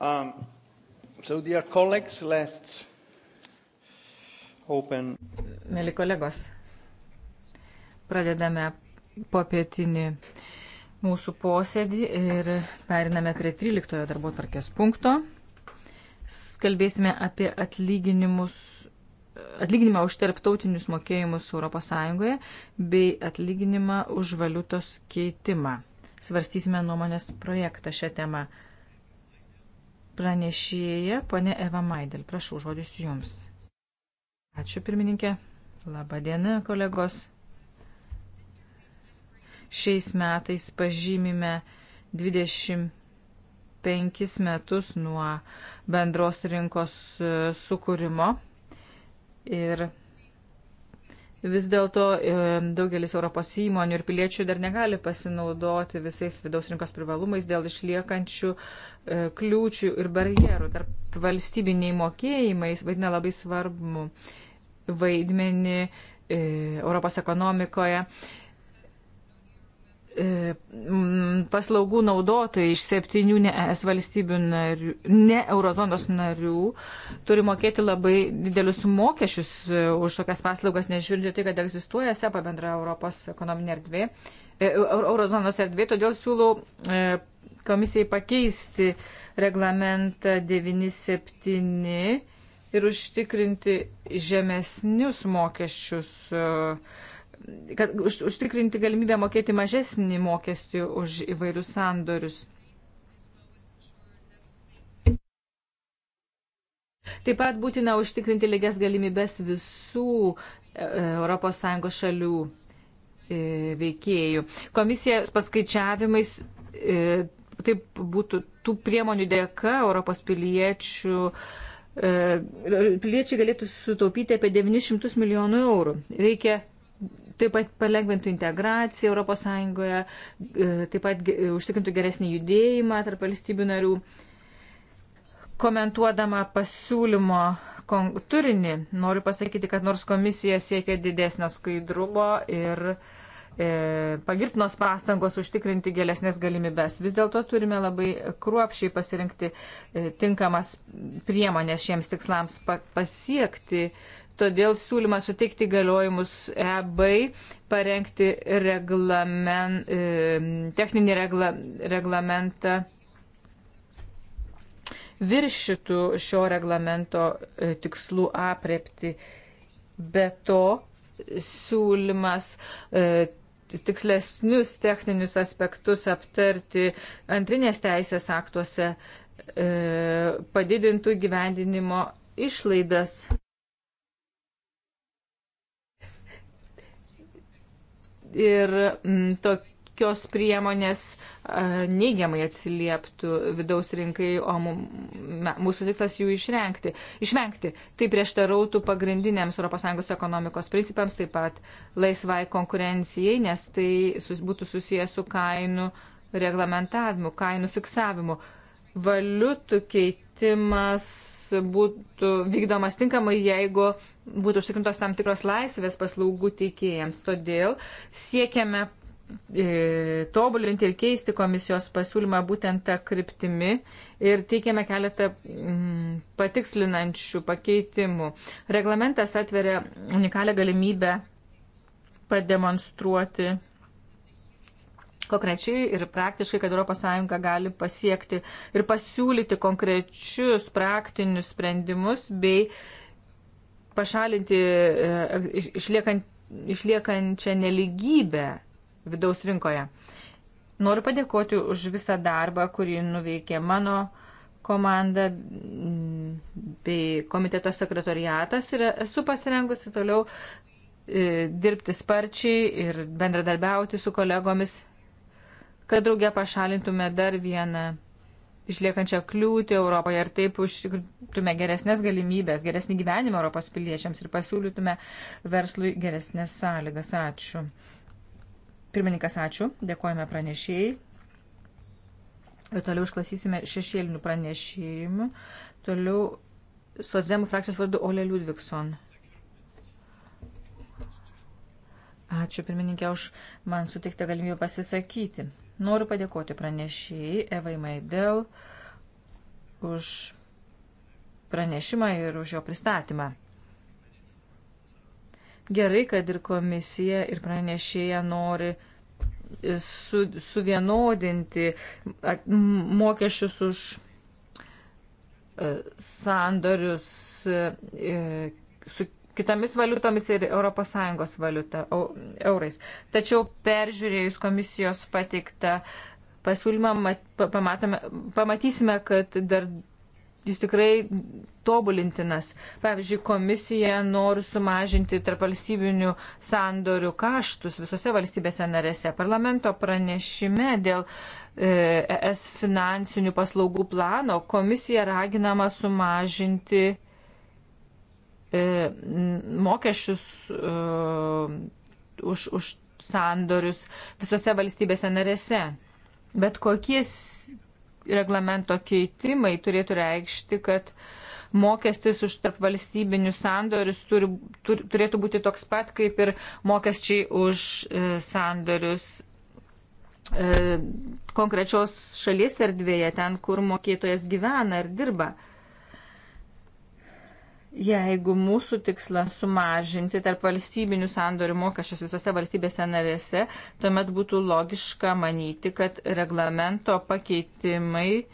um, so dear colleagues, let's open. Mėly kolegos, pradedame popietinį mūsų posėdį ir periname prie 13 darbo tvarkės punkto. Kalbėsime apie atlyginimus atlyginimą už tarptautinius mokėjimus ES bei atlyginimą už valiutos keitimą. Svarstysime nuomonės projektą šią temą. Pranešėja ponė Eva Maidel. Prašau, žodis jums. Ačiū pirmininkė. Labadiena, kolegos. Šiais metais pažymime 20 penkis metus nuo bendros rinkos sukūrimo. Ir vis dėlto e, daugelis Europos įmonių ir piliečių dar negali pasinaudoti visais vidaus rinkos privalumais dėl išliekančių e, kliūčių ir barjerų. Tarp valstybiniai mokėjimai vaidina labai svarbu vaidmenį e, Europos ekonomikoje E, paslaugų naudotojai iš septynių ne ES valstybių narių, ne eurozonos narių turi mokėti labai didelius mokesčius e, už tokias paslaugas, nežiūrint tai, kad egzistuoja SEPA bendra Europos ekonominė erdvė, e, eurozonos erdvė, todėl siūlau komisijai pakeisti reglamentą 97 ir užtikrinti žemesnius mokesčius uh, kad už, užtikrinti galimybę mokėti mažesnį mokestį už įvairius sandorius. Taip pat būtina užtikrinti lygias galimybės visų ES šalių e, veikėjų. Komisija paskaičiavimais e, taip būtų tų priemonių dėka Europos piliečių e, piliečiai galėtų sutaupyti apie 900 milijonų eurų. Reikia taip pat palengvintų integraciją ES, e, taip pat e, užtikrintų geresnį judėjimą tarp valstybių narių. Komentuodama pasiūlymo turinį, noriu pasakyti, kad nors komisija siekia didesnio skaidrumo ir e, pagirtinos pastangos užtikrinti gėlesnės galimybės. Vis dėlto turime labai kruopšiai pasirinkti e, tinkamas priemonės šiems tikslams pasiekti. E, Todėl siūlyma suteikti galiojimus EBAI, parengti reglamen, e, techninį regla, reglamentą viršytų šio reglamento e, tikslų aprepti. Be to, siūlymas e, tikslesnius techninius aspektus aptarti antrinės teisės aktuose padidintų gyvendinimo išlaidas. ir mm, tokios priemonės neigiamai atsilieptų vidaus rinkai, o mūsų tikslas jų išrengti, išvengti. Tai prieštarautų pagrindiniams ES ekonomikos principams, taip pat laisvai konkurencijai, nes tai būtų susijęs su kainų reglamentavimu, kainų fiksavimu. Valiutų keitimas būtų vykdomas tinkamai, jeigu būtų užtikrintos tam tikros laisvės paslaugų teikėjams. Todėl siekiame e, tobulinti ir keisti komisijos pasiūlymą būtent tą kryptimi ir teikiame keletą mm, patikslinančių pakeitimų. Reglamentas atveria unikalią galimybę pademonstruoti konkrečiai ir praktiškai, kad ES gali pasiekti ir pasiūlyti konkrečius praktinius sprendimus bei uh, pašalinti e, išliekant, išliekančią neligybę vidaus rinkoje. Noriu padėkoti už visą darbą, kurį nuveikė mano komanda bei komiteto sekretoriatas ir esu pasirengusi toliau e, dirbti sparčiai ir bendradarbiauti su kolegomis, kad draugė pašalintume dar vieną išliekančią kliūtį Europoje ir taip užtikrintume geresnės galimybės, geresnį gyvenimą Europos piliečiams ir pasiūlytume verslui geresnės sąlygas. Ačiū. Pirmininkas, ačiū. Dėkojame pranešėjai. Ir toliau išklasysime šešėlinių pranešėjimų. Toliau Sozemų frakcijos vardu Ole Ludvikson. Ačiū pirmininkė už man sutiktą galimybę pasisakyti. Noriu padėkoti pranešėjai Evai Maidel už pranešimą ir už jo pristatymą. Gerai, kad ir komisija, ir pranešėja nori su, suvienodinti mokesčius už e, sandorius e, su kitomis valiutomis ir ES valiuta, eurais. Tačiau peržiūrėjus komisijos pateiktą pasiūlymą, mat, pamatome, pamatysime, kad dar jis tikrai tobulintinas. Pavyzdžiui, komisija nori sumažinti tarp valstybinių sandorių kaštus visose valstybėse narėse. Parlamento pranešime dėl ES e finansinių paslaugų plano komisija raginama sumažinti E, mokesčius e, už, už sandorius visose valstybėse narėse. Bet kokie reglamento keitimai turėtų reikšti, kad mokestis už tarp valstybinius sandorius turi, tur, turėtų būti toks pat kaip ir mokesčiai už e, sandorius e, konkrečios šalies erdvėje, ten, kur mokėtojas gyvena ir dirba. E, Jeigu mūsų tikslas sumažinti tarp valstybinių sandorių mokesčius visose valstybėse narėse, tuomet būtų logiška manyti, kad reglamento pakeitimai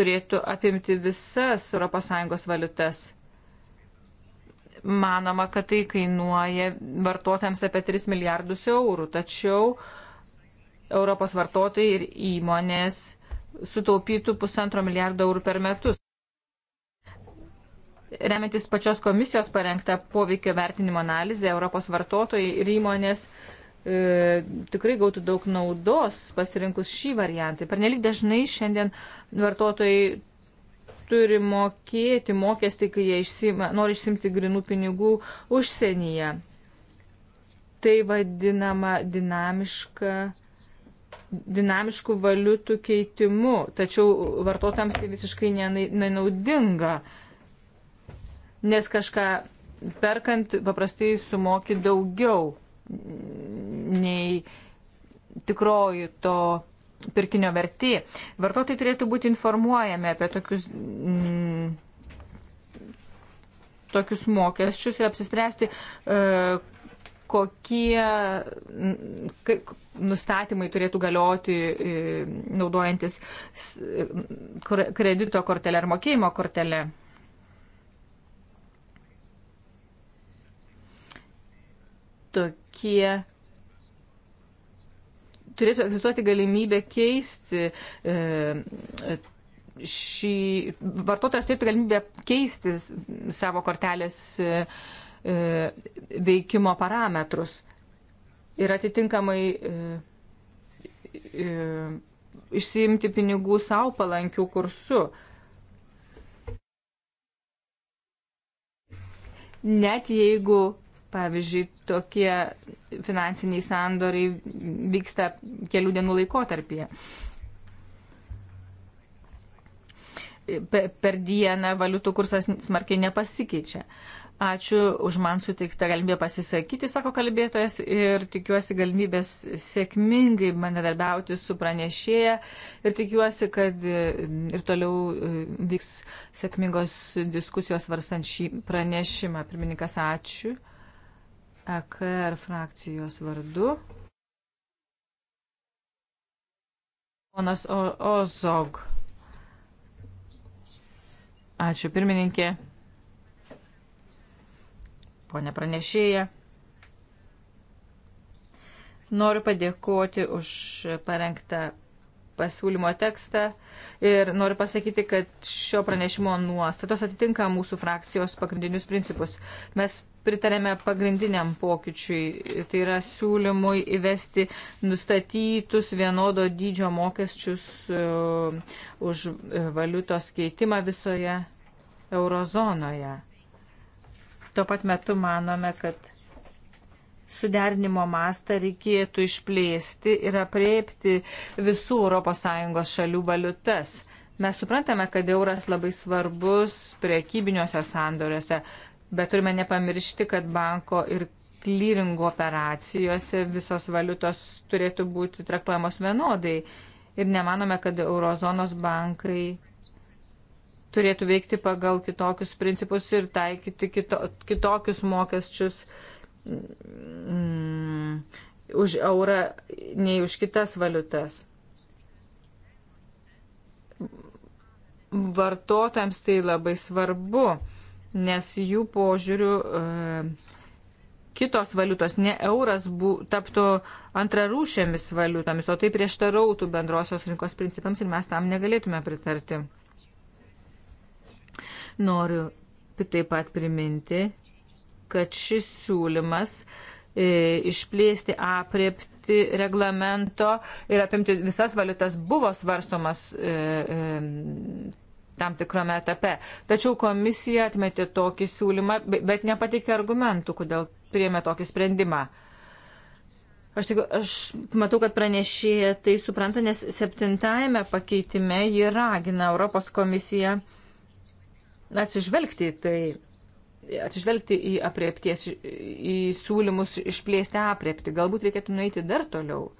turėtų apimti visas ES valiutas. Manoma, kad tai kainuoja vartotojams apie 3 milijardus eurų, tačiau Europos vartotojai ir įmonės sutaupytų pusantro milijardo eurų per metus remiantis pačios komisijos parengtą poveikio vertinimo analizę, Europos vartotojai ir įmonės e, tikrai gautų daug naudos pasirinkus šį variantą. Per nelik dažnai šiandien vartotojai turi mokėti mokestį, kai jie išsima, nori išsimti grinų pinigų užsienyje. Tai vadinama dinamiška dinamiškų valiutų keitimu, tačiau vartotojams tai visiškai nenaudinga. Ne nes kažką perkant paprastai sumoki daugiau nei tikroji to pirkinio vertė. Vartotojai turėtų būti informuojami apie tokius, mm, tokius mokesčius ir apsispręsti, e, kokie mm, nustatymai turėtų galioti e, naudojantis e, kredito kortelę ar mokėjimo kortelę. tokie turėtų egzistuoti galimybė keisti e, šį, vartotojas turėtų galimybę keisti savo kortelės e, e veikimo parametrus ir atitinkamai e, e, išsiimti pinigų savo palankių kursu. Net jeigu Pavyzdžiui, tokie finansiniai sandoriai vyksta kelių dienų laikotarpyje. Per dieną valiutų kursas smarkiai nepasikeičia. Ačiū už man suteiktą galimybę pasisakyti, sako kalbėtojas, ir tikiuosi galimybės sėkmingai bendradarbiauti su pranešėja ir tikiuosi, kad e, ir toliau e, vyks sėkmingos diskusijos varstant šį pranešimą. Pirmininkas, ačiū. EKR frakcijos vardu. Ponas o Ozog. Ačiū pirmininkė. Pone pranešėja. Noriu padėkoti už parengtą pasiūlymo tekstą ir noriu pasakyti, kad šio pranešimo nuostatos atitinka mūsų frakcijos pagrindinius principus. Mes pritarėme pagrindiniam pokyčiui, tai yra siūlymui įvesti nustatytus vienodo dydžio mokesčius e, už e, valiutos keitimą visoje eurozonoje. Tuo pat metu manome, kad suderinimo mastą reikėtų išplėsti ir apriepti visų ES šalių valiutas. Mes suprantame, kad euras labai svarbus priekybiniuose sandoriuose, bet turime nepamiršti, kad banko ir klyringo operacijose visos valiutos turėtų būti traktuojamos vienodai. Ir nemanome, kad eurozonos bankai turėtų veikti pagal kitokius principus ir taikyti kito, kitokius mokesčius mm, už eurą nei už kitas valiutas. Vartotojams tai labai svarbu nes jų požiūrių e, kitos valiutos, ne euras, bū, taptų antrarūšėmis valiutomis, o tai prieštarautų bendrosios rinkos principams ir mes tam negalėtume pritarti. Noriu taip pat priminti, kad šis siūlymas e, išplėsti apriepti reglamento ir apimti visas valiutas buvo svarstomas e, e, tam tikrame etape. Tačiau komisija atmetė tokį siūlymą, bet nepateikė argumentų, kodėl priėmė tokį sprendimą. Aš, tik, aš matau, kad pranešėja tai supranta, nes septintajame pakeitime ji ragina Europos komisiją atsižvelgti į tai, atsižvelgti į apriepties, į siūlymus išplėsti apriepti. Galbūt reikėtų nueiti dar toliau.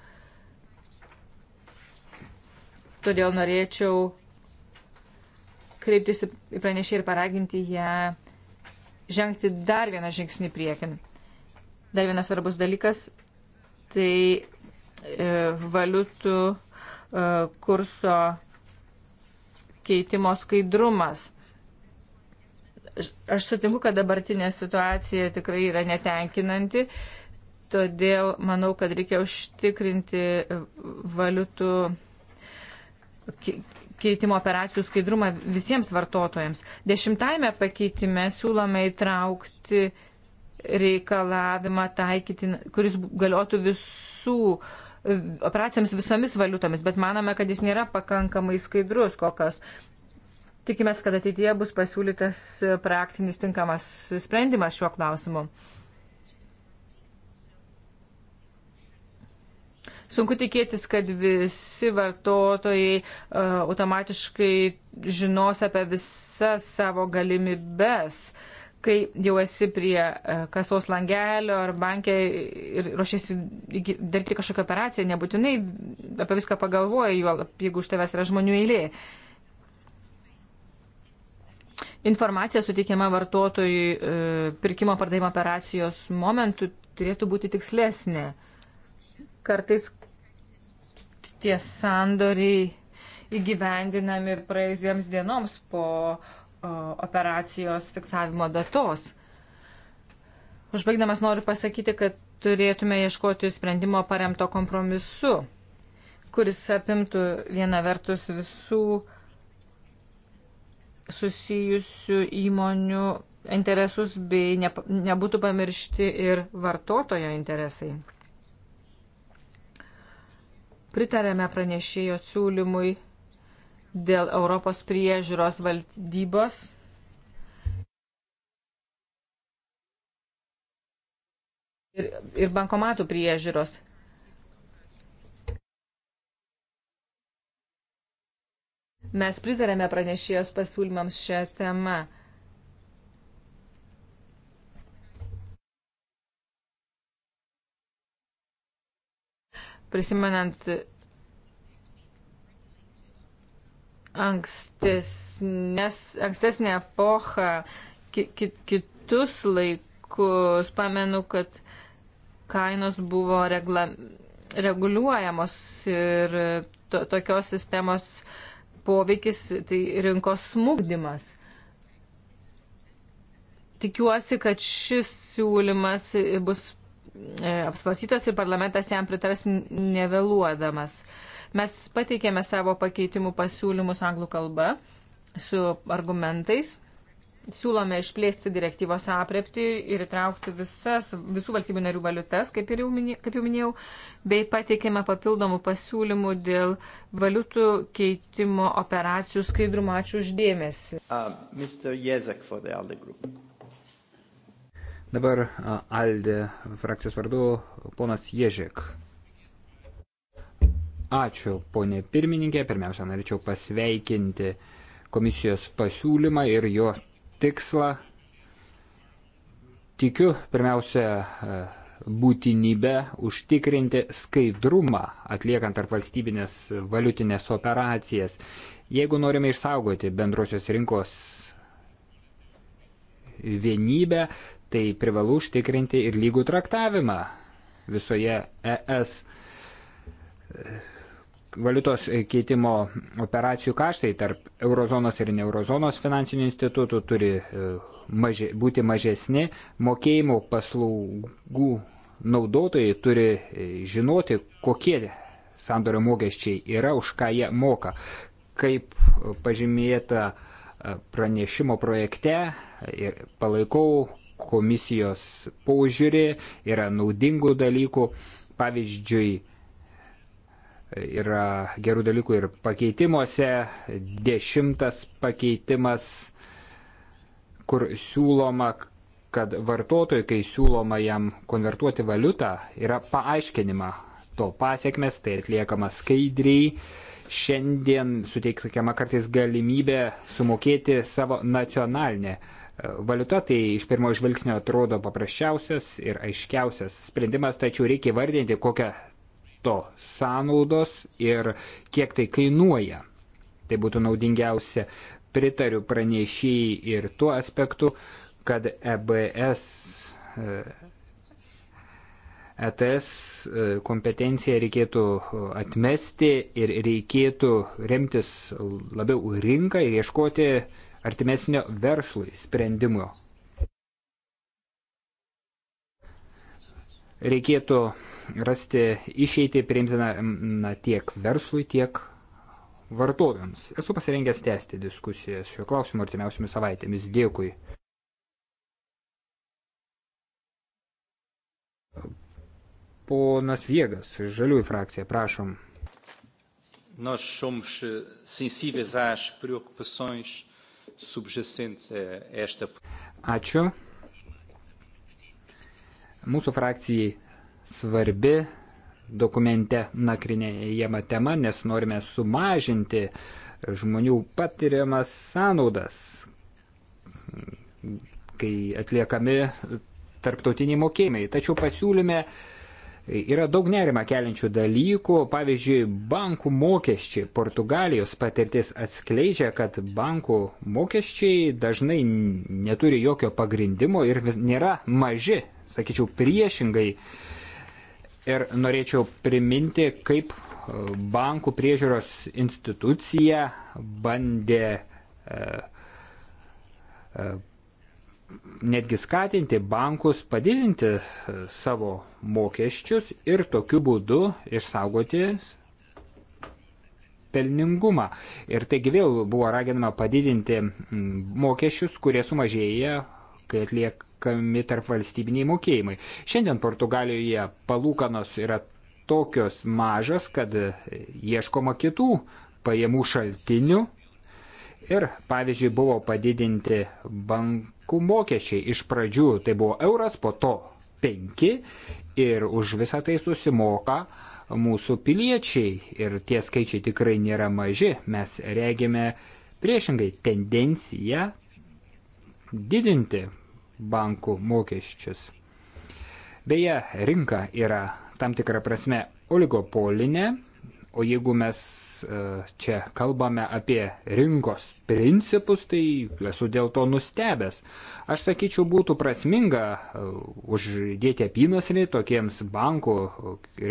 Todėl norėčiau kreiptis į pranešį ir paraginti ją žengti dar vieną žingsnį priekin. Dar vienas svarbus dalykas - tai e, valiutų e, kurso keitimo skaidrumas. Aš sutinku, kad dabartinė situacija tikrai yra netenkinanti, todėl manau, kad reikia užtikrinti e, valiutų keitimo operacijų skaidrumą visiems vartotojams. Dešimtajame pakeitime siūlome įtraukti reikalavimą taikyti, kuris galiotų visų e, operacijoms visomis valiutomis, bet manome, kad jis nėra pakankamai skaidrus kokios. Tikimės, kad ateityje bus pasiūlytas praktinis tinkamas sprendimas šiuo klausimu. sunku tikėtis, kad visi vartotojai e, automatiškai žinos apie visas savo galimybes kai jau esi prie e, kasos langelio ar bankė ir ruošiasi daryti kažkokią operaciją, nebūtinai apie viską pagalvoji, juolab, jeigu už tavęs yra žmonių eilė. Informacija suteikiama vartotojui e, pirkimo pardavimo operacijos momentu turėtų būti tikslesnė. Kartais tie sandoriai įgyvendinami praėjusiems dienoms po o, operacijos fiksavimo datos. Užbaigdamas noriu pasakyti, kad turėtume ieškoti sprendimo paremto kompromisu, kuris apimtų viena vertus visų susijusių įmonių interesus bei ne, nebūtų pamiršti ir vartotojo interesai. Pritarėme pranešėjo siūlymui dėl Europos priežiūros valdybos. Ir, ir bankomatų priežiūros. Mes pritarėme pranešėjos pasiūlymams šią temą. prisimenant ankstesnę epochą, ki, ki, kitus laikus, pamenu, kad kainos buvo regla, reguliuojamos ir to, tokios sistemos poveikis tai rinkos smūgdymas. Tikiuosi, kad šis siūlymas bus E, apsvarstytas ir parlamentas jam pritars nevėluodamas. Mes pateikėme savo pakeitimų pasiūlymus anglų kalba su argumentais. Siūlome išplėsti direktyvos aprepti ir įtraukti visas, visų valstybių narių valiutas, kaip, jau, minė, kaip jau minėjau, bei pateikėme papildomų pasiūlymų dėl valiutų keitimo operacijų skaidrumo. Ačiū uždėmesi. Uh, Dabar Aldė frakcijos vardu ponas Ježek. Ačiū, ponė pirmininkė. Pirmiausia, norėčiau pasveikinti komisijos pasiūlymą ir jo tikslą. Tikiu, pirmiausia, būtinybę užtikrinti skaidrumą atliekant tarp valstybinės valiutinės operacijas. Jeigu norime išsaugoti bendrosios rinkos vienybę, Tai privalu užtikrinti ir lygų traktavimą visoje ES. E, valiutos keitimo operacijų kaštai tarp eurozonos ir neurozonos finansinių institutų turi e, maži, būti mažesni, mokėjimo paslaugų naudotojai turi e, žinoti, kokie sandorio mokesčiai yra, už ką jie moka. Kaip pažymėta pranešimo projekte ir palaikau komisijos požiūrį, yra naudingų dalykų, pavyzdžiui, yra gerų dalykų ir pakeitimuose, dešimtas pakeitimas, kur siūloma, kad vartotojui, kai siūloma jam konvertuoti valiutą, yra paaiškinima to pasiekmes, tai atliekama skaidriai. Šiandien suteikiama kartais galimybė sumokėti savo nacionalinę valiuta tai iš pirmo žvilgsnio atrodo paprasčiausias ir aiškiausias sprendimas, tačiau reikia vardinti, kokia to sąnaudos ir kiek tai kainuoja. Tai būtų naudingiausia. Pritariu pranešėjai ir tuo aspektu, kad EBS, ETS e e, kompetenciją reikėtų atmesti ir reikėtų remtis labiau rinką ir ieškoti artimesnio verslui sprendimo. Reikėtų rasti išeitį priimtiną tiek verslui, tiek vartotojams. Esu pasirengęs tęsti diskusijas šiuo klausimu artimiausiamis savaitėmis. Dėkui. Ponas Viegas, Žaliųjų frakcija, prašom. Nós somos sensíveis às preocupações subjacente a esta. Ačiū. Mūsų frakcijai svarbi dokumente nakrinėjama tema, nes norime sumažinti žmonių patiriamas sąnaudas, kai atliekami tarptautiniai mokėjimai. Tačiau pasiūlyme uh, Yra daug nerima keliančių dalykų, pavyzdžiui, bankų mokesčiai. Portugalijos patirtis atskleidžia, kad bankų mokesčiai dažnai neturi jokio pagrindimo ir nėra maži, sakyčiau, priešingai. Ir norėčiau priminti, kaip e, bankų priežiūros institucija bandė e, e, netgi skatinti bankus padidinti e, savo mokesčius ir tokiu būdu išsaugoti pelningumą. Ir taigi vėl buvo raginama padidinti mokesčius, kurie sumažėja, kai atliekami tarp valstybiniai mokėjimai. Šiandien Portugalijoje palūkanos yra tokios mažos, kad e, ieškoma kitų pajamų šaltinių ir, pavyzdžiui, buvo padidinti bankų mokesčiai. Iš pradžių tai buvo euras, po to penki ir už visą tai susimoka mūsų piliečiai. Ir tie skaičiai tikrai nėra maži. Mes regime priešingai tendenciją didinti bankų mokesčius. Beje, rinka yra tam tikrą prasme oligopolinė, o jeigu mes E, čia kalbame apie rinkos principus, tai esu dėl to nustebęs. Aš sakyčiau, būtų prasminga e, uždėti apynasrį tokiems bankų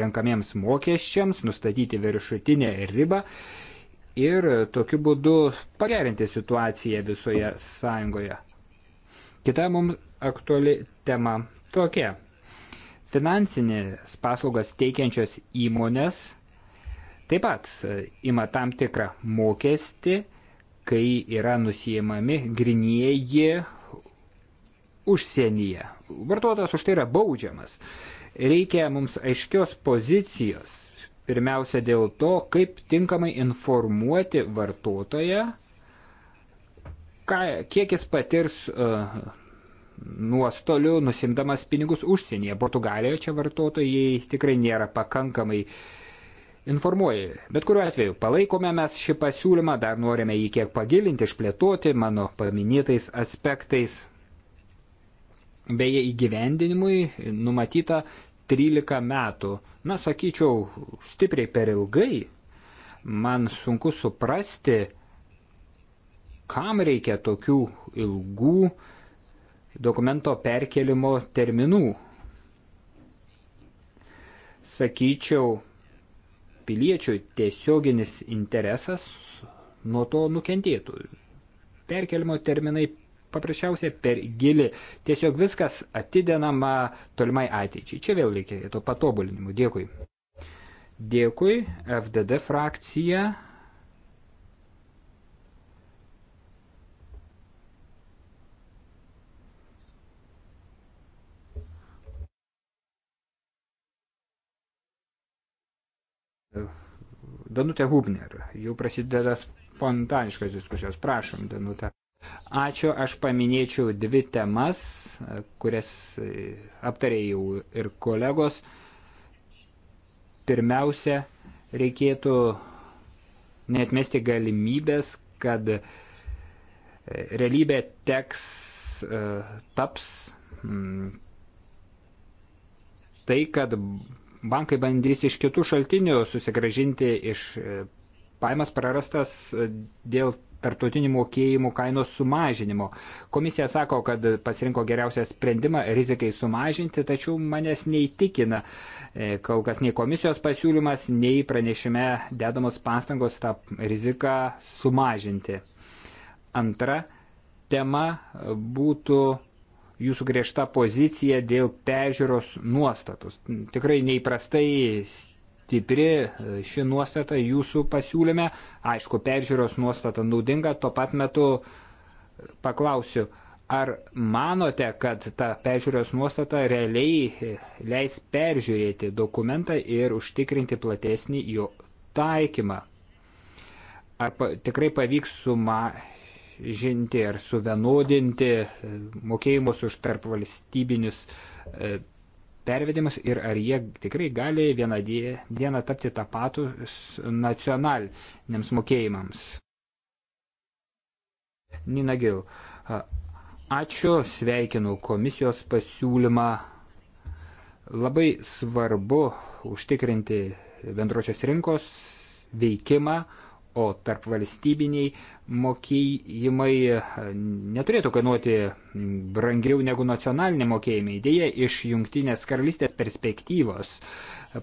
renkamiems mokesčiams, nustatyti viršutinę ribą ir tokiu būdu pagerinti situaciją visoje sąjungoje. Kita mums aktuali tema tokia. Finansinės paslaugas teikiančios įmonės taip pat e, ima tam tikrą mokestį, kai yra nusijimami grinieji užsienyje. Vartotojas už tai yra baudžiamas. Reikia mums aiškios pozicijos. Pirmiausia dėl to, kaip tinkamai informuoti vartotoją, ką, kiek jis patirs uh, nuostolių nusimdamas pinigus užsienyje. Portugalijoje čia vartotojai tikrai nėra pakankamai uh, informuoji. Bet kuriuo atveju palaikome mes šį pasiūlymą, dar norime jį kiek pagilinti, išplėtoti mano paminėtais aspektais. Beje, įgyvendinimui numatyta 13 metų. Na, sakyčiau, stipriai per ilgai. Man sunku suprasti, kam reikia tokių ilgų dokumento perkelimo terminų. Sakyčiau, piliečių tiesioginis interesas nuo to nukentėtų. Perkelimo terminai paprasčiausiai per gili. Tiesiog viskas atidedama tolimai ateičiai. Čia vėl reikia to patobulinimo. Dėkui. Dėkui, FDD frakcija. Danutė Hubner, jau prasideda spontaniškos diskusijos. Prašom, Danutė. Ačiū, aš paminėčiau dvi temas, kurias e, aptarė jau ir kolegos. Pirmiausia, reikėtų netmesti galimybės, kad e, realybė teks e, taps tai, kad bankai bandys iš kitų šaltinių susigražinti iš e, paimas prarastas e, dėl tartutinių mokėjimų kainos sumažinimo. Komisija sako, kad pasirinko geriausią sprendimą rizikai sumažinti, tačiau manęs neįtikina e, kol kas nei komisijos pasiūlymas, nei pranešime dedamos pastangos tą riziką sumažinti. Antra tema būtų jūsų griežta pozicija dėl pežiūros nuostatos. Tikrai neįprastai stipri e, ši nuostata jūsų pasiūlyme. Aišku, peržiūros nuostata naudinga, tuo pat metu paklausiu, ar manote, kad ta peržiūros nuostata realiai e, leis peržiūrėti dokumentą ir užtikrinti platesnį jo taikymą? Ar pa, tikrai pavyks suma, sumažinti ar suvienodinti mokėjimus už tarp valstybinius e, pervedimus ir ar jie tikrai gali vieną dieną tapti tą patus nacionaliniams mokėjimams. Nina Gil, ačiū, sveikinu komisijos pasiūlymą. Labai svarbu užtikrinti bendrosios rinkos veikimą, o tarp valstybiniai mokėjimai e, neturėtų kainuoti brangiau negu nacionaliniai mokėjimai. Dėja, iš jungtinės karalystės perspektyvos e,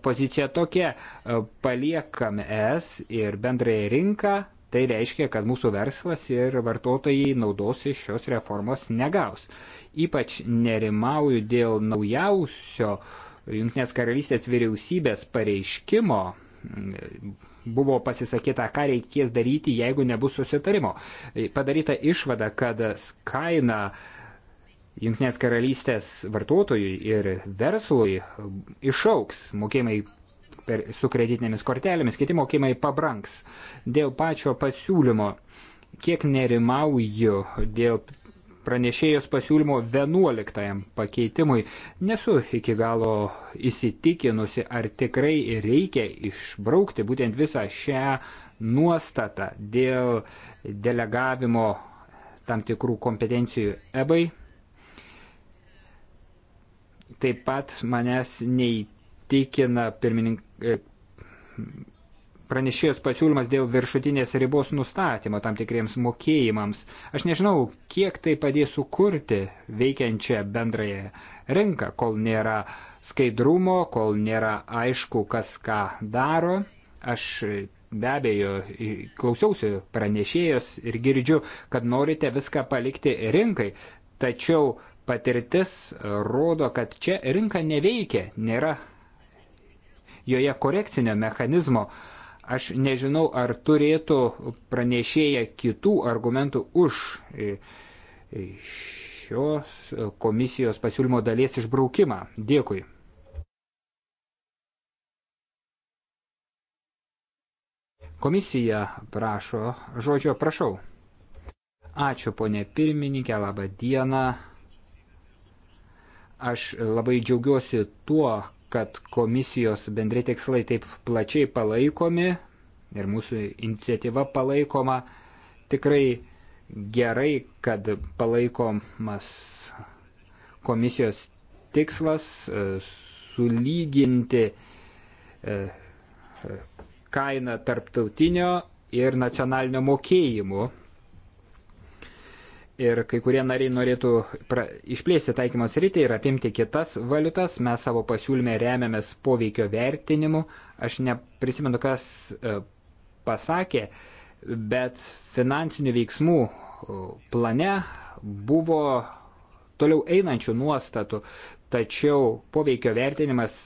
pozicija tokia, e, paliekame es ir bendrąją rinką, tai reiškia, kad mūsų verslas ir vartotojai naudos iš šios reformos negaus. Ypač nerimauju dėl naujausio Junktinės karalystės vyriausybės pareiškimo buvo pasisakyta, ką reikės daryti, jeigu nebus susitarimo. E, padaryta išvada, kad kaina Junktinės karalystės vartotojui ir verslui išauks mokėjimai per, su kreditinėmis kortelėmis, kiti mokėjimai pabranks. Dėl pačio pasiūlymo, kiek nerimauju dėl pranešėjos pasiūlymo 11 pakeitimui. Nesu iki galo įsitikinusi, ar tikrai reikia išbraukti būtent visą šią nuostatą dėl delegavimo tam tikrų kompetencijų ebai. Taip pat manęs neįtikina pirmininkas pranešėjos pasiūlymas dėl viršutinės ribos nustatymo tam tikriems mokėjimams. Aš nežinau, kiek tai padės sukurti veikiančią bendrąją rinką, kol nėra skaidrumo, kol nėra aišku, kas ką daro. Aš be abejo klausiausi pranešėjos ir girdžiu, kad norite viską palikti rinkai. Tačiau patirtis rodo, kad čia rinka neveikia, nėra joje korekcinio mechanizmo. Uh, Aš nežinau, ar turėtų pranešėja kitų argumentų už e, e, šios komisijos pasiūlymo dalies išbraukimą. Dėkui. Komisija prašo žodžio, prašau. Ačiū, ponė pirmininkė, laba diena. Aš labai džiaugiuosi tuo, kad komisijos bendri tikslai taip plačiai palaikomi ir mūsų iniciatyva palaikoma. Tikrai gerai, kad palaikomas komisijos tikslas e, sulyginti e, kainą tarptautinio ir nacionalinio mokėjimų ir kai kurie nariai norėtų pra, išplėsti taikymos rytį ir apimti kitas valiutas. Mes savo pasiūlyme remiamės poveikio vertinimu. Aš neprisimenu, kas e, pasakė, bet finansinių veiksmų e, plane buvo toliau einančių nuostatų, tačiau poveikio vertinimas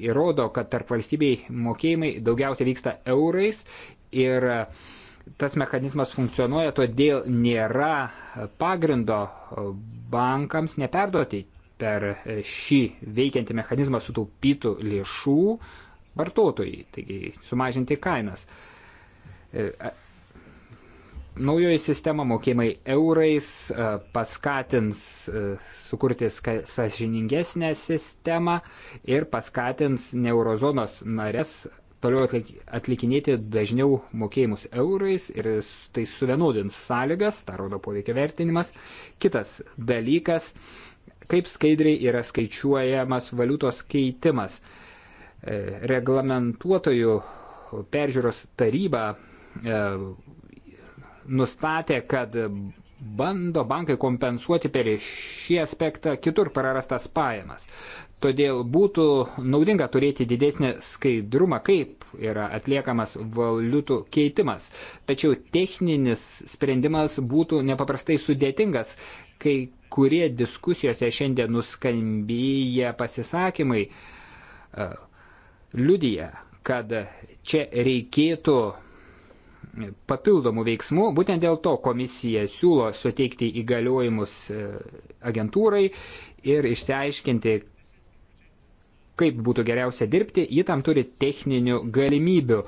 įrodo, kad tarp valstybei mokėjimai daugiausia vyksta eurais ir e, tas mechanizmas funkcionuoja, todėl nėra pagrindo bankams neperduoti per šį veikiantį mechanizmą sutaupytų lėšų vartotojai, taigi sumažinti kainas. E, naujoji sistema mokėjimai eurais e, paskatins e, sukurti sąžiningesnę sistemą ir paskatins neurozonos narės toliau atlikinėti dažniau mokėjimus eurais ir tai suvienodins sąlygas, tą rodo poveikio vertinimas. Kitas dalykas, kaip skaidriai yra skaičiuojamas valiutos keitimas. E, reglamentuotojų peržiūros taryba e, nustatė, kad bando bankai kompensuoti per šį aspektą kitur prarastas pajamas. Todėl būtų naudinga turėti didesnį skaidrumą, kaip yra atliekamas valiutų keitimas. Tačiau techninis sprendimas būtų nepaprastai sudėtingas, kai kurie diskusijose šiandien nuskambėję pasisakymai e, liudyje, kad čia reikėtų papildomų veiksmų. Būtent dėl to komisija siūlo suteikti įgaliojimus e, agentūrai ir išsiaiškinti, kaip būtų geriausia dirbti, ji tam turi techninių galimybių.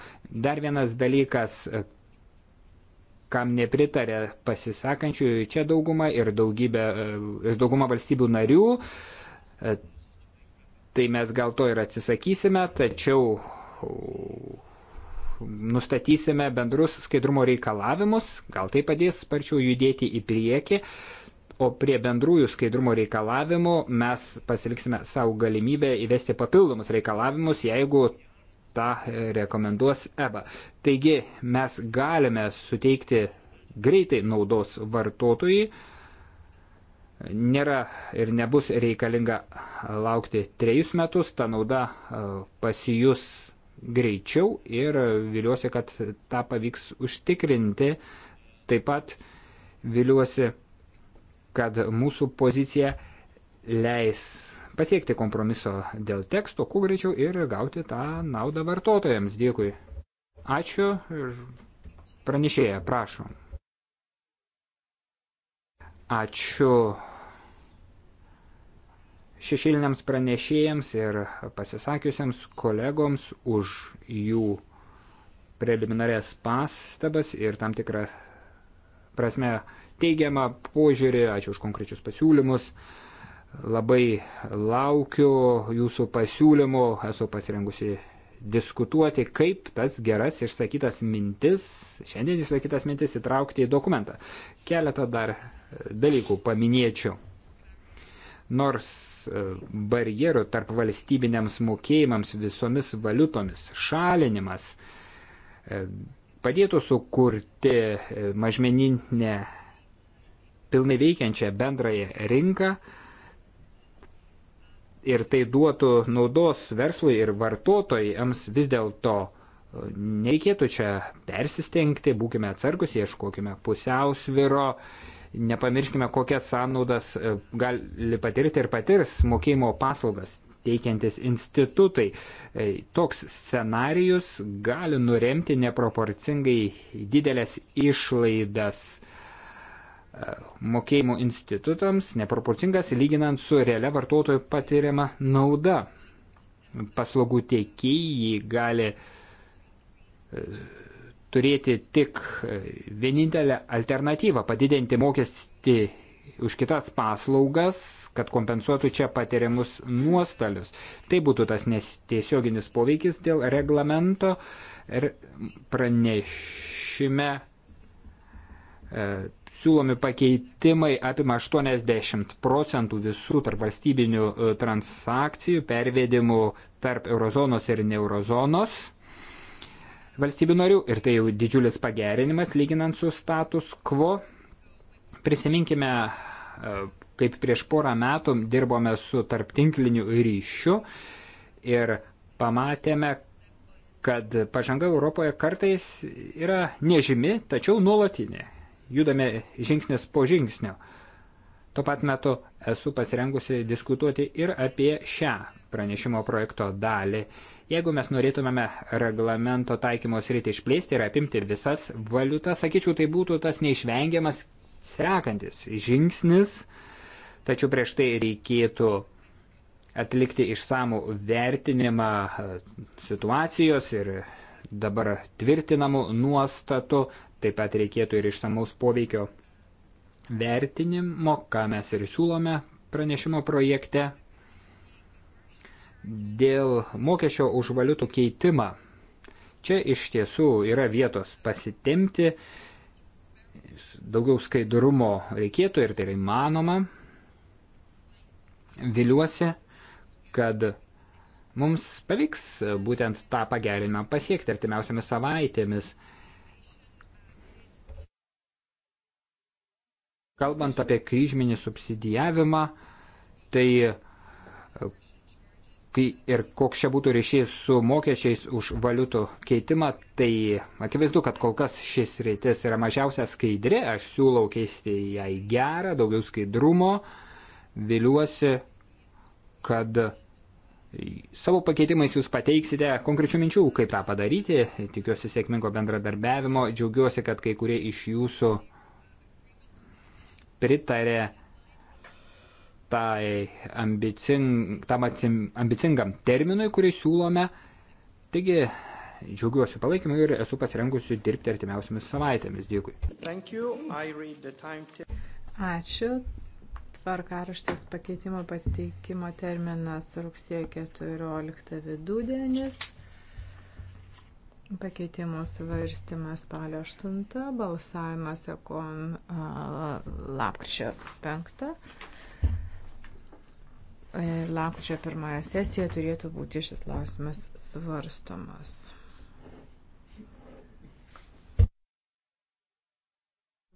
Dar vienas dalykas, e, kam nepritarė pasisakančiųjų čia dauguma ir, daugybė, e, ir dauguma valstybių narių, tai mes gal to ir atsisakysime, tačiau nustatysime bendrus skaidrumo reikalavimus, gal tai padės sparčiau judėti į priekį, o prie bendrųjų skaidrumo reikalavimų mes pasiliksime savo galimybę įvesti papildomus reikalavimus, jeigu tą rekomenduos EBA. Taigi mes galime suteikti greitai naudos vartotojai, nėra ir nebus reikalinga laukti trejus metus, ta nauda e, pasijus greičiau ir viliuosi, kad tą pavyks užtikrinti. Taip pat viliuosi, kad mūsų pozicija leis pasiekti kompromiso dėl teksto kuo greičiau ir gauti tą naudą vartotojams. Dėkui. Ačiū. Pranešėja, prašom. Ačiū šešėliniams pranešėjams ir pasisakiusiems kolegoms už jų preliminarės pastabas ir tam tikrą prasme teigiamą požiūrį, ačiū už konkrečius pasiūlymus. Labai laukiu jūsų pasiūlymų, esu pasirengusi diskutuoti, kaip tas geras išsakytas mintis, šiandien išsakytas mintis įtraukti į dokumentą. Keletą dar dalykų paminėčiau. Nors E, barjerų tarp valstybiniams mokėjimams visomis valiutomis šalinimas e, padėtų sukurti e, mažmeninę pilnai veikiančią bendrąją rinką ir tai duotų naudos verslui ir vartotojams vis dėlto nereikėtų čia persistengti, būkime atsargus, ieškokime pusiausviro Nepamirškime, kokias sąnaudas e, gali patirti ir patirs mokėjimo paslaugas teikiantis institutai. E, toks scenarius gali nuremti neproporcingai didelės išlaidas e, mokėjimų institutams, neproporcingas lyginant su realia vartotojų patiriama nauda. Paslaugų teikėjai gali turėti tik e, vienintelę alternatyvą - padidinti mokestį už kitas paslaugas, kad kompensuotų čia patiriamus nuostolius. Tai būtų tas tiesioginis poveikis dėl reglamento ir pranešime e, siūlomi pakeitimai apima 80 procentų visų tarpvalstybinių e, transakcijų pervedimų tarp eurozonos ir neurozonos. Ne valstybių narių ir tai jau didžiulis pagerinimas lyginant su status quo. Prisiminkime, e, kaip prieš porą metų dirbome su tarptinkliniu ryšiu ir pamatėme, kad pažanga Europoje kartais yra nežymi, tačiau nuolatinė. Judame žingsnis po žingsnio. Tuo pat metu esu pasirengusi diskutuoti ir apie šią pranešimo projekto dalį Jeigu mes norėtumėme reglamento taikymos rytį išplėsti ir apimti visas valiutas, sakyčiau, tai būtų tas neišvengiamas sekantis žingsnis, tačiau prieš tai reikėtų atlikti išsamų vertinimą situacijos ir dabar tvirtinamų nuostatų, taip pat reikėtų ir išsamaus poveikio vertinimo, ką mes ir siūlome pranešimo projekte dėl mokesčio už valiutų keitimą. Čia iš tiesų yra vietos pasitemti, daugiau skaidrumo reikėtų ir tai yra įmanoma. Viliuosi, kad mums pavyks būtent tą pagerinimą pasiekti artimiausiamis savaitėmis. Kalbant apie kryžminį subsidijavimą, tai kai ir koks čia būtų ryšys su mokesčiais už valiutų keitimą, tai akivaizdu, kad kol kas šis rytis yra mažiausia skaidri, aš siūlau keisti ją į gerą, daugiau skaidrumo, viliuosi, kad savo pakeitimais jūs pateiksite konkrečių minčių, kaip tą padaryti, tikiuosi sėkmingo bendradarbiavimo, džiaugiuosi, kad kai kurie iš jūsų pritarė tai ambicing, tam ambicingam terminui, kurį siūlome. Taigi, džiaugiuosi palaikymu ir esu pasirengusi dirbti artimiausiamis savaitėmis. Dėkui. Ačiū. Tvarkaraštis pakeitimo pateikimo terminas rugsėjo 14 vidudienis. Pakeitimų svarstymas spalio 8, balsavimas ekon lapkričio 5. E, lapkričio pirmąją sesiją turėtų būti šis klausimas svarstomas.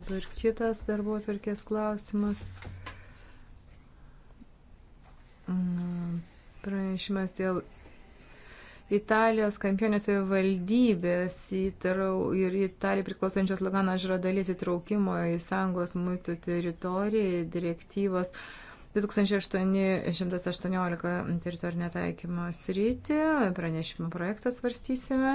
Dabar kitas darbo atvarkės klausimas. Mm, pranešimas dėl Italijos kampionės valdybės įtarau, ir Italijai priklausančios Lugano žro dalies įtraukimo į Sangos muitų teritoriją direktyvos 2021-2021 2818 teritorinę taikymo sritį, pranešimo projektą svarstysime.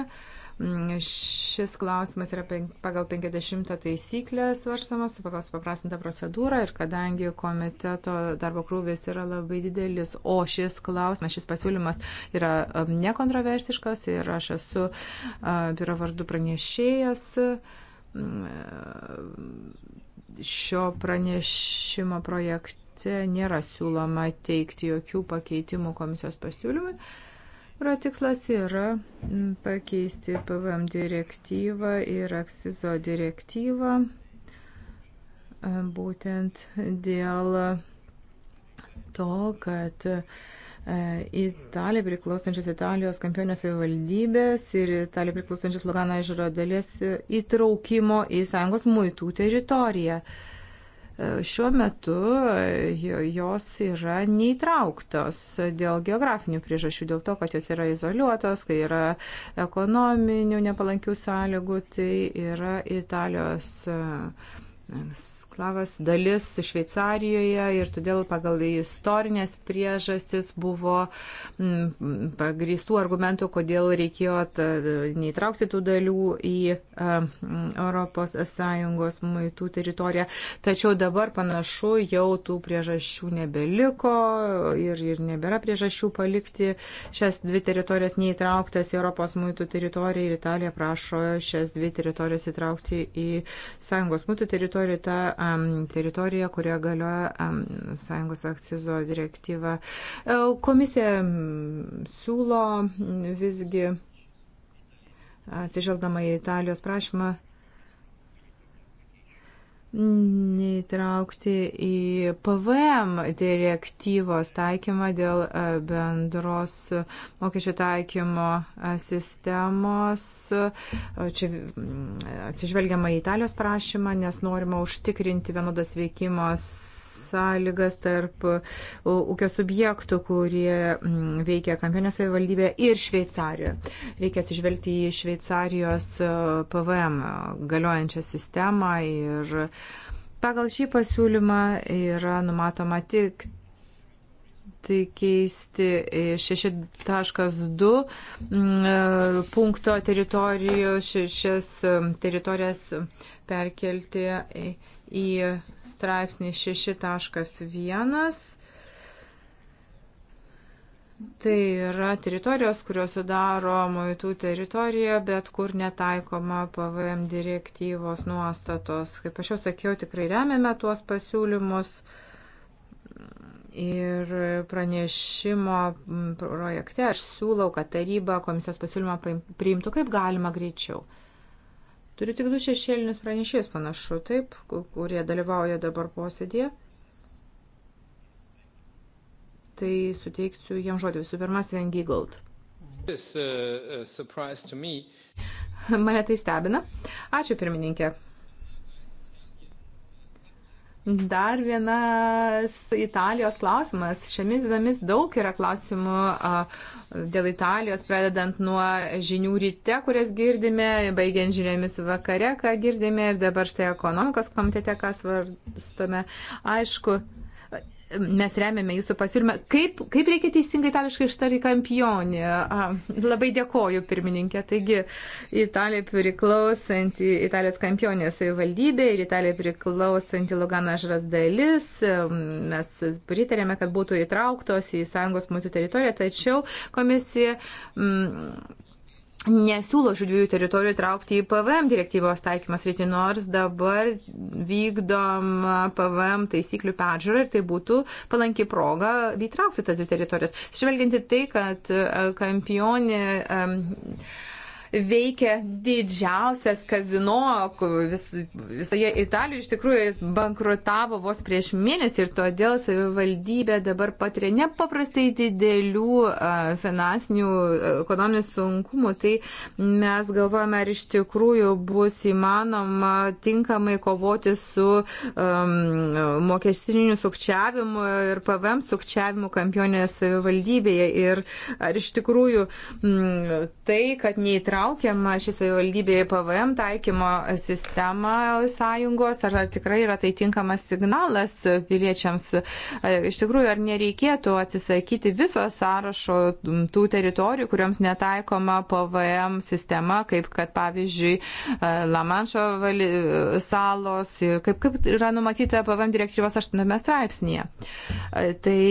Šis klausimas yra pagal 50 taisyklę svarstamas, pagal paprastintą procedūrą ir kadangi komiteto darbo krūvis yra labai didelis, o šis klausimas, šis pasiūlymas yra um, nekontroversiškas ir aš esu uh, biuro vardu pranešėjas um, šio pranešimo projekte nėra siūloma teikti jokių pakeitimų komisijos pasiūlymui. Yra tikslas yra pakeisti PVM direktyvą ir akcizo direktyvą būtent dėl to, kad Italija priklausančios Italijos kampionės savivaldybės ir Italija priklausančios Lugano ežero dalies įtraukimo į sąjungos muitų teritoriją. Tai Šiuo metu jos yra neįtrauktos dėl geografinių priežasčių, dėl to, kad jos yra izoliuotos, kai yra ekonominių nepalankių sąlygų, tai yra Italijos Sklavas dalis Šveicarijoje ir todėl pagal istorinės priežastis buvo mm, pagristų argumentų, kodėl reikėjo neįtraukti tų dalių į ES muitų teritoriją. Tačiau dabar panašu jau tų priežasčių nebeliko ir, ir nebėra priežasčių palikti šias dvi teritorijas neįtrauktas į ES muitų teritoriją ir Italija prašo šias dvi teritorijas įtraukti į sąjungos muitų teritoriją. Ta teritoriją, kurioje galioja Sąjungos akcizo direktyva. E, komisija siūlo visgi atsižvelgdama į Italijos prašymą neįtraukti į PVM direktyvos taikymą dėl e, bendros mokesčių taikymo e, sistemos. E, čia atsižvelgiama į Italijos prašymą, nes norima užtikrinti vienodas veikimos sąlygas tarp ūkio subjektų, kurie mm, veikia kampionės savivaldybėje ir Šveicarijoje. Reikia atsižvelgti į Šveicarijos e, PVM galiojančią sistemą ir pagal šį pasiūlymą yra numatoma tik tai keisti 6.2 mm, e, punkto teritorijos, šias e, teritorijas perkelti į straipsnis 6.1. Tai yra teritorijos, kurios sudaro muitų teritoriją, bet kur netaikoma PVM direktyvos nuostatos. Kaip aš jau sakiau, tikrai remiame tuos pasiūlymus ir pranešimo projekte aš siūlau, kad taryba komisijos pasiūlymą priimtų kaip galima greičiau. Turiu tik du šešėlinius pranešėjus panašu, taip, kurie dalyvauja dabar posėdėje. Tai suteiksiu jam žodį visų pirma, Sven Gigold. Uh, uh, Mane tai stebina. Ačiū pirmininkė. Dar vienas Italijos klausimas. Šiomis dienomis daug yra klausimų. Uh, dėl Italijos, pradedant nuo žinių ryte, kurias girdime, baigiant žiniomis vakare, ką girdime ir dabar štai ekonomikos komitete, ką svarstome. Aišku, mes remiame jūsų pasiūlymą. Kaip, kaip reikia teisingai itališkai ištarti kampionį? Labai dėkoju, pirmininkė. Taigi, Italija priklausanti Italijos kampionės valdybė ir Italija priklausanti Lugano žras dalis. Mes pritarėme, kad būtų įtrauktos į Sąjungos mūtų teritoriją, tačiau komisija. Mm, nesiūlo šių dviejų teritorijų traukti į PVM direktyvos taikymas rytį, nors dabar vykdom PVM taisyklių peržiūrą ir tai būtų palanki proga įtraukti tas dvi teritorijas. Žvelginti tai, kad e, kampionė veikia didžiausias kazino vis, visoje Italijoje. Iš tikrųjų, jis bankrutavo vos prieš mėnesį ir todėl savivaldybė dabar patiria nepaprastai didelių finansinių ekonominių sunkumų. Tai mes galvojame, ar iš tikrųjų bus įmanoma tinkamai kovoti su um, mokestiniu sukčiavimu ir PVM sukčiavimu kampionės savivaldybėje. Ir ar iš tikrųjų m, tai, kad neįtraukti įtraukiama šis savivaldybė į PVM taikymo sistemą sąjungos, ar, ar tikrai yra tai tinkamas signalas piliečiams. Iš tikrųjų, ar nereikėtų atsisakyti viso sąrašo tų teritorijų, kuriuoms netaikoma PVM sistema, kaip kad pavyzdžiui Lamanšo salos, kaip, kaip yra numatyta PVM direktyvos 8 straipsnėje. Tai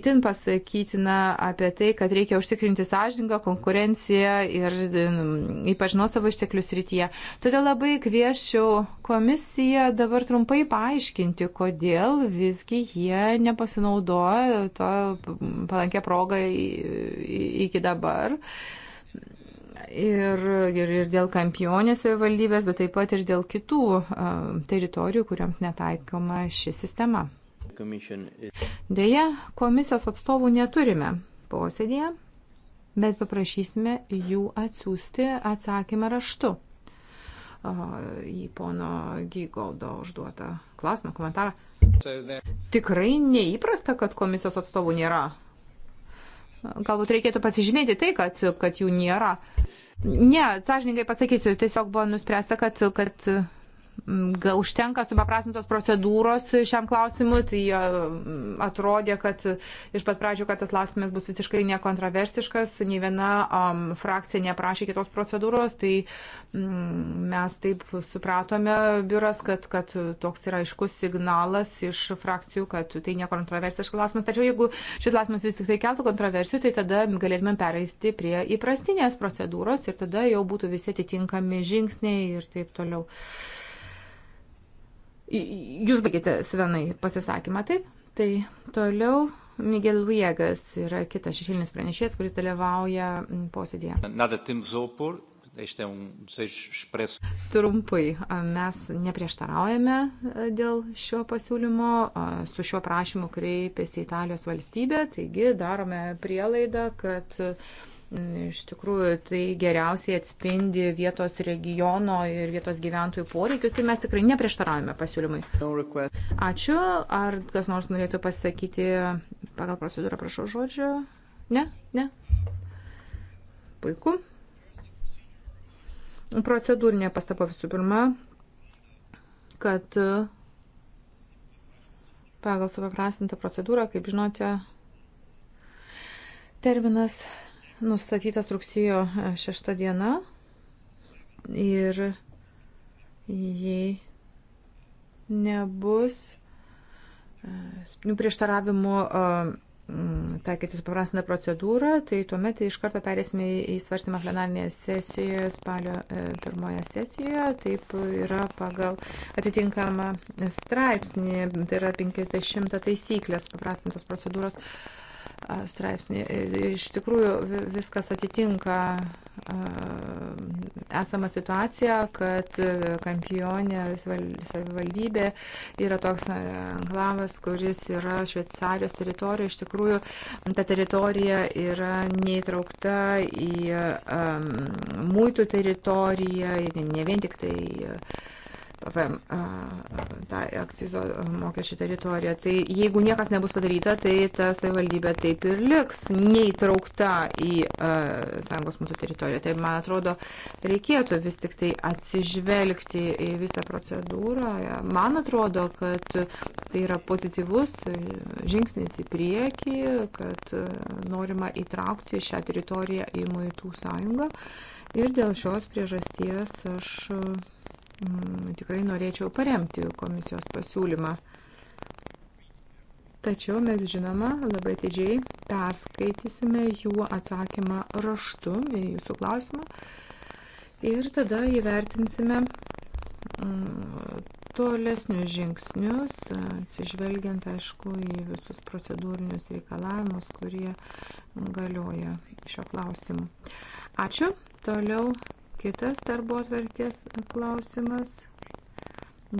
itin pasakytina apie tai, kad reikia užtikrinti sąžininką konkurenciją ir ypač nuosavo išteklių srityje. Todėl labai kvieščiau komisiją dabar trumpai paaiškinti, kodėl visgi jie nepasinaudoja to palankę progą iki dabar ir, ir, ir dėl kampionės savivaldybės, bet taip pat ir dėl kitų um, teritorijų, kuriams netaikoma ši sistema. Deja, komisijos atstovų neturime posėdėje bet paprašysime jų atsiųsti atsakymą raštu į pono Gygoldo užduotą klausimą, komentarą. Tikrai neįprasta, kad komisijos atstovų nėra. Galbūt reikėtų pasižymėti tai, kad, kad jų nėra. Ne, sąžininkai pasakysiu, tiesiog buvo nuspręsta, kad, kad Mm, užtenka supaprastintos procedūros šiam klausimui, tai e, mm, atrodė, kad iš pat pradžių, kad tas klausimas bus visiškai nekontroversiškas, nei viena um, frakcija neprašė kitos procedūros, tai mm, mes taip supratome biuras, kad, kad toks yra aiškus signalas iš frakcijų, kad tai nekontroversiškas klausimas. Tačiau jeigu šis klausimas vis tik tai keltų kontroversijų, tai tada galėtume pereisti prie įprastinės procedūros ir tada jau būtų visi atitinkami žingsniai ir taip toliau. Uh, Jūs baigėte, Svenai, pasisakymą, taip? Tai toliau Miguel Viegas yra kitas šešilinis pranešėjas, kuris dalyvauja posėdėje. Nada tim zopur, Este é um desejo expresso. Trumpai, mes neprieštaraujame dėl šio pasiūlymo. Su šiuo prašymu kreipėsi Italijos valstybė, taigi darome prielaidą, kad Iš tikrųjų, tai geriausiai atspindi vietos regiono ir vietos gyventojų poreikius, tai mes tikrai neprieštaravome pasiūlymui. Ačiū. Ar kas nors norėtų pasakyti pagal procedūrą, prašau žodžio? Ne? Ne? Puiku. Procedūrinė pastaba visų pirma, kad e, pagal supaprastintą procedūrą, kaip žinote, terminas nustatytas rugsėjo 6 e, diena ir jei nebus e, nu, prieštaravimų e, taikyti supaprastintą procedūrą, tai tuomet iš karto perėsime į svarstymą plenarinėje sesijoje, spalio pirmoje sesijoje, taip yra pagal atitinkamą straipsnį, tai yra 50 taisyklės supaprastintos procedūros. Uh, straipsnį. Iš tikrųjų viskas atitinka esamą situaciją, kad kampionė savivaldybė yra toks anklavas, kuris yra Šveicarijos teritorija. Iš tikrųjų, ta teritorija yra neįtraukta į um, mūtų teritoriją, ne vien tik tai uh, PVM, tą akcizo mokesčių teritoriją. Tai jeigu niekas nebus padaryta, tai ta savivaldybė taip ir liks neįtraukta į sąjungos mūsų teritoriją. Tai, man atrodo, reikėtų vis tik tai atsižvelgti į visą procedūrą. Man atrodo, kad tai yra pozityvus žingsnis į priekį, kad norima įtraukti šią teritoriją į muitų sąjungą. Ir dėl šios priežasties aš Mm, tikrai norėčiau paremti komisijos pasiūlymą. Tačiau mes žinoma labai atidžiai perskaitysime jų atsakymą raštu į jūsų klausimą ir tada įvertinsime mm, tolesnius žingsnius, atsižvelgiant, aišku, į visus procedūrinius reikalavimus, kurie galioja šio klausimu. Ačiū. Toliau Kitas darbo atverkės klausimas.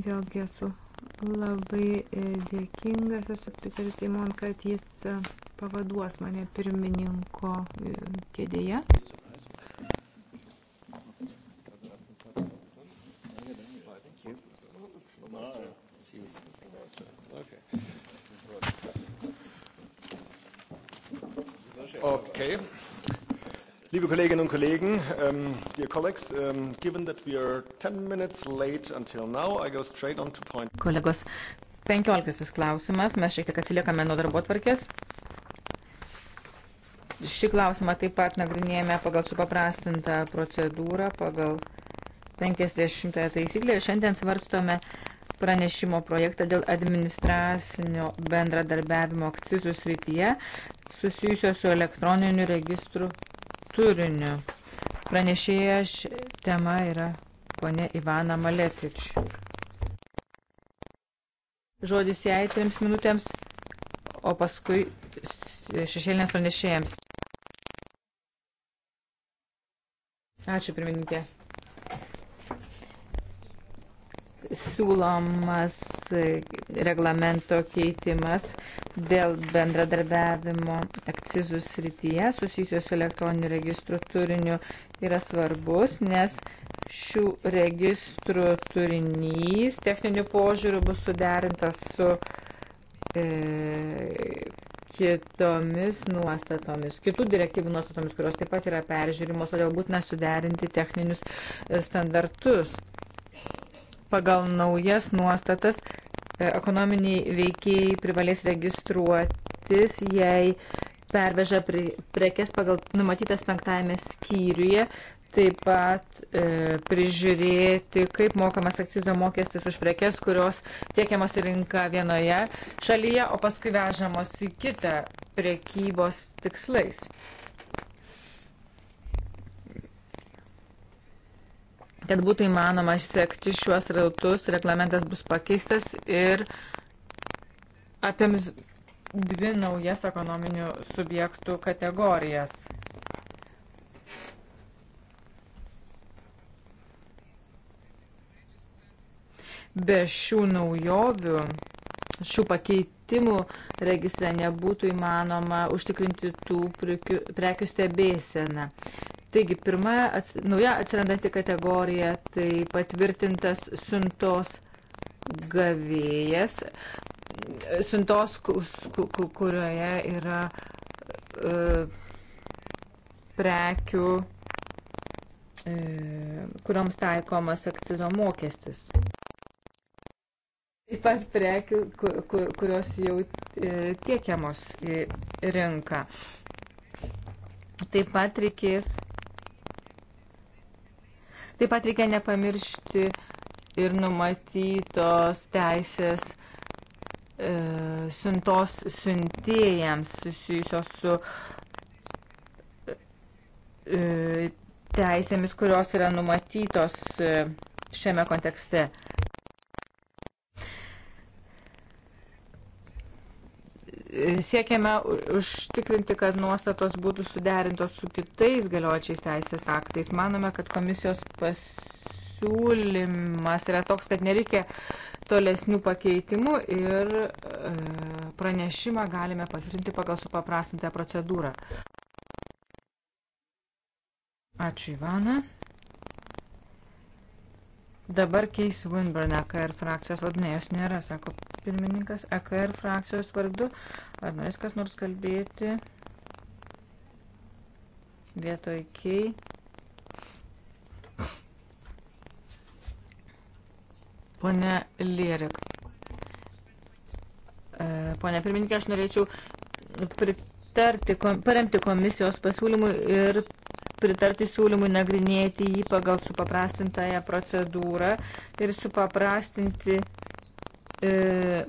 Vėlgi esu labai e, dėkingas, esu Peter Simon, kad jis e, pavaduos mane pirmininko e, kėdėje. Liebe Kolleginnen und Kollegen, um, dear colleagues, um, given that we are 10 minutes late until now, I go straight on to point. Kolegos, 15 klausimas, mes šiek tiek atsiliekame nuo darbo tvarkės. Šį klausimą taip pat nagrinėjame pagal supaprastintą procedūrą, pagal 50 taisyklę ir šiandien svarstome pranešimo projektą dėl administracinio bendradarbiavimo akcizų srityje susijusio su elektroniniu registru turiniu. Pranešėja ši tema yra ponė Ivana Maletič. Žodis jai trims minutėms, o paskui šešėlinės pranešėjams. Ačiū, pirmininkė. Siūlomas reglamento keitimas dėl bendradarbiavimo akcizų srityje susijusios su elektroniniu registru turiniu yra svarbus, nes šių registrų turinys techniniu požiūriu bus suderintas su e, kitomis nuostatomis, kitų direktyvų nuostatomis, kurios taip pat yra peržiūrimos, todėl būtina suderinti techninius e, standartus. Pagal naujas nuostatas E, ekonominiai veikiai privalės registruotis, jei perveža prekes pagal numatytas penktajame skyriuje, taip pat e, prižiūrėti, kaip mokamas akcizo mokestis už prekes, kurios tiekiamos į rinką vienoje šalyje, o paskui vežamos į kitą prekybos tikslais. Kad būtų įmanoma sekti šiuos rautus, reglamentas bus pakeistas ir apims dvi naujas ekonominių subjektų kategorijas. Be šių naujovių, šių pakeitimų registre nebūtų įmanoma užtikrinti tų prekių stebėseną. Taigi, pirma ats, nauja atsirandanti kategorija - tai patvirtintas siuntos gavėjas, siuntos, kurioje yra e, prekių, e, kurioms taikomas akcizo mokestis. Taip pat prekių, kurios jau e, tiekiamos į rinką. Taip pat reikės Taip pat reikia nepamiršti ir numatytos teisės e, siuntos siuntėjams susijusios su e, teisėmis, kurios yra numatytos e, šiame kontekste. Siekiame užtikrinti, kad nuostatos būtų suderintos su kitais galiočiais teisės aktais. Manome, kad komisijos pasiūlymas yra toks, kad nereikia tolesnių pakeitimų ir e, pranešimą galime patvirtinti pagal supaprastintą procedūrą. Ačiū Ivana. Dabar keis Winburn EKR frakcijos vadinėjus nėra, sako pirmininkas EKR frakcijos vardu. Ar norės kas nors kalbėti vietoj kei? Pone Lierik. E, pone pirmininkė, aš norėčiau pritarti, paremti komisijos pasiūlymui ir pritarti siūlymui nagrinėti jį pagal supaprastintąją procedūrą ir supaprastinti e,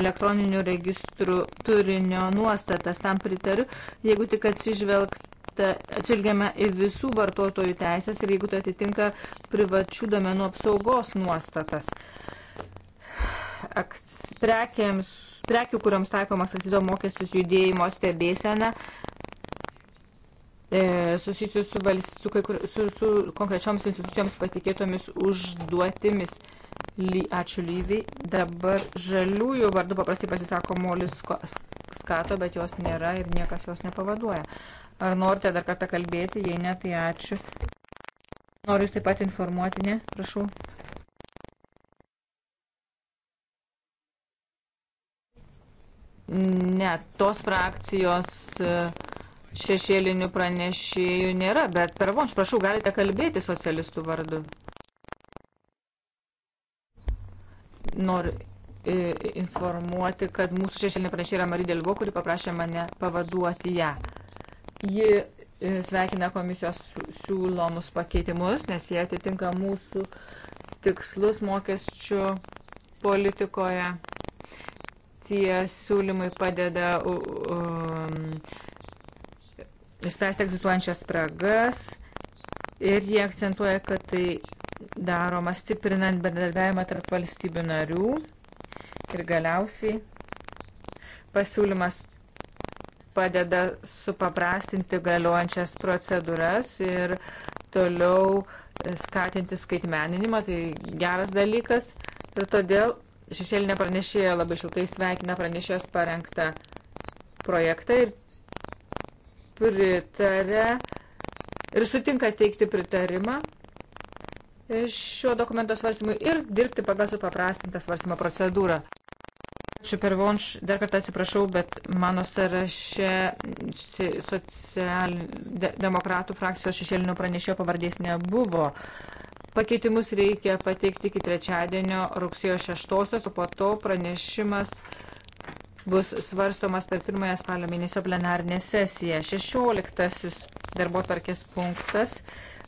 elektroninių registrų turinio nuostatas. Tam pritariu, jeigu tik atsižvelgta, atsižvelgiame į visų vartotojų teisės ir jeigu tai atitinka privačių domenų apsaugos nuostatas. Aks, prekiams, prekių, kuriams taikomas akcizo mokestis judėjimo stebėsena, E, susijusius su, su, su, su konkrečioms institucijoms patikėtomis užduotimis. Ly, ačiū Lyviai. Dabar žaliųjų vardų paprastai pasisako Molis Skato, bet jos nėra ir niekas jos nepavaduoja. Ar norite dar kartą kalbėti? Jei ne, tai ačiū. Noriu jūs taip pat informuoti, ne? Prašau. Ne, tos frakcijos uh, šešėlinių pranešėjų nėra, bet per vonš, prašau, galite kalbėti socialistų vardu. Noriu e, informuoti, kad mūsų šešėlinė pranešėja yra Marija Delvo, kuri paprašė mane pavaduoti ją. Ji e, sveikina komisijos siūlomus pakeitimus, nes jie atitinka mūsų tikslus mokesčių politikoje. Tie siūlymai padeda um, išspręsti egzistuojančias spragas ir jie akcentuoja, kad tai daroma stiprinant bendradarbiavimą tarp valstybių narių ir galiausiai pasiūlymas padeda supaprastinti galiojančias procedūras ir toliau skatinti skaitmeninimą, tai geras dalykas ir todėl šešėlinė pranešėja labai šiltai sveikina pranešėjos parengtą projektą ir pritarė ir sutinka teikti pritarimą šio dokumento svarstymui ir dirbti pagal supaprastintą svarstymo procedūrą. Ačiū per vonš, dar kartą atsiprašau, bet mano sąraše socialdemokratų frakcijos šešėlinio pranešėjo pavardės nebuvo. Pakeitimus reikia pateikti iki trečiadienio rugsėjo 6, o po to pranešimas bus svarstomas per pirmąją spalio mėnesio plenarinę sesiją. Šešioliktasis darbo tvarkės punktas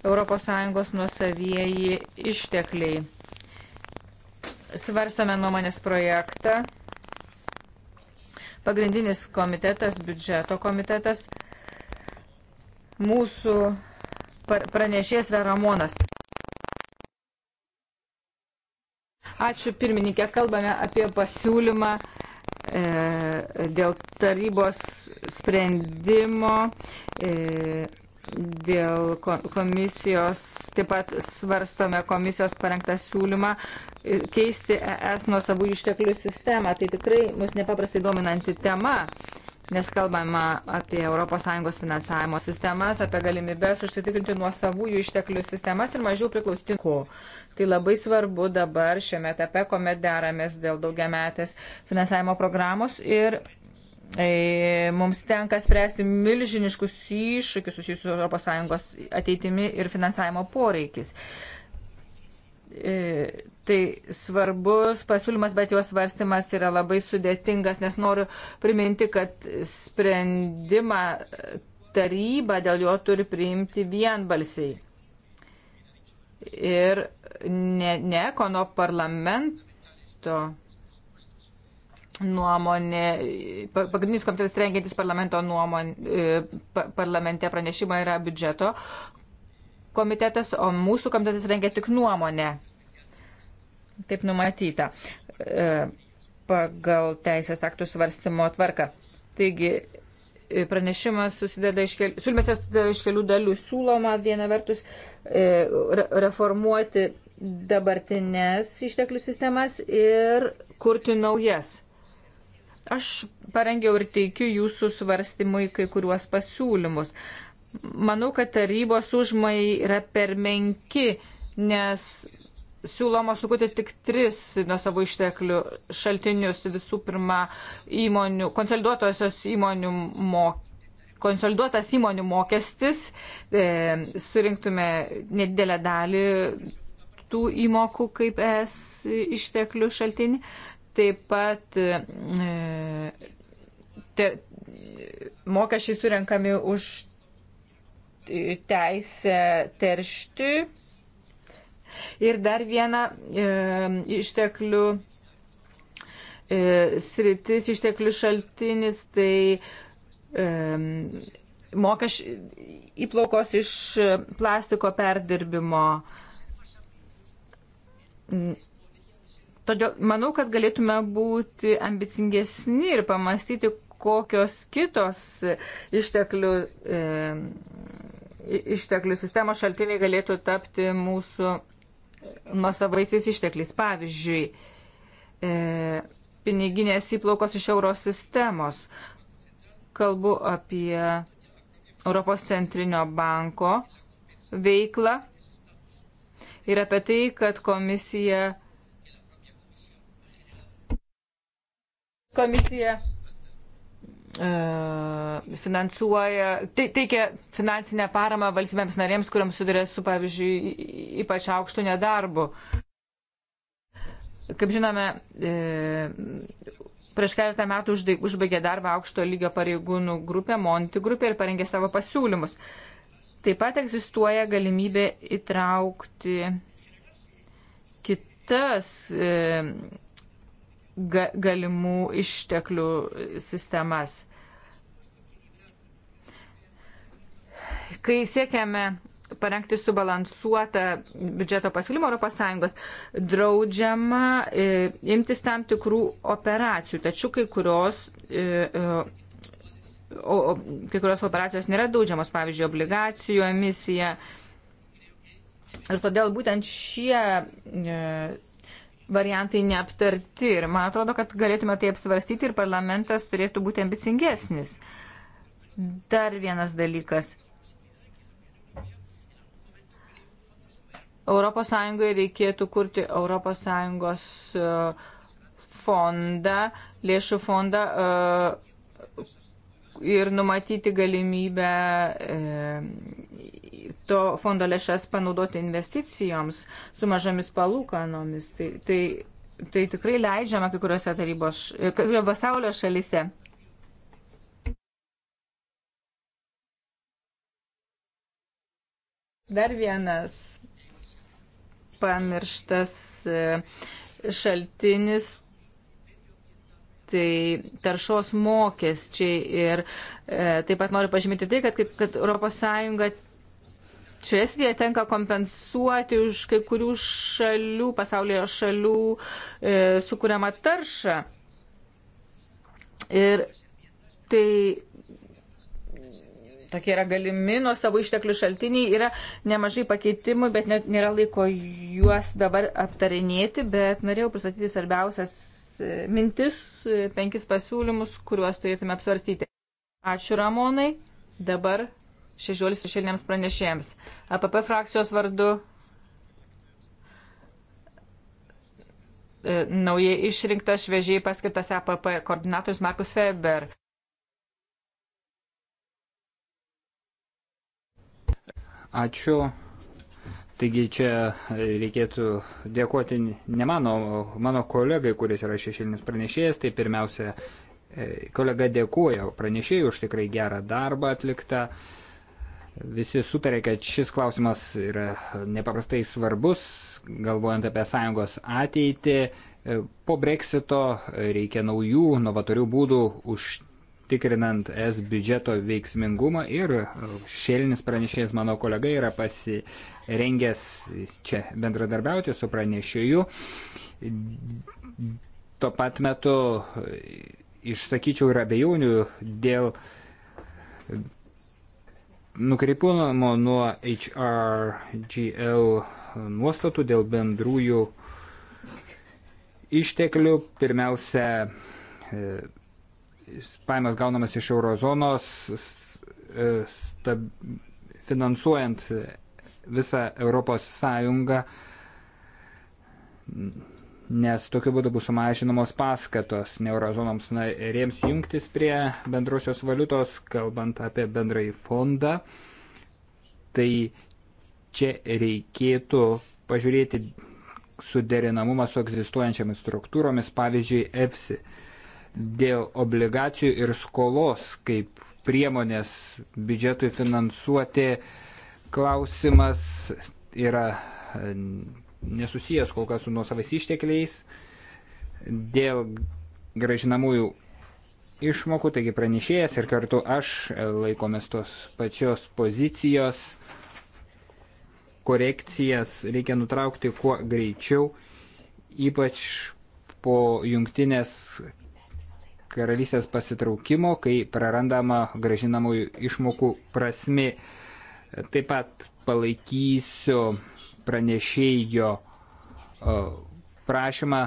ES nuosavieji ištekliai. Svarstome nuomonės projektą. Pagrindinis komitetas, biudžeto komitetas. Mūsų pranešės yra Ramonas. Ačiū pirmininkė, kalbame apie pasiūlymą E, dėl tarybos sprendimo, e, dėl komisijos, taip pat svarstome komisijos parengtą siūlymą e, keisti ES nuo savų išteklių sistemą. Tai tikrai mus nepaprastai dominanti tema nes kalbama apie ES finansavimo sistemas, apie galimybės užsitikrinti nuo savųjų išteklių sistemas ir mažiau priklaustinko. Tai labai svarbu dabar šiame etape, kuomet deramės dėl daugiametės finansavimo programos ir e, mums tenka spręsti milžiniškus iššūkius susijusius su ES ateitimi ir finansavimo poreikis. E, Tai svarbus pasiūlymas, bet jos svarstymas yra labai sudėtingas, nes noriu priminti, kad sprendimą taryba dėl jo turi priimti vienbalsiai. Ir ne, ne ekono parlamento nuomonė, pagrindinis komitetas rengiantis parlamento nuomonė, e, parlamente pranešimą yra biudžeto komitetas, o mūsų komitetas rengia tik nuomonę taip numatyta e, pagal teisės aktų svarstymo tvarką. Taigi, e, pranešimas susideda iš kelių, siūlymas susideda iš kelių dalių. Siūloma viena vertus e, reformuoti dabartinės išteklių sistemas ir kurti naujas. Aš parengiau ir teikiu jūsų svarstymui kai kuriuos pasiūlymus. Manau, kad tarybos užmai yra per menki, nes siūloma sukurti tik tris nuo savo išteklių šaltinius. Visų pirma, įmonių, konsoliduotosios įmonių mokesčių. Konsoliduotas įmonių mokestis, e, surinktume nedidelę dalį tų įmokų kaip es išteklių šaltinį, taip pat e, te, mokesčiai surenkami už teisę teršti ir dar vieną e, išteklių e, sritis, išteklių šaltinis, tai e, mokeš, įplaukos iš plastiko perdirbimo. Todėl manau, kad galėtume būti ambicingesni ir pamastyti, kokios kitos išteklių, e, išteklių sistemos šaltiniai galėtų tapti mūsų nuosavaisiais ištekliais. Pavyzdžiui, e, piniginės įplaukos iš euro sistemos. Kalbu apie Europos centrinio banko veiklą ir apie tai, kad komisija. Komisija E, finansuoja, teikia finansinę paramą valstybėms narėms, kuriams sudarė su, pavyzdžiui, ypač aukštų nedarbu. Kaip žinome, e, prieš keletą metų užbaigė darbą aukšto lygio pareigūnų grupė, Monti grupė ir parengė savo pasiūlymus. Taip pat egzistuoja galimybė įtraukti kitas e, ga, galimų išteklių sistemas. Kai siekiame parengti subalansuotą biudžeto pasiūlymą ES, draudžiama e, imtis tam tikrų operacijų, tačiau kai kurios. E, e, O, o, kai kurios operacijos nėra daudžiamos, pavyzdžiui, obligacijų emisija. Ir todėl būtent šie e, variantai neaptarti. Ir man atrodo, kad galėtume tai apsvarstyti ir parlamentas turėtų būti ambicingesnis. Dar vienas dalykas. ES reikėtų kurti ES e, fondą, lėšų fondą e, ir numatyti galimybę e, to fondo lėšas panaudoti investicijoms su mažomis palūkanomis. Tai, tai, tai tikrai leidžiama kai kuriuose tarybos, pasaulio šalise. Dar vienas pamirštas e, šaltinis tai taršos mokesčiai ir e, taip pat noriu pažymėti tai, kad, kad ES šioje srityje tenka kompensuoti už kai kurių šalių, pasaulyje šalių e, sukūriamą taršą. Ir tai tokie yra galimi nuo savo išteklių šaltiniai, yra nemažai pakeitimų, bet net nėra laiko juos dabar aptarinėti, bet norėjau pristatyti svarbiausias e, mintis, e, penkis pasiūlymus, kuriuos turėtume apsvarstyti. Ačiū Ramonai, dabar šešiolis šešėliniams pranešėjams. APP frakcijos vardu e, naujai išrinktas šviežiai paskirtas APP koordinatorius Markus Feber. Ačiū. Taigi čia reikėtų dėkoti ne mano, mano kolegai, kuris yra šešėlinis pranešėjas, tai pirmiausia, e, kolega dėkuoja pranešėjai už tikrai gerą darbą atliktą. Visi sutarė, kad šis klausimas yra nepaprastai svarbus, galvojant apie sąjungos ateitį. Po breksito reikia naujų, novatorių būdų užtikrinant es biudžeto veiksmingumą ir šėlinis pranešėjas mano kolega yra pasirengęs čia bendradarbiauti su pranešėju. Tuo pat metu išsakyčiau ir abejonių dėl nukreipiamo nuo HRGL nuostatų dėl bendrųjų išteklių. Pirmiausia, e, paėmas gaunamas iš eurozonos, e, stab, finansuojant visą Europos Sąjungą nes tokiu būdu bus sumažinamos paskatos neurozonoms narėms jungtis prie bendrosios valiutos, kalbant apie bendrąjį fondą. Tai čia reikėtų pažiūrėti suderinamumą su egzistuojančiamis struktūromis, pavyzdžiui, EFSI. Dėl obligacijų ir skolos kaip priemonės biudžetui finansuoti klausimas yra nesusijęs kol kas su nuosavais ištekliais dėl gražinamųjų išmokų, taigi pranešėjas ir kartu aš laikomės tos pačios pozicijos, korekcijas reikia nutraukti kuo greičiau, ypač po jungtinės karalystės pasitraukimo, kai prarandama gražinamųjų išmokų prasmi. Taip pat palaikysiu pranešėjo e, prašymą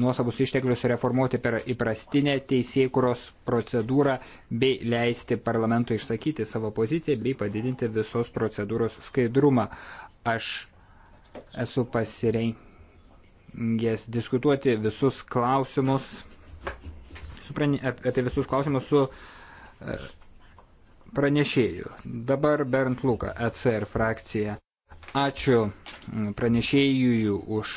nuosavus išteklius reformuoti per įprastinę teisėkuros procedūrą bei leisti parlamentui išsakyti savo poziciją bei padidinti visos procedūros skaidrumą. Aš esu pasirengęs diskutuoti visus klausimus, supranė, apie visus klausimus su e, pranešėju. Dabar Bernd Luka, ECR frakcija. Ačiū mm, pranešėjui už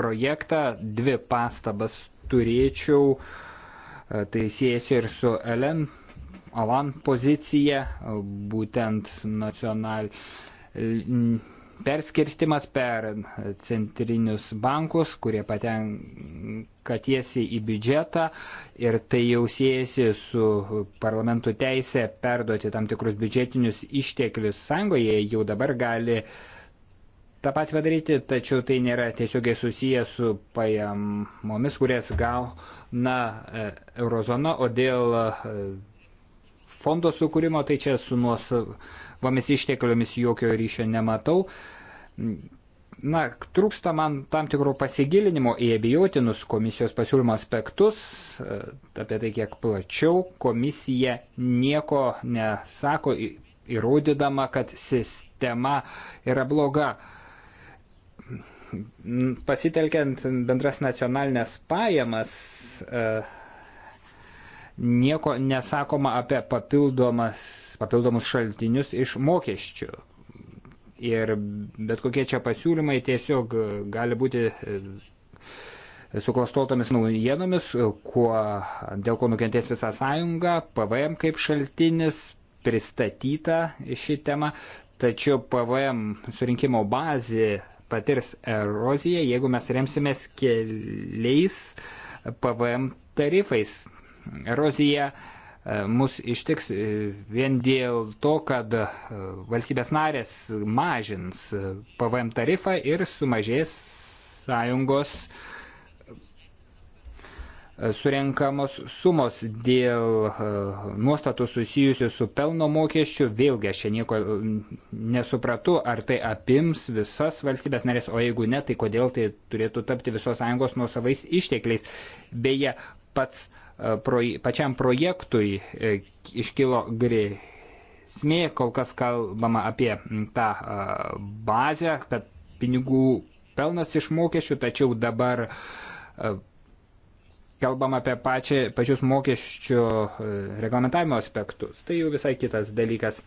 projektą. Dvi pastabas turėčiau. E, tai siejasi ir su Elen Alan pozicija, būtent nacional perskirstimas per centrinius bankus, kurie patenka tiesiai į biudžetą ir tai jau siejasi su parlamentų teisė perduoti tam tikrus biudžetinius išteklius sąjungoje, jau dabar gali tą patį padaryti, tačiau tai nėra tiesiogiai susiję su pajamomis, kurias gauna e, eurozona, o dėl e, fondo sukūrimo, tai čia su nuosavomis ištekliomis jokio ryšio nematau. Na, trūksta man tam tikrų pasigilinimo į abijotinus komisijos pasiūlymo aspektus, e, apie tai kiek plačiau komisija nieko nesako, įrodydama, kad sistema yra bloga pasitelkiant bendras nacionalinės pajamas, e, nieko nesakoma apie papildomus šaltinius iš mokesčių. Ir bet kokie čia pasiūlymai tiesiog gali būti e, suklastotomis naujienomis, kuo, dėl ko nukentės visa sąjunga, PVM kaip šaltinis pristatyta ši tema, tačiau PVM surinkimo bazė patirs eroziją, jeigu mes remsimės keliais PVM tarifais erozija e, mus ištiks e, vien dėl to, kad e, valstybės narės mažins PVM tarifą ir sumažės sąjungos surenkamos sumos dėl nuostatų susijusių su pelno mokesčiu. Vėlgi aš čia nieko nesupratau, ar tai apims visas valstybės narės, o jeigu ne, tai kodėl tai turėtų tapti visos sąjungos nuosavais ištekliais. Beje, pats uh, proj pačiam projektui e, iškilo grėsmė, kol kas kalbama apie tą e, bazę, kad pinigų pelnas iš mokesčių, tačiau dabar e, kalbam apie pačią, pačius mokesčių reglamentavimo aspektus. Tai jau visai kitas dalykas.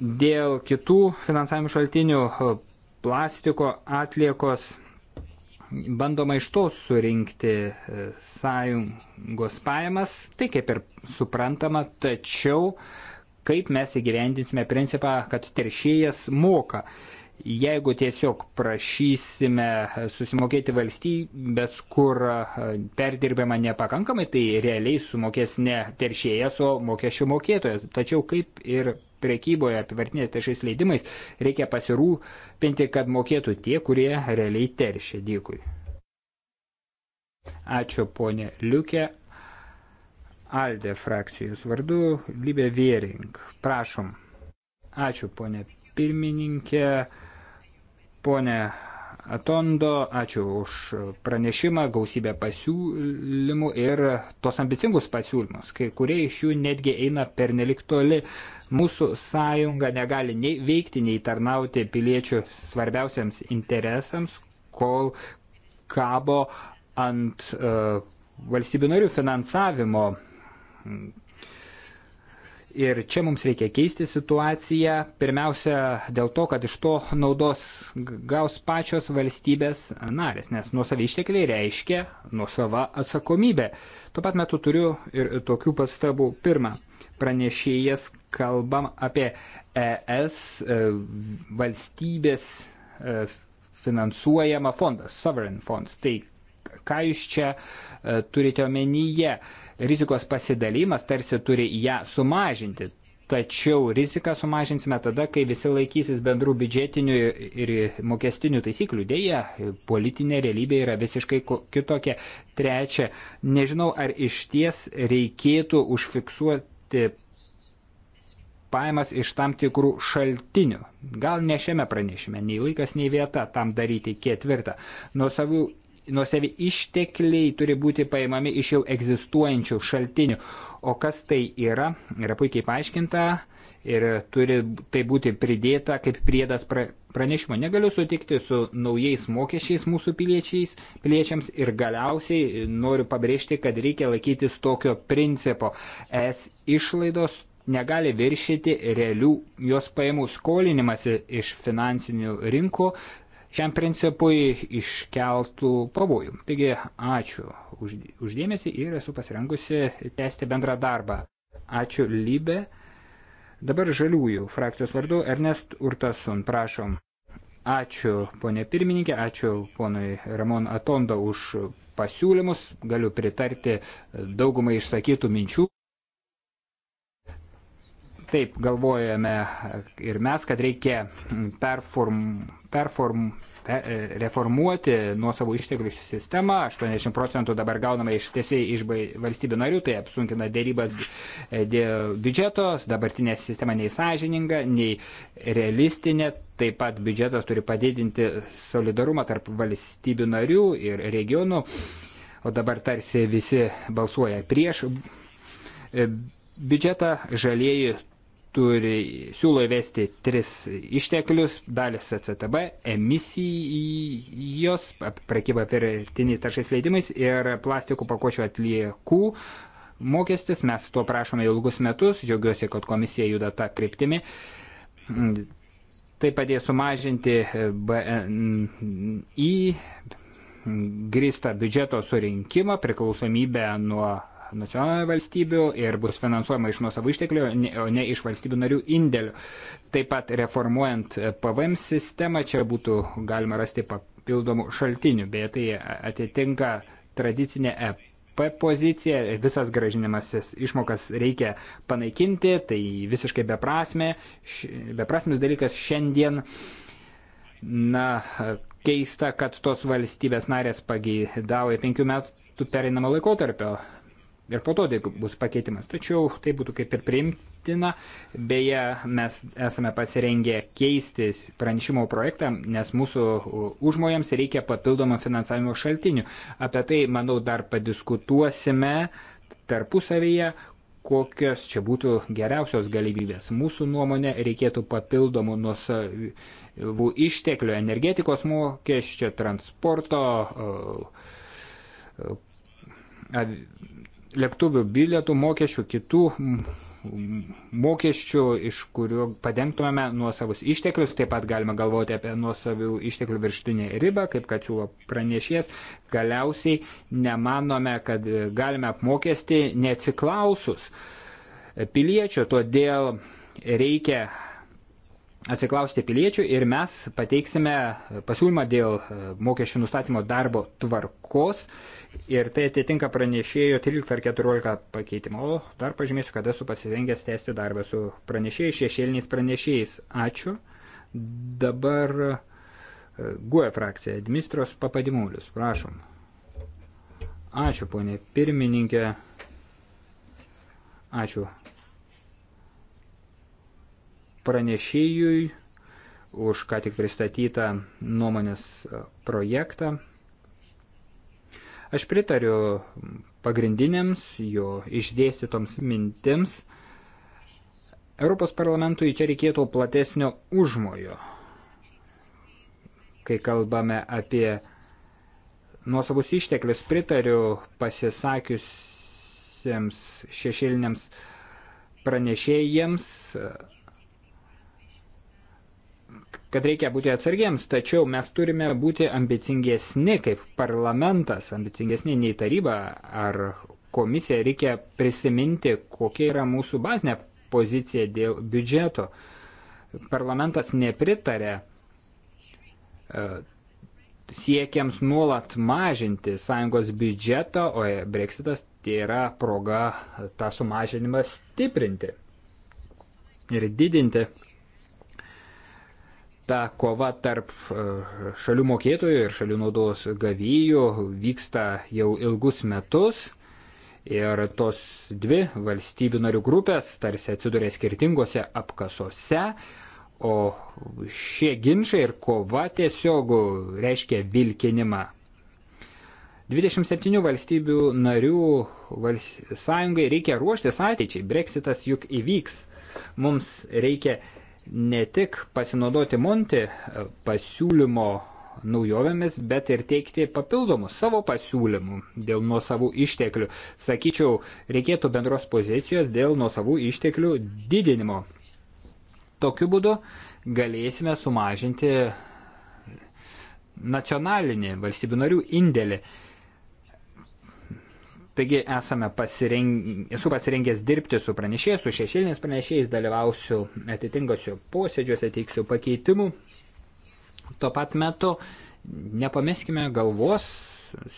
Dėl kitų finansavimo šaltinių plastiko atliekos bandoma iš to surinkti e, sąjungos pajamas, tai kaip ir suprantama, tačiau kaip mes įgyvendinsime principą, kad teršėjas moka. Jeigu tiesiog prašysime susimokėti valstybės, kur e, perdirbama nepakankamai, tai realiai sumokės ne teršėjas, o mokesčių mokėtojas. Tačiau kaip ir prekyboje apivartinės taršiais leidimais, reikia pasirūpinti, kad mokėtų tie, kurie realiai teršia. Dėkui. Ačiū ponė Liukė. Alde frakcijos vardu Libė Viering. Prašom. Ačiū ponė pirmininkė. Ponė Atondo, ačiū už pranešimą, gausybę pasiūlymų ir tos ambicingus pasiūlymus. Kai kurie iš jų netgi eina per nelik toli. Mūsų sąjunga negali nei veikti, nei tarnauti piliečių svarbiausiams interesams, kol kabo ant uh, valstybių narių finansavimo Ir čia mums reikia keisti situaciją, pirmiausia dėl to, kad iš to naudos gaus pačios valstybės narės, nes nuosavį ištekliai reiškia nuosavą atsakomybę. Tuo pat metu turiu ir tokių pastabų. Pirma, pranešėjas kalbam apie ES e, valstybės e, finansuojamą fondą, sovereign funds. Tai Ką jūs čia e, turite omenyje? Rizikos pasidalymas tarsi turi ją sumažinti. Tačiau riziką sumažinsime tada, kai visi laikysis bendrų biudžetinių ir mokestinių taisyklių. Deja, politinė realybė yra visiškai kitokia. Trečia, nežinau, ar iš ties reikėtų užfiksuoti pajamas iš tam tikrų šaltinių. Gal ne šiame pranešime, nei laikas, nei vieta tam daryti ketvirtą. Nuo savų nuosevi ištekliai turi būti paimami iš jau egzistuojančių šaltinių. O kas tai yra, yra puikiai paaiškinta ir turi tai būti pridėta kaip priedas pra, pranešimo. Negaliu sutikti su naujais mokesčiais mūsų piliečiais, piliečiams ir galiausiai noriu pabrėžti, kad reikia laikytis tokio principo. Es išlaidos negali viršyti realių jos pajamų skolinimasi iš finansinių rinkų šiam principui iškeltų pavojų. Taigi ačiū už, uždėmesį ir esu pasirengusi tęsti bendrą darbą. Ačiū Lybe. Dabar žaliųjų frakcijos vardu Ernest Urtasun, prašom. Ačiū ponė pirmininkė, ačiū ponui Ramon Atondo už pasiūlymus, galiu pritarti daugumai išsakytų minčių taip galvojame ir mes, kad reikia perform, perform, reformuoti nuo savo išteklių sistemą. 80 procentų dabar gauname iš tiesiai iš valstybių narių, tai apsunkina dėrybas e, dėl biudžeto, dabartinė sistema nei sąžininga, nei realistinė. Taip pat biudžetas turi padidinti solidarumą tarp valstybių narių ir regionų, o dabar tarsi visi balsuoja prieš e, biudžetą, žalieji turi, siūlo įvesti tris išteklius, dalis CCTB, emisijos, prekyba pertiniais taršais leidimais ir plastikų pakuočių atliekų mokestis. Mes to prašome ilgus metus, džiaugiuosi, kad komisija juda tą kryptimį. Tai padės sumažinti BNI grįstą biudžeto surinkimą, priklausomybę nuo nacionalinių valstybių ir bus finansuojama iš nuosavų išteklių, o ne iš valstybių narių indėlių. Taip pat reformuojant PVM sistemą čia būtų galima rasti papildomų šaltinių, beje tai atitinka tradicinę EP poziciją, visas gražinimas išmokas reikia panaikinti, tai visiškai beprasmė, beprasmis dalykas šiandien. Na, keista, kad tos valstybės narės pageidauja penkių metų pereinamą laikotarpio ir po to bus pakeitimas. Tačiau tai būtų kaip ir priimtina. Beje, mes esame pasirengę keisti pranešimo projektą, nes mūsų užmojams reikia papildomą finansavimo šaltinių. Apie tai, manau, dar padiskutuosime tarpusavyje kokios čia būtų geriausios galimybės. Mūsų nuomonė reikėtų papildomų nuosavų išteklių energetikos mokesčio, transporto, lėktuvių bilietų mokesčių, kitų mokesčių, iš kurių padengtumėme nuosavus išteklius. Taip pat galima galvoti apie nuosavių išteklių virštinę ribą, kaip kad siūlo pranešies. Galiausiai nemanome, kad galime apmokesti neatsiklausus piliečių, todėl reikia atsiklausti piliečių ir mes pateiksime pasiūlymą dėl mokesčių nustatymo darbo tvarkos ir tai atitinka pranešėjo 13 ar 14 pakeitimą. O dar pažymėsiu, kad esu pasirengęs tęsti darbą su pranešėjais, šešėliniais pranešėjais. Ačiū. Dabar e, GUE frakcija, Dmistros Papadimulis, prašom. Ačiū, ponė pirmininkė. Ačiū pranešėjui už ką tik pristatytą nuomonės e, projektą. Aš pritariu pagrindinėms jo išdėstytoms mintims. Europos parlamentui čia reikėtų platesnio užmojo, kai kalbame apie nuosavus išteklius, pritariu pasisakiusiems šešėliniams pranešėjams kad reikia būti atsargiems, tačiau mes turime būti ambicingesni kaip parlamentas, ambicingesni nei taryba ar komisija. Reikia prisiminti, kokia yra mūsų bazinė pozicija dėl biudžeto. Parlamentas nepritarė e, siekiams nuolat mažinti sąjungos biudžetą, o breksitas tai yra proga tą sumažinimą stiprinti ir didinti ta kova tarp e, šalių mokėtojų ir šalių naudos gavėjų vyksta jau ilgus metus. Ir tos dvi valstybių narių grupės tarsi atsiduria skirtingose apkasose, o šie ginčiai ir kova tiesiog reiškia vilkinimą. 27 valstybių narių vals... sąjungai reikia ruoštis ateičiai, breksitas juk įvyks. Mums reikia ne tik pasinaudoti Monti e, pasiūlymo naujovėmis, bet ir teikti papildomų savo pasiūlymų dėl nuosavų išteklių. Sakyčiau, reikėtų bendros pozicijos dėl nuosavų išteklių didinimo. Tokiu būdu galėsime sumažinti nacionalinį valstybių narių indėlį. Taigi esame pasireng... esu pasirengęs dirbti su pranešėjais, su šešėliniais pranešėjais, dalyvausiu atitinkosiu posėdžiuose, teiksiu pakeitimų. Tuo pat metu nepameskime galvos,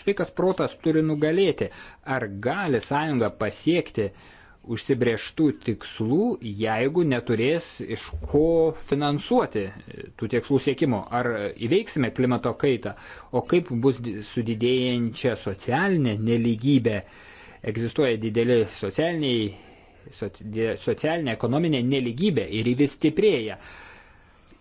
sveikas protas turi nugalėti. Ar gali sąjunga pasiekti uh, užsibrieštų tikslų, jeigu neturės iš ko finansuoti tų tikslų siekimo. Ar įveiksime klimato kaitą, o kaip bus su didėjančia socialinė neligybė. Egzistuoja dideli socialiniai, socialinė ekonominė neligybė ir ji vis stiprėja.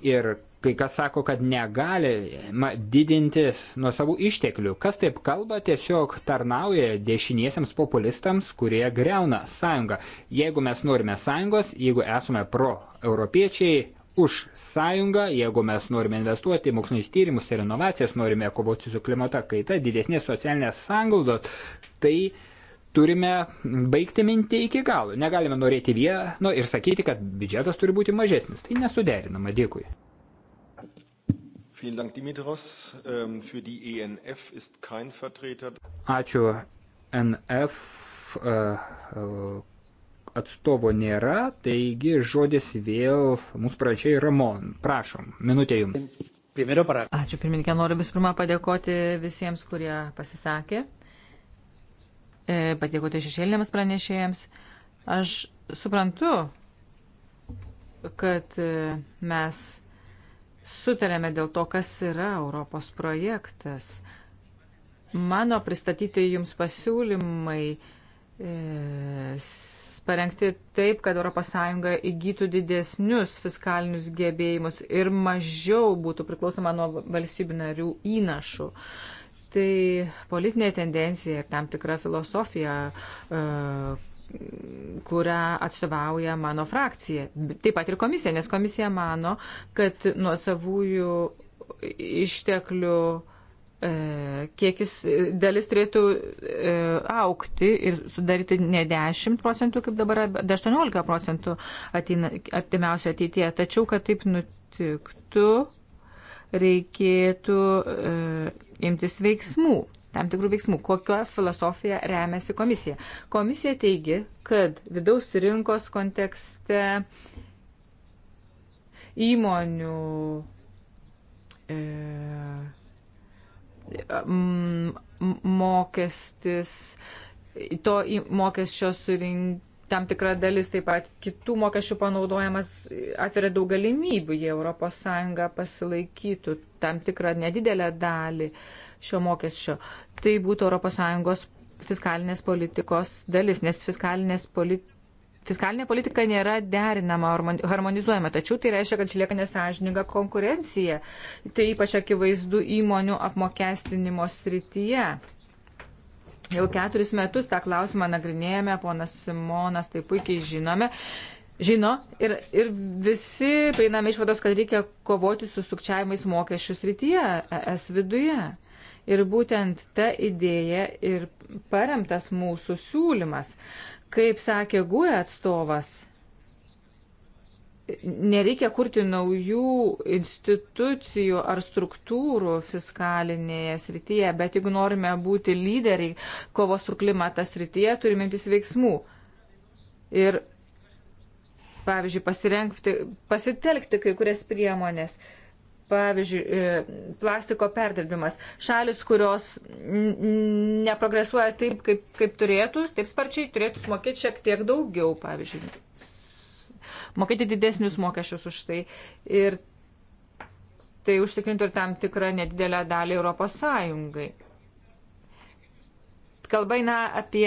Ir kai kas sako, kad negalima didinti nuo savų išteklių. Kas taip kalba, tiesiog tarnauja dešiniesiems populistams, kurie greuna sąjungą. Jeigu mes norime sąjungos, jeigu esame pro-europiečiai, už sąjungą, jeigu mes norime investuoti į mokslinis tyrimus ir inovacijas, norime kovoti su klimato kaita, didesnės socialinės sąnglaudos, tai turime baigti mintį iki galo. Negalime norėti vieno ir sakyti, kad biudžetas turi būti mažesnis. Tai nesuderinama. Dėkui. Vielen Dank, Dimitros. Ähm, für die ENF ist kein Vertreter. Ačiū. NF äh, äh, atstovo nėra, taigi žodis vėl mūsų pradžiai Ramon. Prašom, minutė jums. Ačiū pirmininkė, noriu visų pirma padėkoti visiems, kurie pasisakė, e, padėkoti šešėlinėms pranešėjams. Aš suprantu, kad e, mes sutarėme dėl to, kas yra Europos projektas. Mano pristatyti jums pasiūlymai e, parengti taip, kad ES įgytų didesnius fiskalinius gebėjimus ir mažiau būtų priklausoma nuo valstybių narių įnašų. Tai politinė tendencija ir tam tikra filosofija, e, kurią atstovauja mano frakcija. Taip pat ir komisija, nes komisija mano, kad nuo savųjų išteklių e, kiekis e, dalis turėtų e, aukti ir sudaryti ne 10 procentų, kaip dabar, bet 18 procentų artimiausio ateityje. Tačiau, kad taip nutiktų, reikėtų imtis veiksmų tam tikrų veiksmų. Kokio filosofija remiasi komisija? Komisija teigi, kad vidaus rinkos kontekste įmonių e, mokestis, to mokesčio surinkti tam tikra dalis, taip pat kitų mokesčių panaudojimas atveria daug galimybių, jei ES pasilaikytų tam tikrą nedidelę dalį uh, šio mokesčio. Tai būtų ES fiskalinės politikos dalis, nes fiskalinės politikos. Fiskalinė politika nėra derinama, harmonizuojama, tačiau tai reiškia, kad išlieka nesąžininga konkurencija. Tai ypač akivaizdu įmonių apmokestinimo srityje. Jau keturis metus tą klausimą nagrinėjame, ponas Simonas tai puikiai žinome. Žino ir, ir visi einame išvados, kad reikia kovoti su sukčiavimais mokesčių srityje, es viduje. Ir būtent ta idėja ir paremtas mūsų siūlymas. Kaip sakė GUE atstovas, nereikia kurti naujų institucijų ar struktūrų fiskalinėje srityje, bet jeigu norime būti lyderiai kovos su klimata srityje, turime imtis veiksmų. Ir, pavyzdžiui, pasitelkti kai kurias priemonės. Uh, Pavyzdžiui, e, plastiko perdirbimas. Šalis, kurios neprogresuoja taip, kaip, kaip turėtų, taip sparčiai turėtų sumokėti šiek tiek daugiau, pavyzdžiui, mokėti didesnius mokesčius už tai. Ir tai užtikrintų ir tam tikrą nedidelę dalį Europos Sąjungai. Kalba eina apie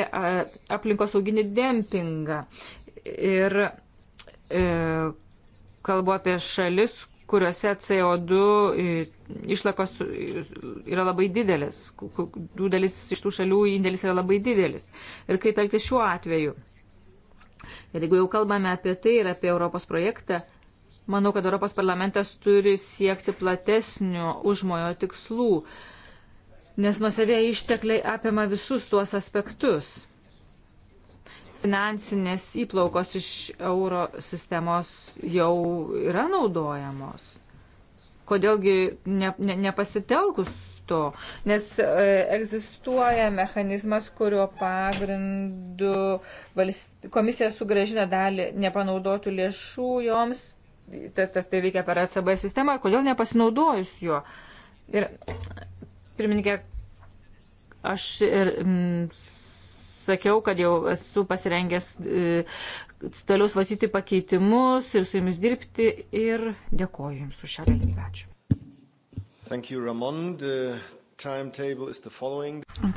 aplinkosauginį dempingą ir e, kalbu apie šalis, kuriuose CO2 išlakos yra labai didelis, jų dalis iš tų šalių indėlis yra labai didelis. Ir kaip elgtis šiuo atveju? Ir jeigu jau kalbame apie tai ir apie Europos projektą, manau, kad Europos parlamentas turi siekti platesnio užmojo tikslų, nes nusavė ištekliai apima visus tuos aspektus finansinės įplaukos iš euro sistemos jau yra naudojamos. Kodėlgi ne, ne, nepasitelkus to? Nes e, egzistuoja mechanizmas, kurio pagrindu valst... komisija sugražina dalį nepanaudotų lėšų joms, tas, tas tai veikia per ECB sistemą, kodėl nepasinaudojus juo? Ir pirmininkė, aš ir. Mm, sakiau, kad jau esu pasirengęs e, toliau svarstyti pakeitimus ir su jumis dirbti ir dėkoju jums už šią galimybę. Ačiū. Thank you, Ramon. The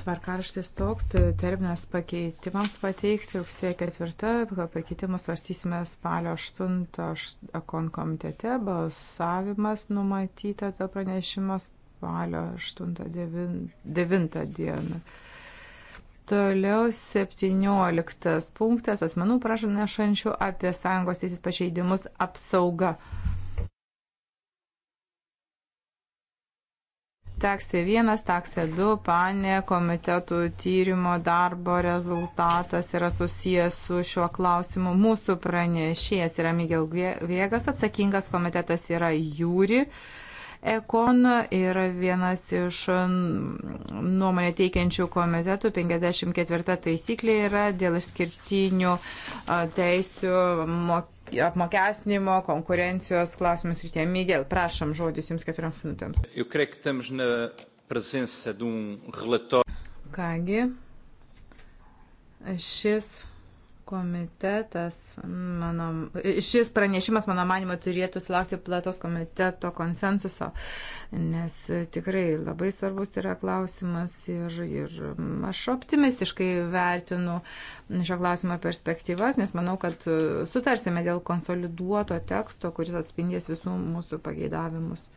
Tvarkarštis toks, terminas pakeitimams pateikti rugsėjo 4, pakeitimus svarstysime spalio 8 akon komitete, balsavimas numatytas dėl pranešimo spalio 8-9 dieną. Toliau 17 punktas asmenų prašanešančių apie sąjungos teisės pažeidimus apsauga. Taksė 1, taksė 2, panė, komitetų tyrimo darbo rezultatas yra susijęs su šiuo klausimu. Mūsų pranešėjas yra Miguel Viegas, atsakingas komitetas yra Jūri. Uh, Ekon yra vienas iš nuomonė teikiančių komitetų. 54 taisyklė yra dėl išskirtinių teisių mokymų apmokestinimo, konkurencijos klausimus ir tie Miguel, prašom žodis jums keturioms minutėms. Um Kągi, šis komitetas, mano, šis pranešimas, mano manimo, turėtų sulaukti platos komiteto konsensuso, nes tikrai labai svarbus yra klausimas ir, ir aš optimistiškai vertinu šio klausimo perspektyvas, nes manau, kad sutarsime dėl konsoliduoto teksto, kuris atspindės visų mūsų pageidavimus.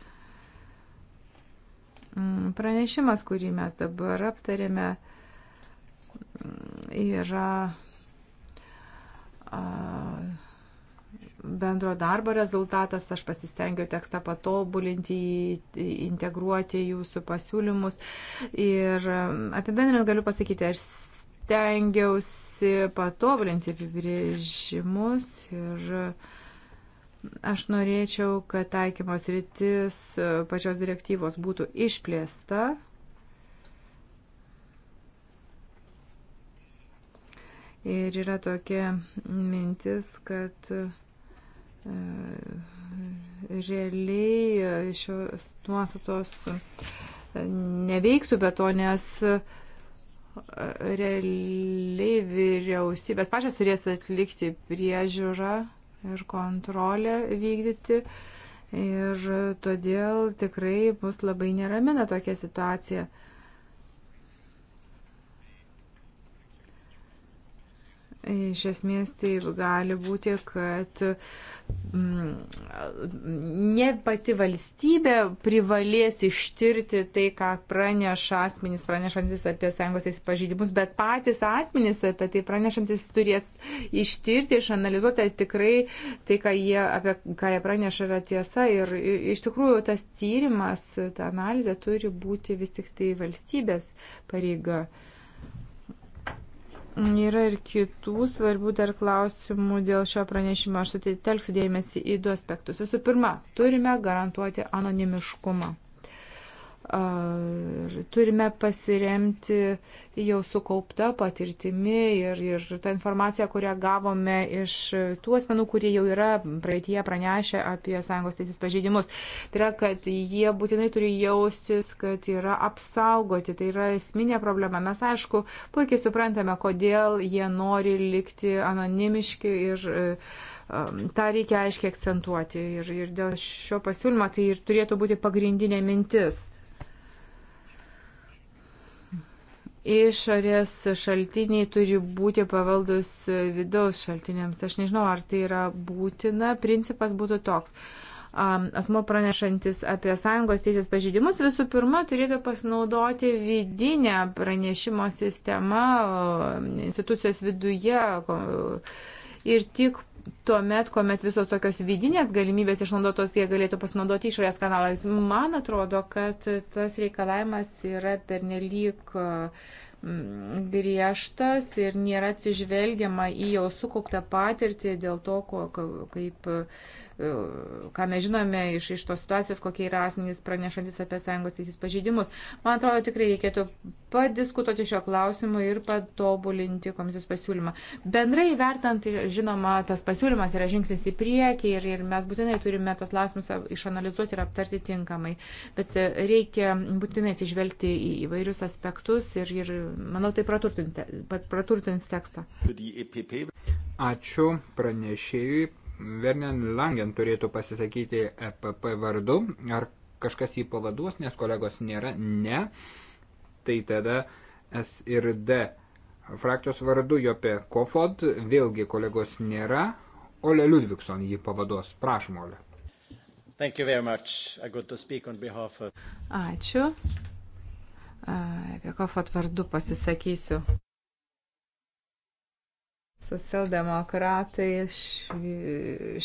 Mm, pranešimas, kurį mes dabar aptarėme, yra bendro darbo rezultatas, aš pasistengiau tekstą patobulinti, integruoti jūsų pasiūlymus. Ir apibendrinant galiu pasakyti, aš stengiausi patobulinti apibrėžimus ir aš norėčiau, kad taikymos rytis pačios direktyvos būtų išplėsta, Ir yra tokia mintis, kad e, realiai šios nuostatos e, neveiktų be to, nes e, realiai vyriausybės pačios turės atlikti priežiūrą ir kontrolę vykdyti. Ir todėl tikrai mus labai neramina tokia situacija. Iš esmės taip gali būti, kad mm, ne pati valstybė privalės ištirti tai, ką praneša asmenys, pranešantis apie sąjungos įsipažydimus, bet patys asmenys apie tai pranešantis turės ištirti, išanalizuoti, ar tikrai tai, ką jie, apie ką jie praneša, yra tiesa. Ir iš tikrųjų tas tyrimas, ta analizė turi būti vis tik tai valstybės pareiga. Yra ir kitų svarbių dar klausimų dėl šio pranešimo. Aš sutelksiu dėmesį į du aspektus. Visų pirma, turime garantuoti anonimiškumą turime pasiremti jau sukaupta patirtimi ir, ir tą informaciją, kurią gavome iš tų asmenų, kurie jau yra praeitie pranešę apie sąjungos teisės pažeidimus. Tai yra, kad jie būtinai turi jaustis, kad yra apsaugoti. Tai yra esminė problema. Mes, aišku, puikiai suprantame, kodėl jie nori likti anonimiški ir e, tą reikia aiškiai akcentuoti. Ir, ir dėl šio pasiūlymo tai ir turėtų būti pagrindinė mintis. išorės šaltiniai turi būti pavaldus vidaus šaltiniams. Aš nežinau, ar tai yra būtina. Principas būtų toks. Asmo pranešantis apie sąjungos teisės pažydimus visų pirma turėtų pasinaudoti vidinę pranešimo sistemą institucijos viduje ir tik tuomet, kuomet visos tokios vidinės galimybės išnaudotos, jie galėtų pasinaudoti išorės kanalais. Man atrodo, kad tas reikalavimas yra pernelyg mm, griežtas ir nėra atsižvelgiama į jau sukauptą patirtį dėl to, ko, kaip ką mes žinome iš, iš tos situacijos, kokie yra asmenys pranešantis apie sąjungos teisės pažeidimus. Man atrodo, tikrai reikėtų padiskutuoti šio klausimu ir patobulinti komisijos pasiūlymą. Bendrai vertant, žinoma, tas pasiūlymas yra žingsnis į priekį ir, ir mes būtinai turime tos klausimus išanalizuoti ir aptarti tinkamai. Bet e, reikia būtinai atsižvelgti į įvairius aspektus ir, ir manau, tai praturtins tekstą. E Ačiū pranešėjui Vernen Langen turėtų pasisakyti EPP vardu. Ar kažkas jį pavaduos, nes kolegos nėra? Ne. Tai tada S ir D frakcijos vardu Jopė Kofod, vėlgi kolegos nėra. Ole Ludvikson jį pavaduos. Prašom, Ole. Of... Ačiū. Apie Kofod vardu pasisakysiu. Socialdemokratai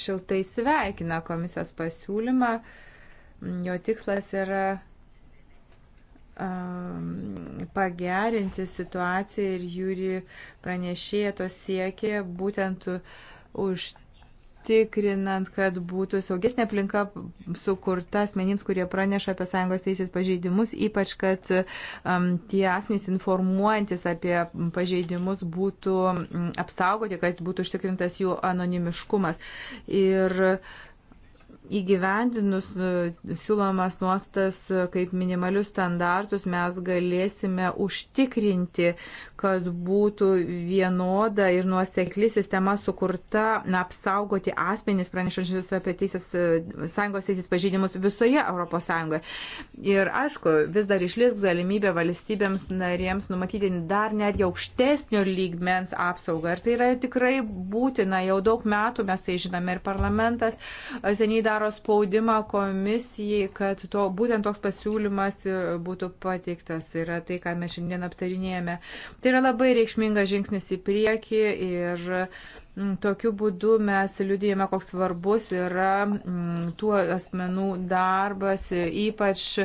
šiltai sveikina komisijos pasiūlymą. Jo tikslas yra um, pagerinti situaciją ir Jūri pranešėja to siekė būtent užtikrinti užtikrinant, kad būtų saugesnė aplinka sukurta asmenims, kurie praneša apie sąjungos teisės pažeidimus, ypač kad um, tie asmenys informuojantis apie pažeidimus būtų um, apsaugoti, kad būtų užtikrintas jų anonimiškumas. Ir uh, Įgyvendinus e, siūlomas nuostas e, kaip minimalius standartus mes galėsime užtikrinti, kad būtų vienoda ir nuosekli sistema sukurta na, apsaugoti asmenys pranešančius apie teisės, e, sąjungos teisės pažydimus visoje ES. Ir aišku, vis dar išliks galimybė valstybėms narėms numatyti dar netgi aukštesnio lygmens apsaugą. Ir tai yra tikrai būtina, jau daug metų mes tai žinome ir parlamentas seniai dar daro spaudimą komisijai, kad to, būtent toks pasiūlymas būtų pateiktas. Tai yra tai, ką mes šiandien aptarinėjame. Tai yra labai reikšmingas žingsnis į priekį ir Mm, tokiu būdu mes liudijame, koks svarbus yra mm, tų asmenų darbas, ypač e,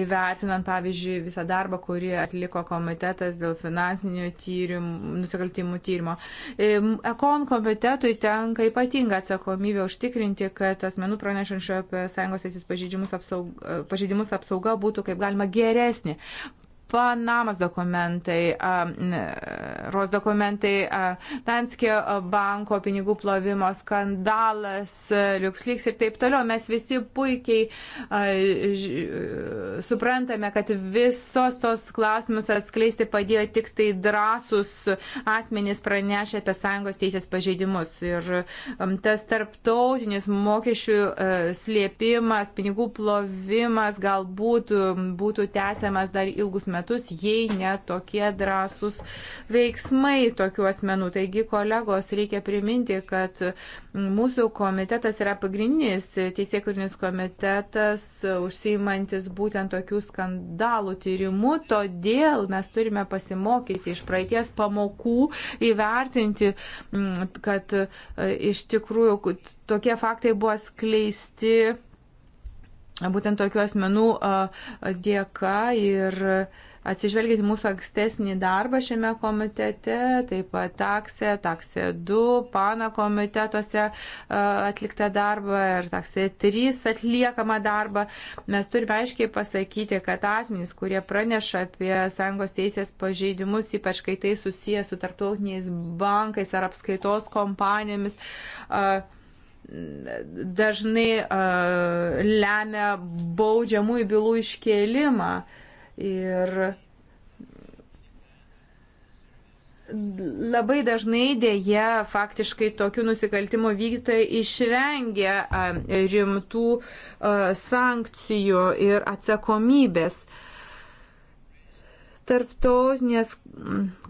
įvertinant, pavyzdžiui, visą darbą, kurį atliko komitetas dėl finansinių tyrimų, nusikaltimų tyrimo. E, ekon komitetui tenka ypatinga atsakomybė užtikrinti, kad asmenų pranešančių apie sąjungos teisės pažeidimus apsauga būtų kaip galima geresnė. Panamas dokumentai, ROS dokumentai, Danskė banko pinigų plovimo skandalas, LiuxLeaks ir taip toliau. Mes visi puikiai suprantame, kad visos tos klausimus atskleisti padėjo tik tai drąsus asmenys pranešę apie sąjungos teisės pažeidimus. Ir tas tarptautinis mokesčių slėpimas, pinigų plovimas galbūt būtų tęsiamas dar ilgus metus metus, jei ne tokie drąsūs veiksmai tokių asmenų. Taigi, kolegos, reikia priminti, kad mūsų komitetas yra pagrindinis teisėkurinis komitetas, užsiimantis būtent tokių skandalų tyrimų, todėl mes turime pasimokyti iš praeities pamokų, įvertinti, mm, kad e, iš tikrųjų tokie faktai buvo skleisti būtent tokių asmenų dėka ir Atsižvelgiant į mūsų ankstesnį darbą šiame komitete, taip pat taksė, taksė 2, pana komitetuose e, atliktą darbą ir taksė 3 atliekamą darbą, mes turime aiškiai pasakyti, kad asmenys, kurie praneša apie sąjungos teisės pažeidimus, ypač kai tai susiję su tarptautiniais bankais ar apskaitos kompanijomis, e, dažnai e, lemia baudžiamųjų bylų iškėlimą. Uh, Ir labai dažnai dėje faktiškai tokių nusikaltimų vykdytojai išvengia rimtų sankcijų ir atsakomybės. Tarptautinės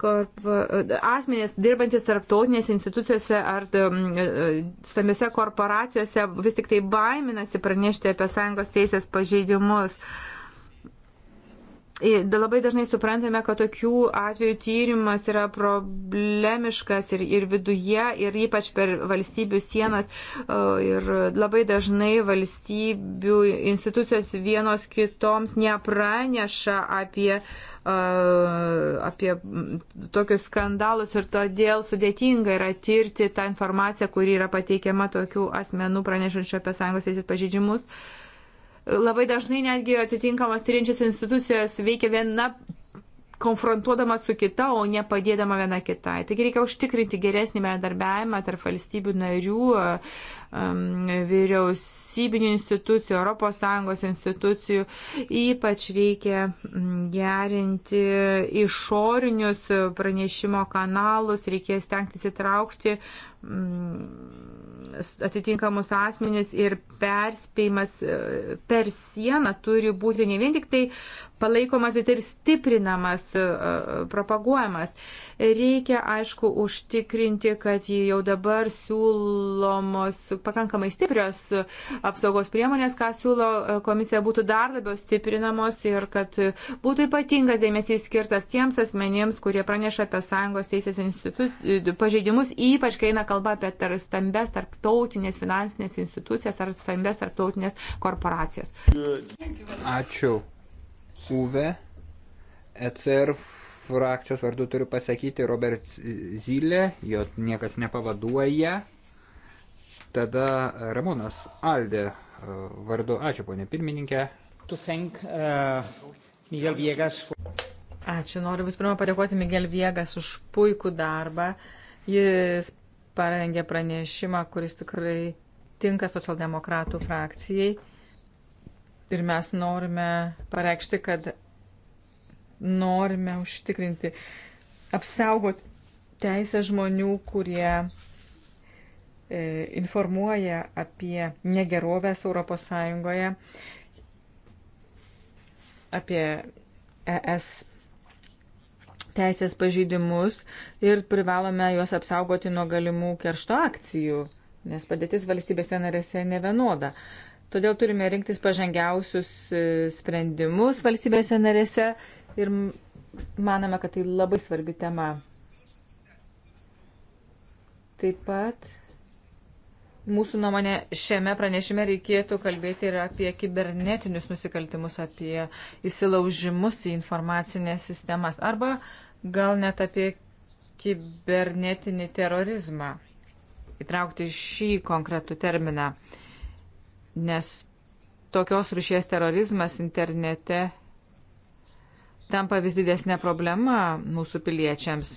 korpo, asmenės dirbantis tarptautinės institucijose ar stambiose korporacijose vis tik tai baiminasi pranešti apie sąjungos teisės pažeidimus. Uh, Labai dažnai suprantame, kad tokių atvejų tyrimas yra problemiškas ir, ir viduje, ir ypač per valstybių sienas. Ir labai dažnai valstybių institucijos vienos kitoms nepraneša apie, apie tokius skandalus ir todėl sudėtinga yra tirti tą informaciją, kuri yra pateikiama tokių asmenų pranešančių apie sąjungos įsipažydžimus. pažydžimus Labai dažnai netgi atitinkamas tyrinčias institucijos veikia viena konfrontuodama su kita, o ne padėdama viena kitai. Taigi reikia užtikrinti geresnį bendarbiavimą tarp valstybių narių, um, vyriausybinių institucijų, ES institucijų. Ypač reikia mm, gerinti išorinius pranešimo kanalus, reikės stengtis įtraukti mm, atitinkamus asmenis ir perspėjimas e, per sieną turi būti ne vien tik tai palaikomas, bet ir stiprinamas, e, e, propaguojamas. Reikia, aišku, užtikrinti, kad jau dabar siūlomos pakankamai stiprios apsaugos priemonės, ką siūlo e, komisija, būtų dar labiau stiprinamos ir kad būtų ypatingas dėmesys skirtas tiems asmenims, kurie praneša apie sąjungos teisės pažeidimus, ypač kai eina kalba apie tar stambes tarptautinės finansinės institucijas ar stambes tarptautinės korporacijas. Ačiū Uve. ECR frakcijos vardu turiu pasakyti Robert Zylė, jo niekas nepavaduoja. Tada Ramonas Aldė e, vardu. Ačiū, ponė pirmininkė. Thank, uh, for... Ačiū, noriu vis pirma padėkoti Miguel Viegas už puikų darbą. Jis parengė pranešimą, kuris tikrai tinka socialdemokratų frakcijai. Ir mes norime pareikšti, kad norime užtikrinti, apsaugoti teisę žmonių, kurie e, informuoja apie negerovės Europos Sąjungoje, apie ES teisės pažeidimus ir privalome juos apsaugoti nuo galimų keršto akcijų, nes padėtis valstybėse narėse nevienoda. vienoda Todėl turime rinktis pažangiausius e, sprendimus valstybėse narėse ir manome, kad tai labai svarbi tema. Taip pat mūsų nuomonė šiame pranešime reikėtų kalbėti ir apie kibernetinius nusikaltimus, apie įsilaužimus į informacinės sistemas arba gal net apie kibernetinį terorizmą. Įtraukti šį konkretų terminą. Uh, nes tokios rušies terorizmas internete tampa vis didesnė problema mūsų piliečiams.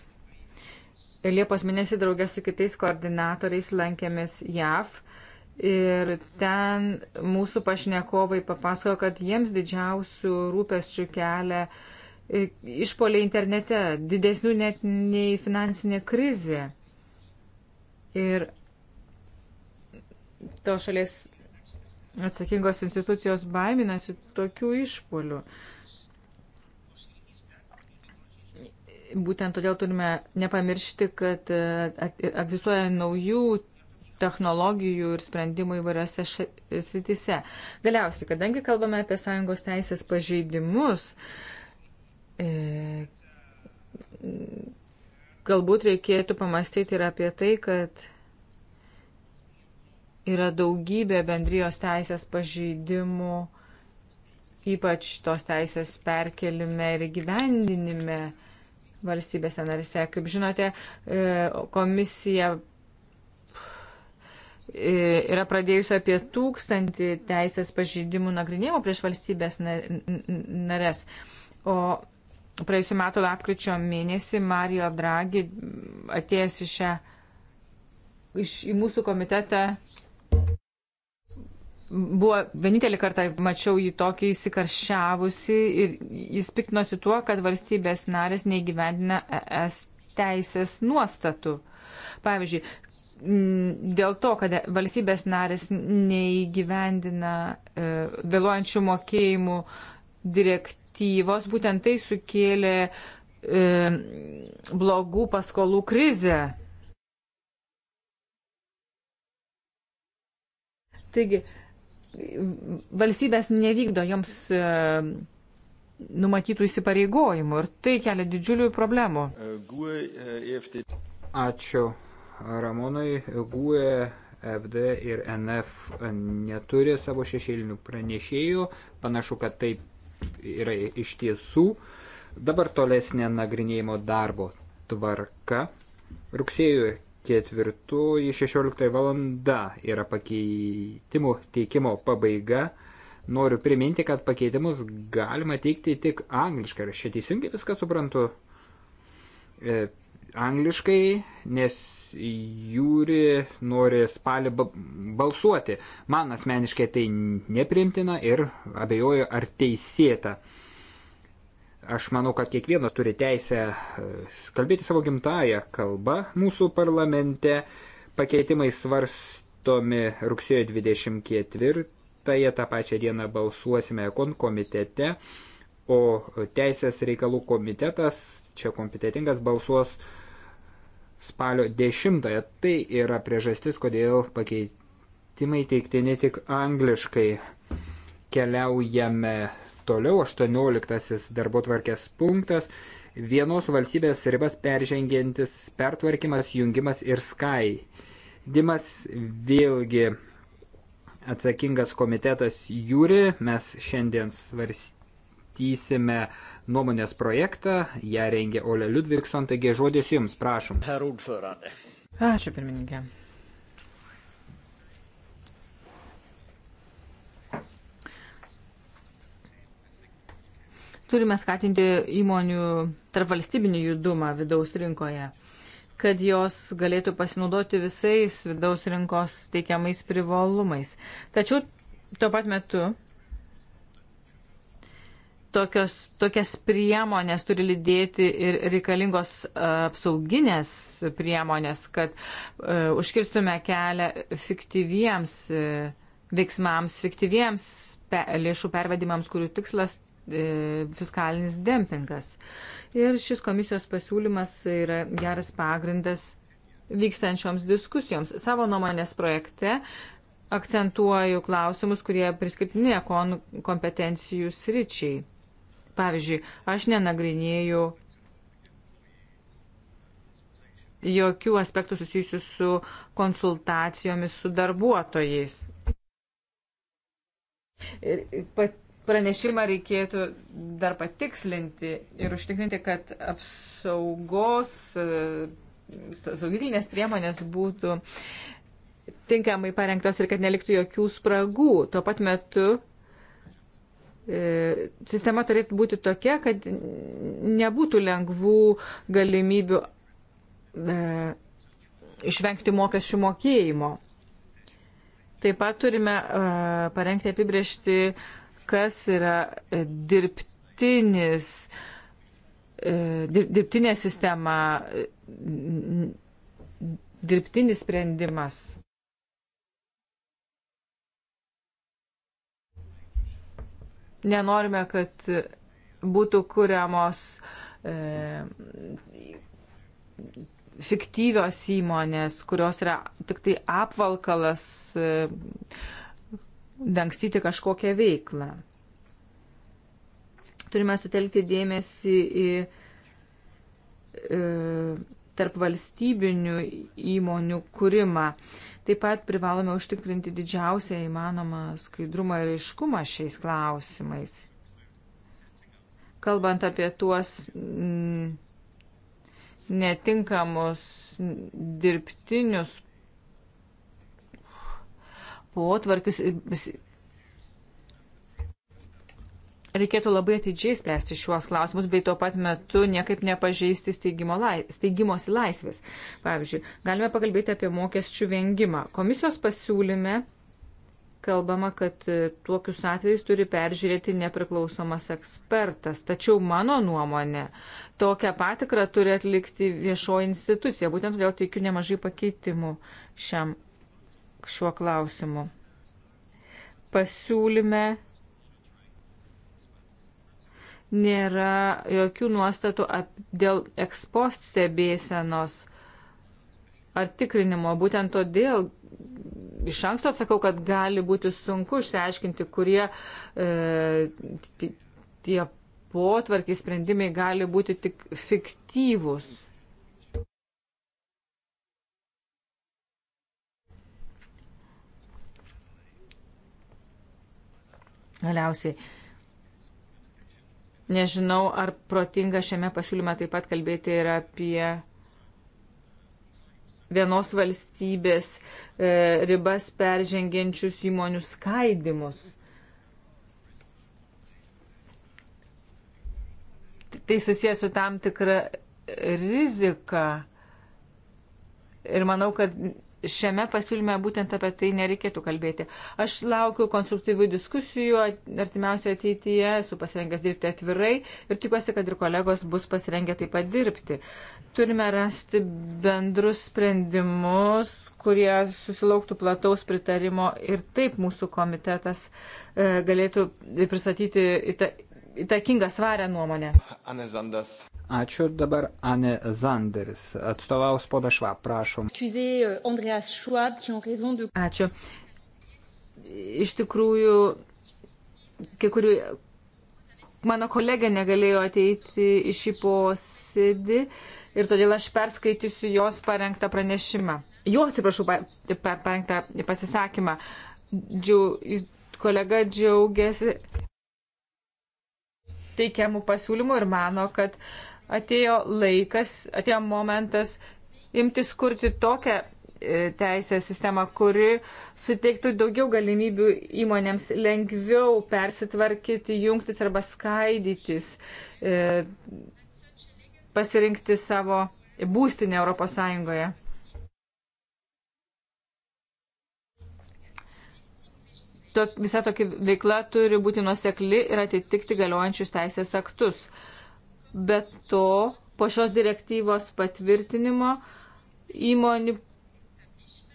Liepos mėnesį draugė su kitais koordinatoriais lankėmės JAV ir ten mūsų pašnekovai papasakojo, kad jiems didžiausių rūpesčių kelia e, išpoliai internete, didesnių net nei finansinė krizė. Ir to šalies atsakingos institucijos baiminasi tokių išpolių. Būtent todėl turime nepamiršti, kad e, egzistuoja naujų technologijų ir sprendimų įvairiose srityse. Galiausiai, kadangi kalbame apie sąjungos teisės pažeidimus, e, galbūt reikėtų pamastyti ir apie tai, kad Yra daugybė bendrijos teisės pažeidimų, ypač tos teisės perkelime ir gyvendinime valstybėse narise. Kaip žinote, e, komisija e, yra pradėjusi apie tūkstantį teisės pažydimų nagrinėjimų prieš valstybės nares. O praėjusiu metu lapkričio mėnesį Mario Draghi atėjęs į šią, iš, į mūsų komitetą buvo vienintelį kartą mačiau jį tokį įsikaršiavusi ir jis piktinosi tuo, kad valstybės narės neįgyvendina ES teisės nuostatų. Pavyzdžiui, dėl to, kad valstybės narės neįgyvendina e, vėluojančių mokėjimų direktyvos, būtent tai sukėlė e, blogų paskolų krizę. Taigi, valstybės nevykdo joms e, numatytų įsipareigojimų ir tai kelia didžiulių problemų. Ačiū Ramonui. GUE, FD ir NF neturi savo šešėlinių pranešėjų. Panašu, kad taip yra iš tiesų. Dabar tolesnė nagrinėjimo darbo tvarka. Rugsėjo ketvirtųjų 16 valanda yra pakeitimų teikimo pabaiga. Noriu priminti, kad pakeitimus galima teikti tik angliškai. Ar šitai teisingai viską suprantu? E, angliškai, nes jūri nori spalį balsuoti. Man asmeniškai tai neprimtina ir abejoju, ar teisėta. E, Aš manau, kad kiekvienas turi teisę e, kalbėti savo gimtają kalbą. Mūsų parlamente pakeitimai svarstomi rugsėjo 24-ąją, tą pačią dieną balsuosime kon komitete, o Teisės reikalų komitetas, čia kompetitingas, balsuos spalio 10-ąją. Tai yra priežastis, kodėl pakeitimai teikti ne tik angliškai keliaujame Toliau 18 darbo tvarkės punktas – vienos valstybės ribas peržengiantis pertvarkymas, jungimas ir skai. Dimas vėlgi atsakingas komitetas Jūri, mes šiandien svarstysime nuomonės projektą, ją rengė Ole Ludvigson, taigi žodis jums, prašom. Ačiū pirmininkė. Turime skatinti įmonių tarpvalstybinį judumą vidaus rinkoje, kad jos galėtų pasinaudoti visais vidaus rinkos teikiamais privalumais. Tačiau tuo pat metu tokios, tokias priemonės turi lydėti ir reikalingos e, apsauginės priemonės, kad uh, užkirstume kelią fiktyviems uh, veiksmams, fiktyviems pe, lėšų pervedimams, kurių tikslas E, fiskalinis dempingas. Ir šis komisijos pasiūlymas yra geras pagrindas vykstančioms diskusijoms. Savo nuomonės projekte akcentuoju klausimus, kurie priskirtini ekon kompetencijų sričiai. Pavyzdžiui, aš nenagrinėjau jokių aspektų susijusių su konsultacijomis su darbuotojais. Ir pat, pranešimą reikėtų dar patikslinti ir užtikrinti, kad apsaugos e, saugiklinės priemonės būtų tinkamai parengtos ir kad neliktų jokių spragų. Tuo pat metu e, sistema turėtų būti tokia, kad nebūtų lengvų galimybių e, išvengti mokesčių mokėjimo. Taip pat turime e, parengti apibriežti kas yra e, dirbtinis, e, dirbtinė sistema, e, dirbtinis sprendimas. Nenorime, kad būtų kuriamos e, fiktyvios įmonės, kurios yra tik tai apvalkalas e, dangstyti kažkokią veiklą. Turime sutelkti dėmesį į e, tarp valstybinių įmonių kūrimą. Taip pat privalome užtikrinti didžiausią įmanomą skaidrumą ir aiškumą šiais klausimais. Kalbant apie tuos netinkamus dirbtinius potvarkius e, reikėtų labai atidžiai spręsti šiuos klausimus, bei tuo pat metu niekaip nepažeisti steigimo lai, steigimosi laisvės. Pavyzdžiui, galime pakalbėti apie mokesčių vengimą. Komisijos pasiūlyme kalbama, kad e, tokius atvejus turi peržiūrėti nepriklausomas ekspertas. Tačiau mano nuomonė, tokią patikrą turi atlikti viešoji institucija. Būtent todėl teikiu nemažai pakeitimų šiam šiuo klausimu. Pasiūlyme nėra jokių nuostatų ap, dėl ekspost stebėsenos ar tikrinimo. Būtent todėl iš anksto sakau, kad gali būti sunku išsiaiškinti, kurie e, tie potvarkiai sprendimai gali būti tik fiktyvus. Galiausiai, nežinau, ar protinga šiame pasiūlyme taip pat kalbėti ir apie vienos valstybės e, ribas peržengiančius įmonių skaidimus. Tai susijęs su tam tikra rizika. Ir manau, kad šiame pasiūlyme būtent apie tai nereikėtų kalbėti. Aš laukiu konstruktyvių diskusijų artimiausioje ateityje, esu pasirengęs dirbti atvirai ir tikiuosi, kad ir kolegos bus pasirengę taip pat dirbti. Turime rasti bendrus sprendimus, kurie susilauktų plataus pritarimo ir taip mūsų komitetas e, galėtų pristatyti įtakingą svarę nuomonę. Ane Zandas. Ačiū dabar Ane Zanderis. Atstovaus poda Švab, prašom. Euh, Ačiū. Iš tikrųjų, kai kurių mano kolegė negalėjo ateiti į šį posėdį ir todėl aš perskaitysiu jos parengtą pranešimą. Jo, atsiprašau, parengtą pasisakymą. Džiau, kolega džiaugiasi teikiamų pasiūlymų ir mano, kad atėjo laikas, atėjo momentas imtis kurti tokią e, teisės sistemą, kuri suteiktų daugiau galimybių įmonėms lengviau persitvarkyti, jungtis arba skaidytis, e, pasirinkti savo būstinę Europos Sąjungoje. to, visa tokia veikla turi būti nusekli ir atitikti galiojančius teisės aktus. Be to, po šios direktyvos patvirtinimo įmonių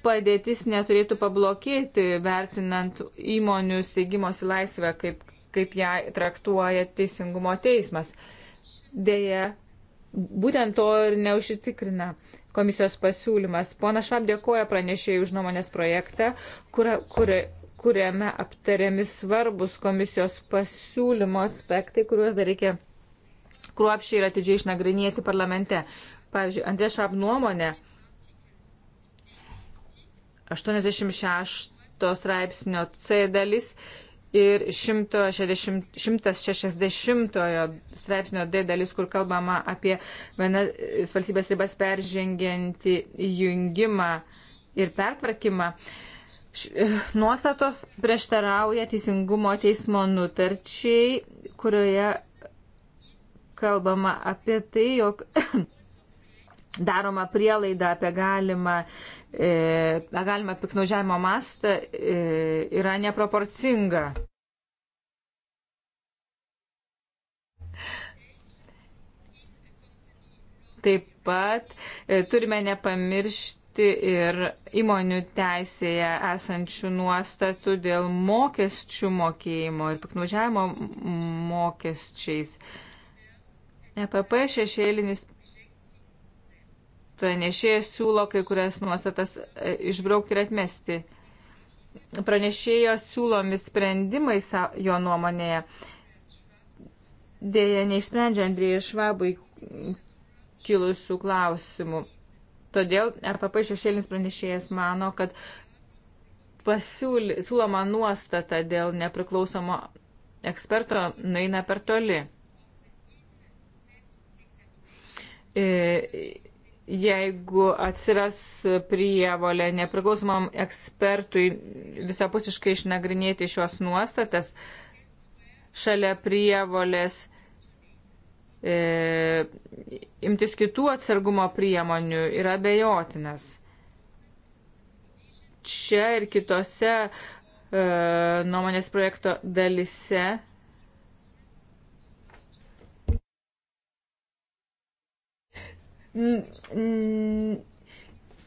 padėtis neturėtų pablokėti, vertinant įmonių steigimosi laisvę, kaip, kaip ją traktuoja Teisingumo teismas. Deja, būtent to ir neužitikrina komisijos pasiūlymas. Pona Švab dėkoja pranešėjai už nuomonės projektą, kur, kur, kuriame aptariami svarbus komisijos pasiūlymo aspektai, kuriuos dar reikia kruopšiai ir atidžiai išnagrinėti parlamente. Pavyzdžiui, Andrė Švab nuomonė 86 straipsnio C dalis ir 160, 160 straipsnio D dalis, kur kalbama apie vienas valstybės ribas peržengianti jungimą ir pertvarkymą. Uh, E, nuostatos prieštarauja teisingumo teismo nutarčiai, kurioje kalbama apie tai, jog daroma prielaida apie galimą, e, galimą piknaudžiavimo mastą e, yra neproporcinga. Taip pat e, turime nepamiršti siekti ir įmonių teisėje esančių nuostatų dėl mokesčių mokėjimo ir piknaudžiavimo mokesčiais. EPP šešėlinis pranešėjas siūlo kai kurias nuostatas e, išbraukti ir atmesti. Pranešėjo siūlomi sprendimai jo nuomonėje. Dėja, neišsprendžia Andrėjai Švabui kilusių klausimų. Todėl EPP šešėlinis pranešėjas mano, kad pasiūly, siūloma nuostata dėl nepriklausomo eksperto naina per toli. E, jeigu atsiras prievolė nepriklausomam ekspertui visapusiškai išnagrinėti šios nuostatas, šalia prievolės e, imtis kitų atsargumo priemonių yra bejotinas. Čia ir kitose e, nuomonės projekto dalise.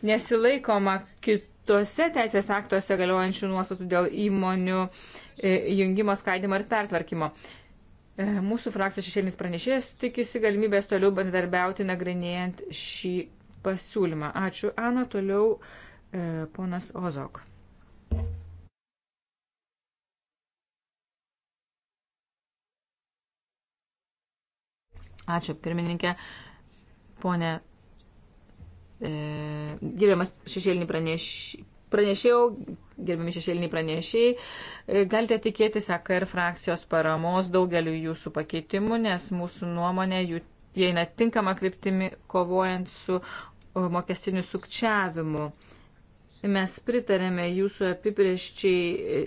Nesilaikoma kitose teisės aktuose galiojančių nuostatų dėl įmonių e, jungimo, skaidimo ir pertvarkymo. E, E, mūsų frakcijos šešėlinis pranešėjas tikisi galimybės toliau bendarbiauti nagrinėjant šį pasiūlymą. Ačiū, Ana. Toliau e, ponas Ozok. Ačiū, pirmininkė. Pone, e, gerbiamas šešėlinį praneš, pranešėjau, gerbiami šešėliniai pranešiai, e, galite tikėtis AKR frakcijos paramos daugeliu jūsų pakeitimų, nes mūsų nuomonė jų jie eina tinkama kryptimi kovojant su mokestiniu sukčiavimu. Mes pritarėme jūsų apibrieščiai e,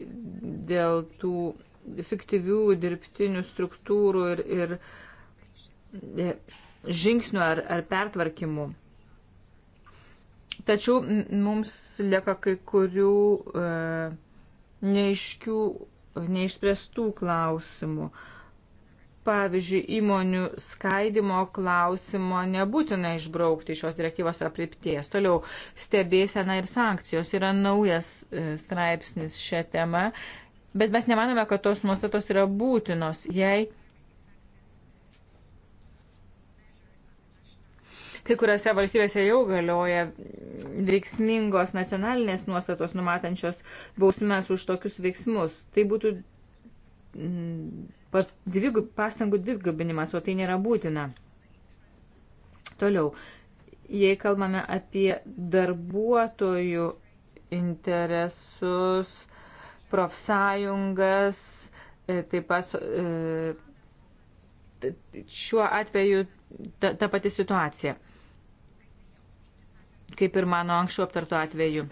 dėl tų fiktyvių dirbtinių struktūrų ir, ir e, žingsnių ar, ar pertvarkimų. Tačiau mums lieka kai kurių e, neiškių, neišspręstų klausimų. Pavyzdžiui, įmonių skaidimo klausimo nebūtina išbraukti šios direktyvos apripties. Toliau stebėsena ir sankcijos yra naujas e, straipsnis šią temą, bet mes nemanome, kad tos nuostatos yra būtinos, jei Kai kuriuose valstybėse jau galioja veiksmingos nacionalinės nuostatos numatančios bausmes už tokius veiksmus. Tai būtų mm, dvigub, pastangų dvigubinimas, o tai nėra būtina. Toliau, jei kalbame apie darbuotojų interesus, profsąjungas, e, taip pat e, šiuo atveju ta, ta pati situacija kaip ir mano anksčiau aptarto atveju.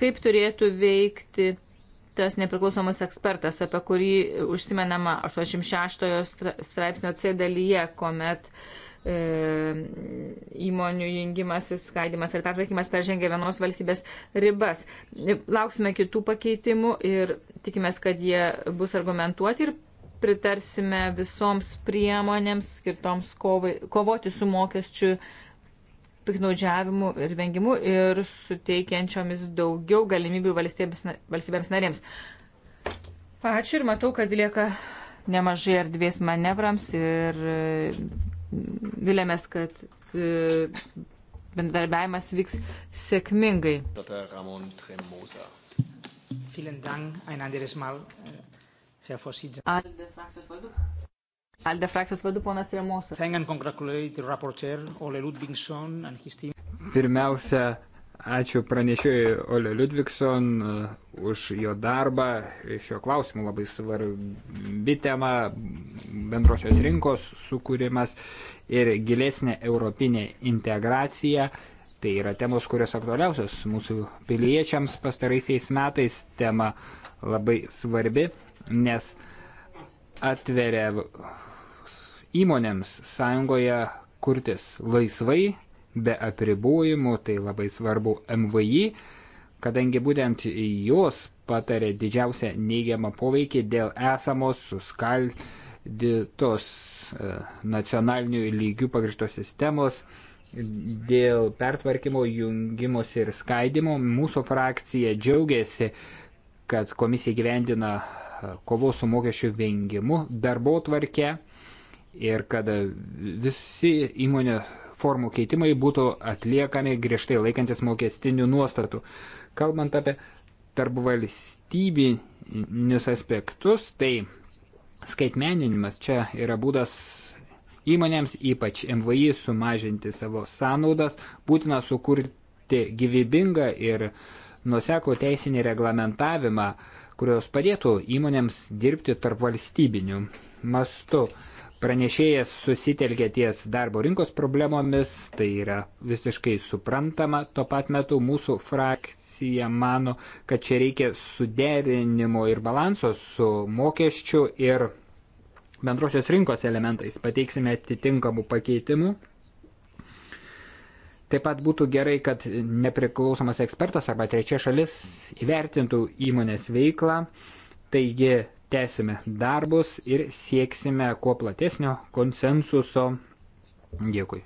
Kaip turėtų veikti tas nepriklausomas ekspertas, apie kurį užsimenama 86 straipsnio C dalyje, kuomet e, įmonių jungimas, skaidimas ir pertvarkymas peržengia vienos valstybės ribas. Lauksime kitų pakeitimų ir tikimės, kad jie bus argumentuoti ir pritarsime visoms priemonėms skirtoms kovai, kovoti su mokesčių piknaudžiavimu ir vengimu ir suteikiančiomis daugiau galimybių valstybėms, valstybėms narėms. Ačiū ir matau, kad lieka nemažai erdvės manevrams ir e, vilėmės, kad e, bendarbiavimas vyks sėkmingai. Äh, Alde frakcijos vardu. Alde frakcijos vadu ponas Remosas. Pirmiausia, ačiū pranešėjui Ole Ludvigson uh, už jo darbą. Šio klausimu labai svarbi tema bendrosios rinkos sukūrimas ir gilesnė europinė integracija. Tai yra temos, kurios aktualiausios mūsų piliečiams pastaraisiais metais. Tema labai svarbi, nes atveria įmonėms sąjungoje kurtis laisvai, be apribojimų, tai labai svarbu MVI, kadangi būtent jos patarė didžiausią neigiamą poveikį dėl esamos suskaldytos e, nacionalinių lygių pagristos sistemos, dėl pertvarkymo, jungimos ir skaidimo. Mūsų frakcija džiaugiasi, kad komisija gyvendina e, kovos su mokesčių vengimu darbo tvarkę ir kad visi įmonė formų keitimai būtų atliekami griežtai laikantis mokestinių nuostatų. Kalbant apie tarp valstybinius aspektus, tai skaitmeninimas čia yra būdas įmonėms, ypač MVI, sumažinti savo sąnaudas, būtina sukurti gyvybingą ir nuseklų teisinį reglamentavimą, kurios padėtų įmonėms dirbti tarp valstybinių mastų. Pranešėjas susitelkė ties darbo rinkos problemomis, tai yra visiškai suprantama. Tuo pat metu mūsų frakcija mano, kad čia reikia suderinimo ir balanso su mokesčiu ir bendrosios rinkos elementais. Pateiksime atitinkamų pakeitimų. Taip pat būtų gerai, kad nepriklausomas ekspertas arba trečia šalis įvertintų įmonės veiklą. Taigi tęsime darbus ir sieksime kuo platesnio konsensuso. Dėkui.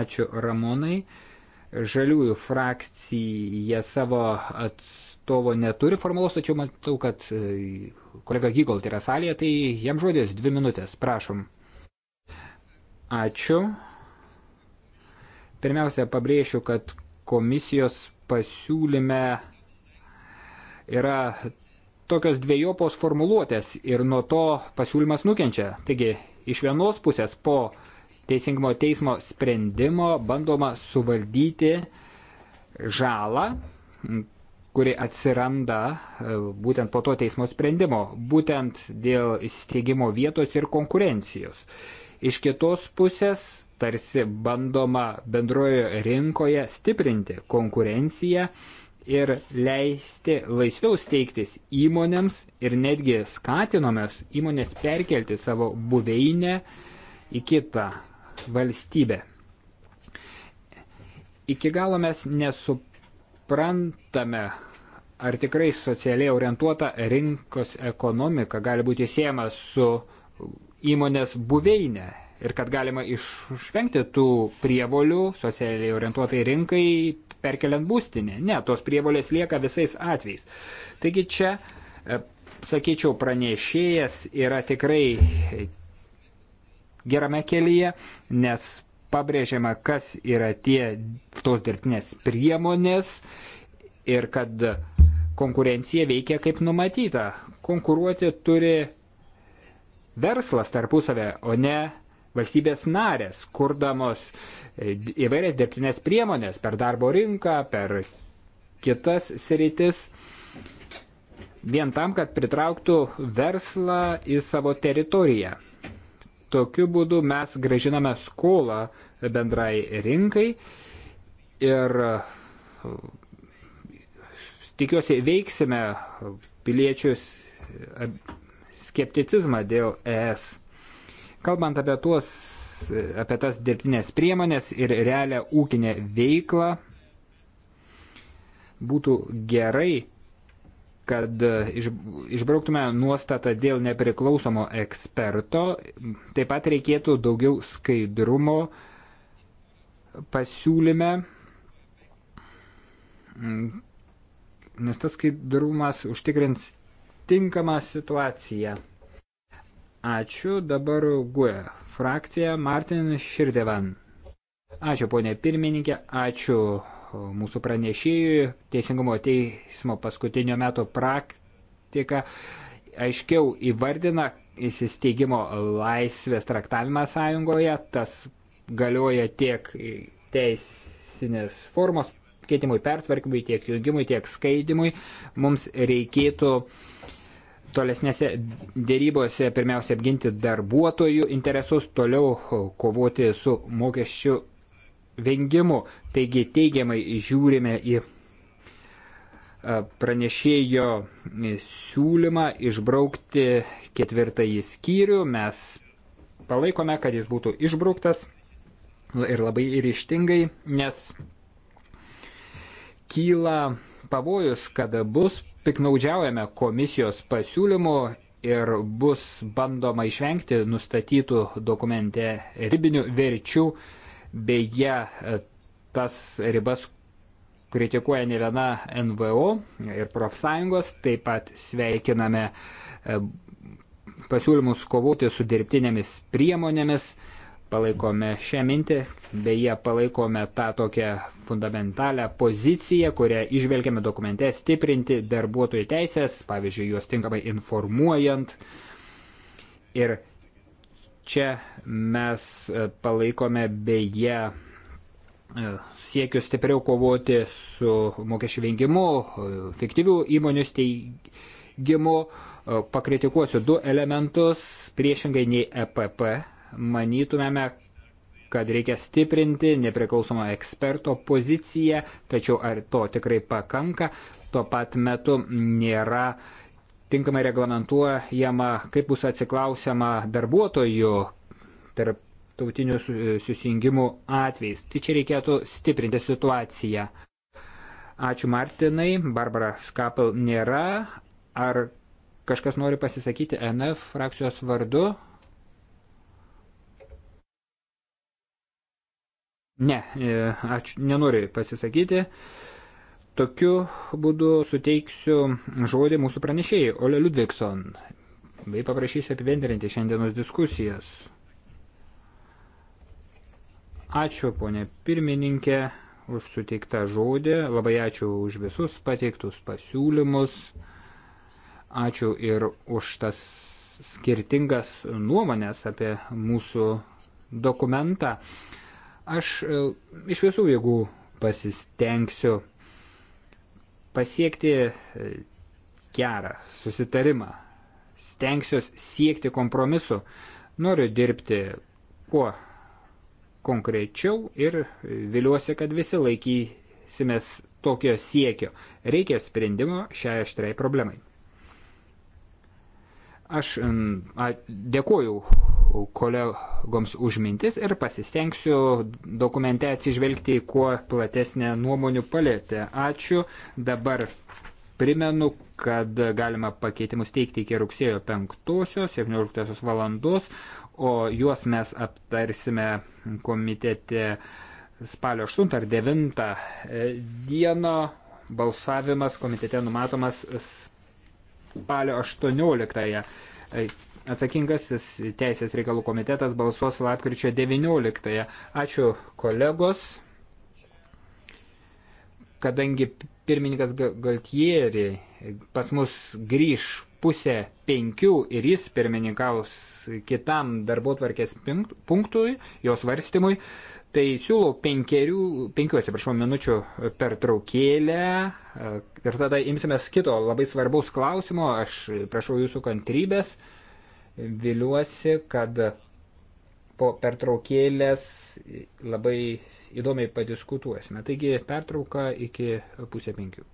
Ačiū Ramonai. Žaliųjų frakcija savo atstovo neturi formalaus, tačiau matau, kad e, kolega Gygolt yra salėje, tai jam žodis dvi minutės, prašom. Ačiū. Pirmiausia, pabrėšiu, kad komisijos pasiūlyme yra tokios dviejopos formuluotės ir nuo to pasiūlymas nukenčia. Taigi, iš vienos pusės po Teisingumo teismo sprendimo bandoma suvaldyti žalą, kuri atsiranda e, būtent po to teismo sprendimo, būtent dėl įsteigimo vietos ir konkurencijos. Iš kitos pusės tarsi bandoma bendrojo rinkoje stiprinti konkurenciją, ir leisti laisviau steigtis įmonėms ir netgi skatinome įmonės perkelti savo buveinę į kitą valstybę. Iki galo mes nesuprantame, ar tikrai socialiai orientuota rinkos ekonomika gali būti siejama su įmonės buveinė ir kad galima išvengti tų prievolių socialiai orientuotai rinkai perkeliant būstinę. Ne, tos prievolės lieka visais atvejais. Taigi čia, e, sakyčiau, pranešėjas yra tikrai gerame kelyje, nes pabrėžiama, kas yra tie tos dirbtinės priemonės ir kad konkurencija veikia kaip numatyta. Konkuruoti turi verslas tarpusavę, o ne valstybės narės, kurdamos e, įvairias dirbtinės priemonės per darbo rinką, per kitas sritis, vien tam, kad pritrauktų verslą į savo teritoriją. Tokiu būdu mes gražiname skolą bendrai rinkai ir e, tikiuosi veiksime piliečius e, skepticizmą dėl ES Kalbant apie, tuos, apie tas dirbtinės priemonės ir realią ūkinę veiklą, būtų gerai, kad e, išbrauktume nuostatą dėl nepriklausomo eksperto, taip pat reikėtų daugiau skaidrumo pasiūlyme, mm. nes tas skaidrumas užtikrins tinkamą situaciją. Ačiū dabar GUE frakcija Martin Širdevan. Ačiū ponė pirmininkė, ačiū mūsų pranešėjui. Teisingumo teismo paskutinio meto praktika aiškiau įvardina įsisteigimo laisvės traktavimą sąjungoje. Tas galioja tiek teisinės formos keitimui, pertvarkymui, tiek jungimui, tiek skaidimui. Mums reikėtų uh, tolesnėse dėrybose pirmiausia apginti darbuotojų interesus, toliau kovoti su mokesčių vengimu. Taigi teigiamai žiūrime į e, pranešėjo siūlymą išbraukti ketvirtąjį skyrių. Mes palaikome, kad jis būtų išbrauktas ir labai ryštingai, nes kyla pavojus, kada bus piknaudžiaujame komisijos pasiūlymu ir bus bandoma išvengti nustatytų dokumente ribinių verčių, beje, tas ribas kritikuoja ne viena NVO ir profsąjungos, taip pat sveikiname e, pasiūlymus kovoti su dirbtinėmis priemonėmis, palaikome šią mintį, beje palaikome tą tokią fundamentalią poziciją, kurią išvelgiame dokumente stiprinti darbuotojų teisės, pavyzdžiui, juos tinkamai informuojant. Ir čia mes e, palaikome beje e, siekius stipriau kovoti su mokesčių vengimu, e, fiktyvių įmonių steigimu. Pakritikuosiu du elementus priešingai nei EPP manytumėme, kad reikia stiprinti nepriklausomo eksperto poziciją, tačiau ar to tikrai pakanka, tuo pat metu nėra tinkamai reglamentuojama, kaip bus atsiklausiama darbuotojų tarptautinių susijungimų atvejais. Tai čia reikėtų stiprinti situaciją. Ačiū Martinai, Barbara Skapel nėra. Ar kažkas nori pasisakyti NF frakcijos vardu? Ne, e, aš nenoriu pasisakyti. Tokiu būdu suteiksiu žodį mūsų pranešėjai, Ole Ludvigson, bei paprašysiu apibendrinti šiandienos diskusijas. Ačiū, ponė pirmininkė, už suteiktą žodį, labai ačiū už visus pateiktus pasiūlymus, ačiū ir už tas skirtingas nuomonės apie mūsų dokumentą. Aš e, iš visų jėgų pasistengsiu pasiekti e, gerą susitarimą. Stengsiuos siekti kompromisu. Noriu dirbti kuo konkrečiau ir e, viliuosi, kad visi laikysimės tokio siekio. Reikia sprendimo šiai aštrai problemai. Aš a, dėkuoju kolegoms už mintis ir pasistengsiu dokumente atsižvelgti į kuo platesnę nuomonių palėtę. Ačiū. Dabar primenu, kad galima pakeitimus teikti iki rugsėjo 5-17 valandos, o juos mes aptarsime komitete spalio 8 ar 9 e, dieną. Balsavimas komitete numatomas spalio 18. -ąją Atsakingasis Teisės reikalų komitetas balsuos lapkričio 19. Ačiū kolegos. Kadangi pirmininkas Galtieri pas mus grįž pusę penkių ir jis pirmininkaus kitam darbotvarkės punktui, jos varstymui, tai siūlau penkerių, penkių, atsiprašau, minučių per traukėlę e, ir tada imsimės kito labai svarbaus klausimo, aš prašau jūsų kantrybės. Viliuosi, kad po pertraukėlės labai įdomiai padiskutuosime. Taigi pertrauka iki pusė penkių.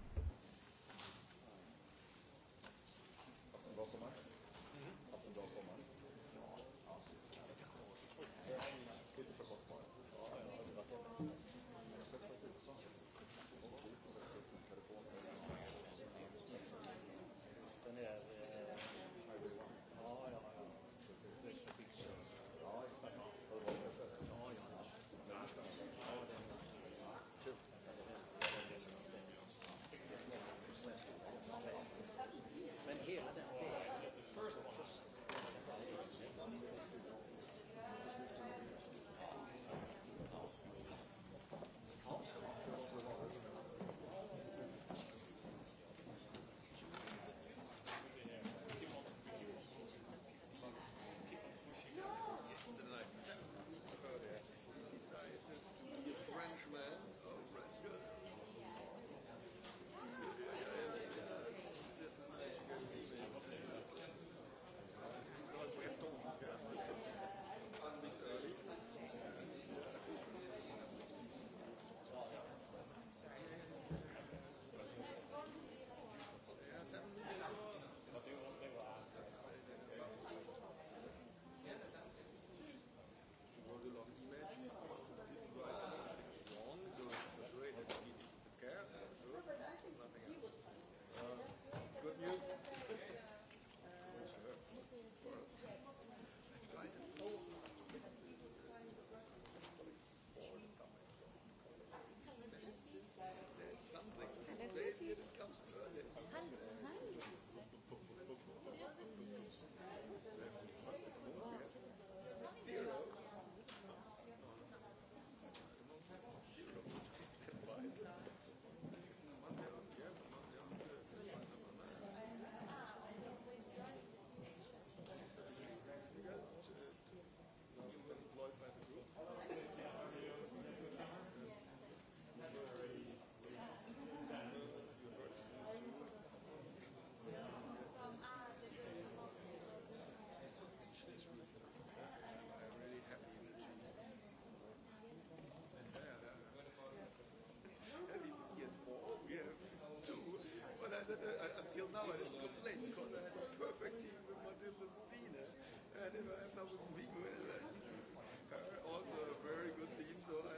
hour is complete because I had a perfect team with Matilda Steen. And if I have now with Miguel, her also a very good team, so I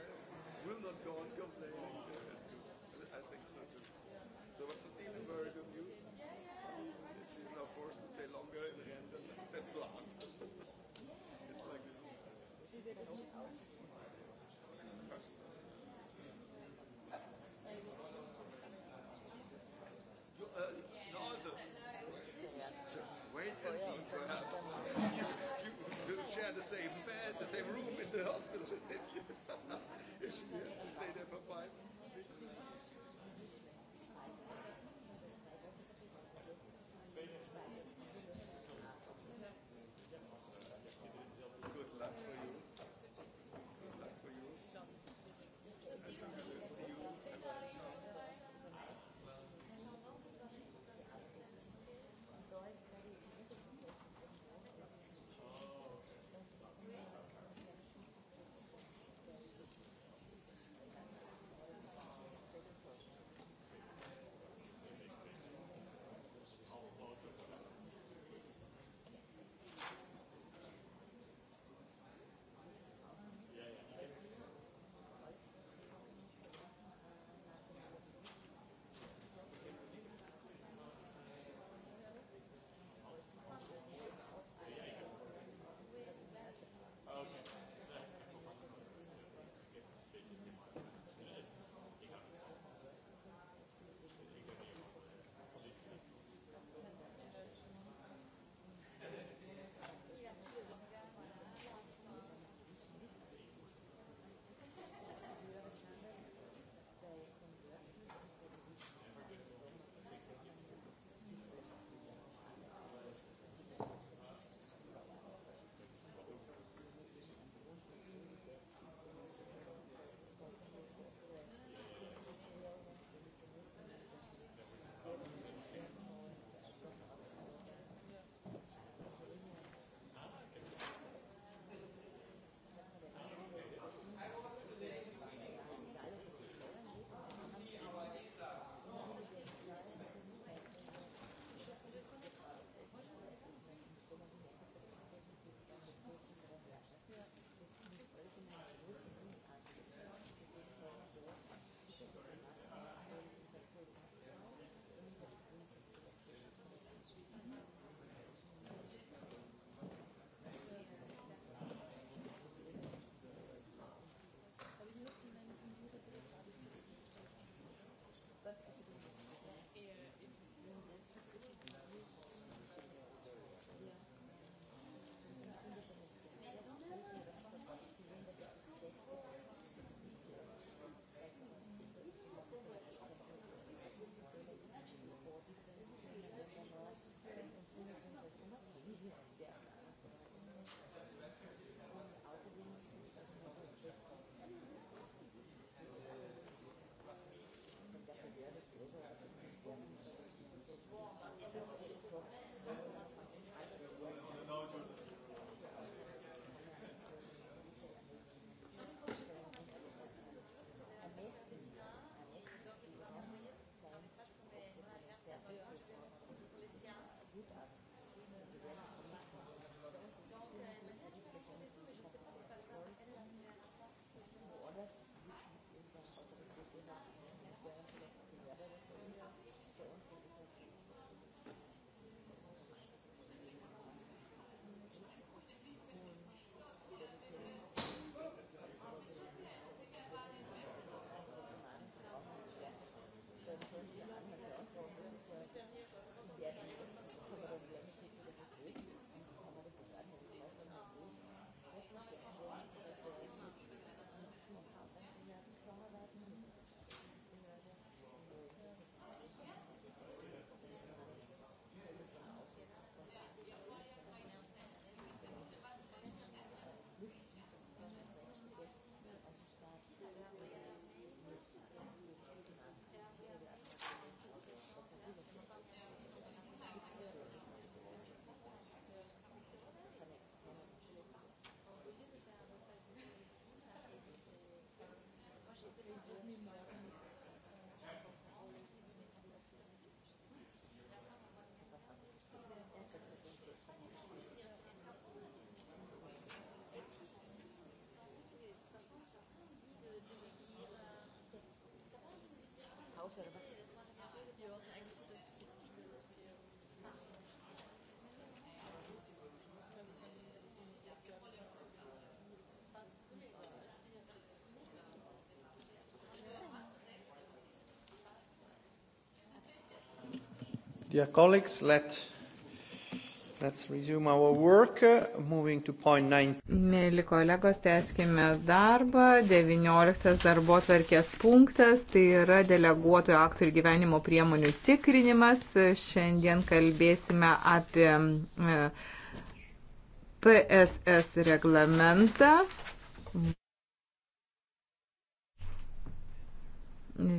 will not go on complaining. It's good. I think so too. So but Matilda, very good news. She's now forced to stay longer in Rennes than planned. it's like this. servir Hauser, was Dear colleagues, let, let's resume our work, moving to point 9. Mėly kolegos, tęskime darbą. 19 darbo tvarkės punktas, tai yra deleguotojų aktų ir gyvenimo priemonių tikrinimas. Šiandien kalbėsime apie e, PSS reglamentą.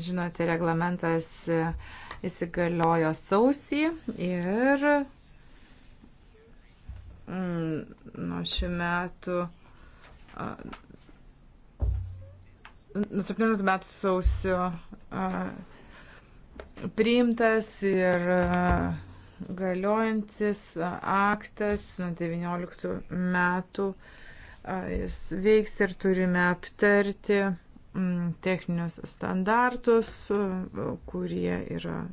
Žinote, reglamentas e, įsigaliojo sausį ir mm, nuo šių metų 17 metų sausio priimtas ir galiojantis aktas nuo 19 metų jis veiks ir turime aptarti Mm, techninius standartus, e, kurie yra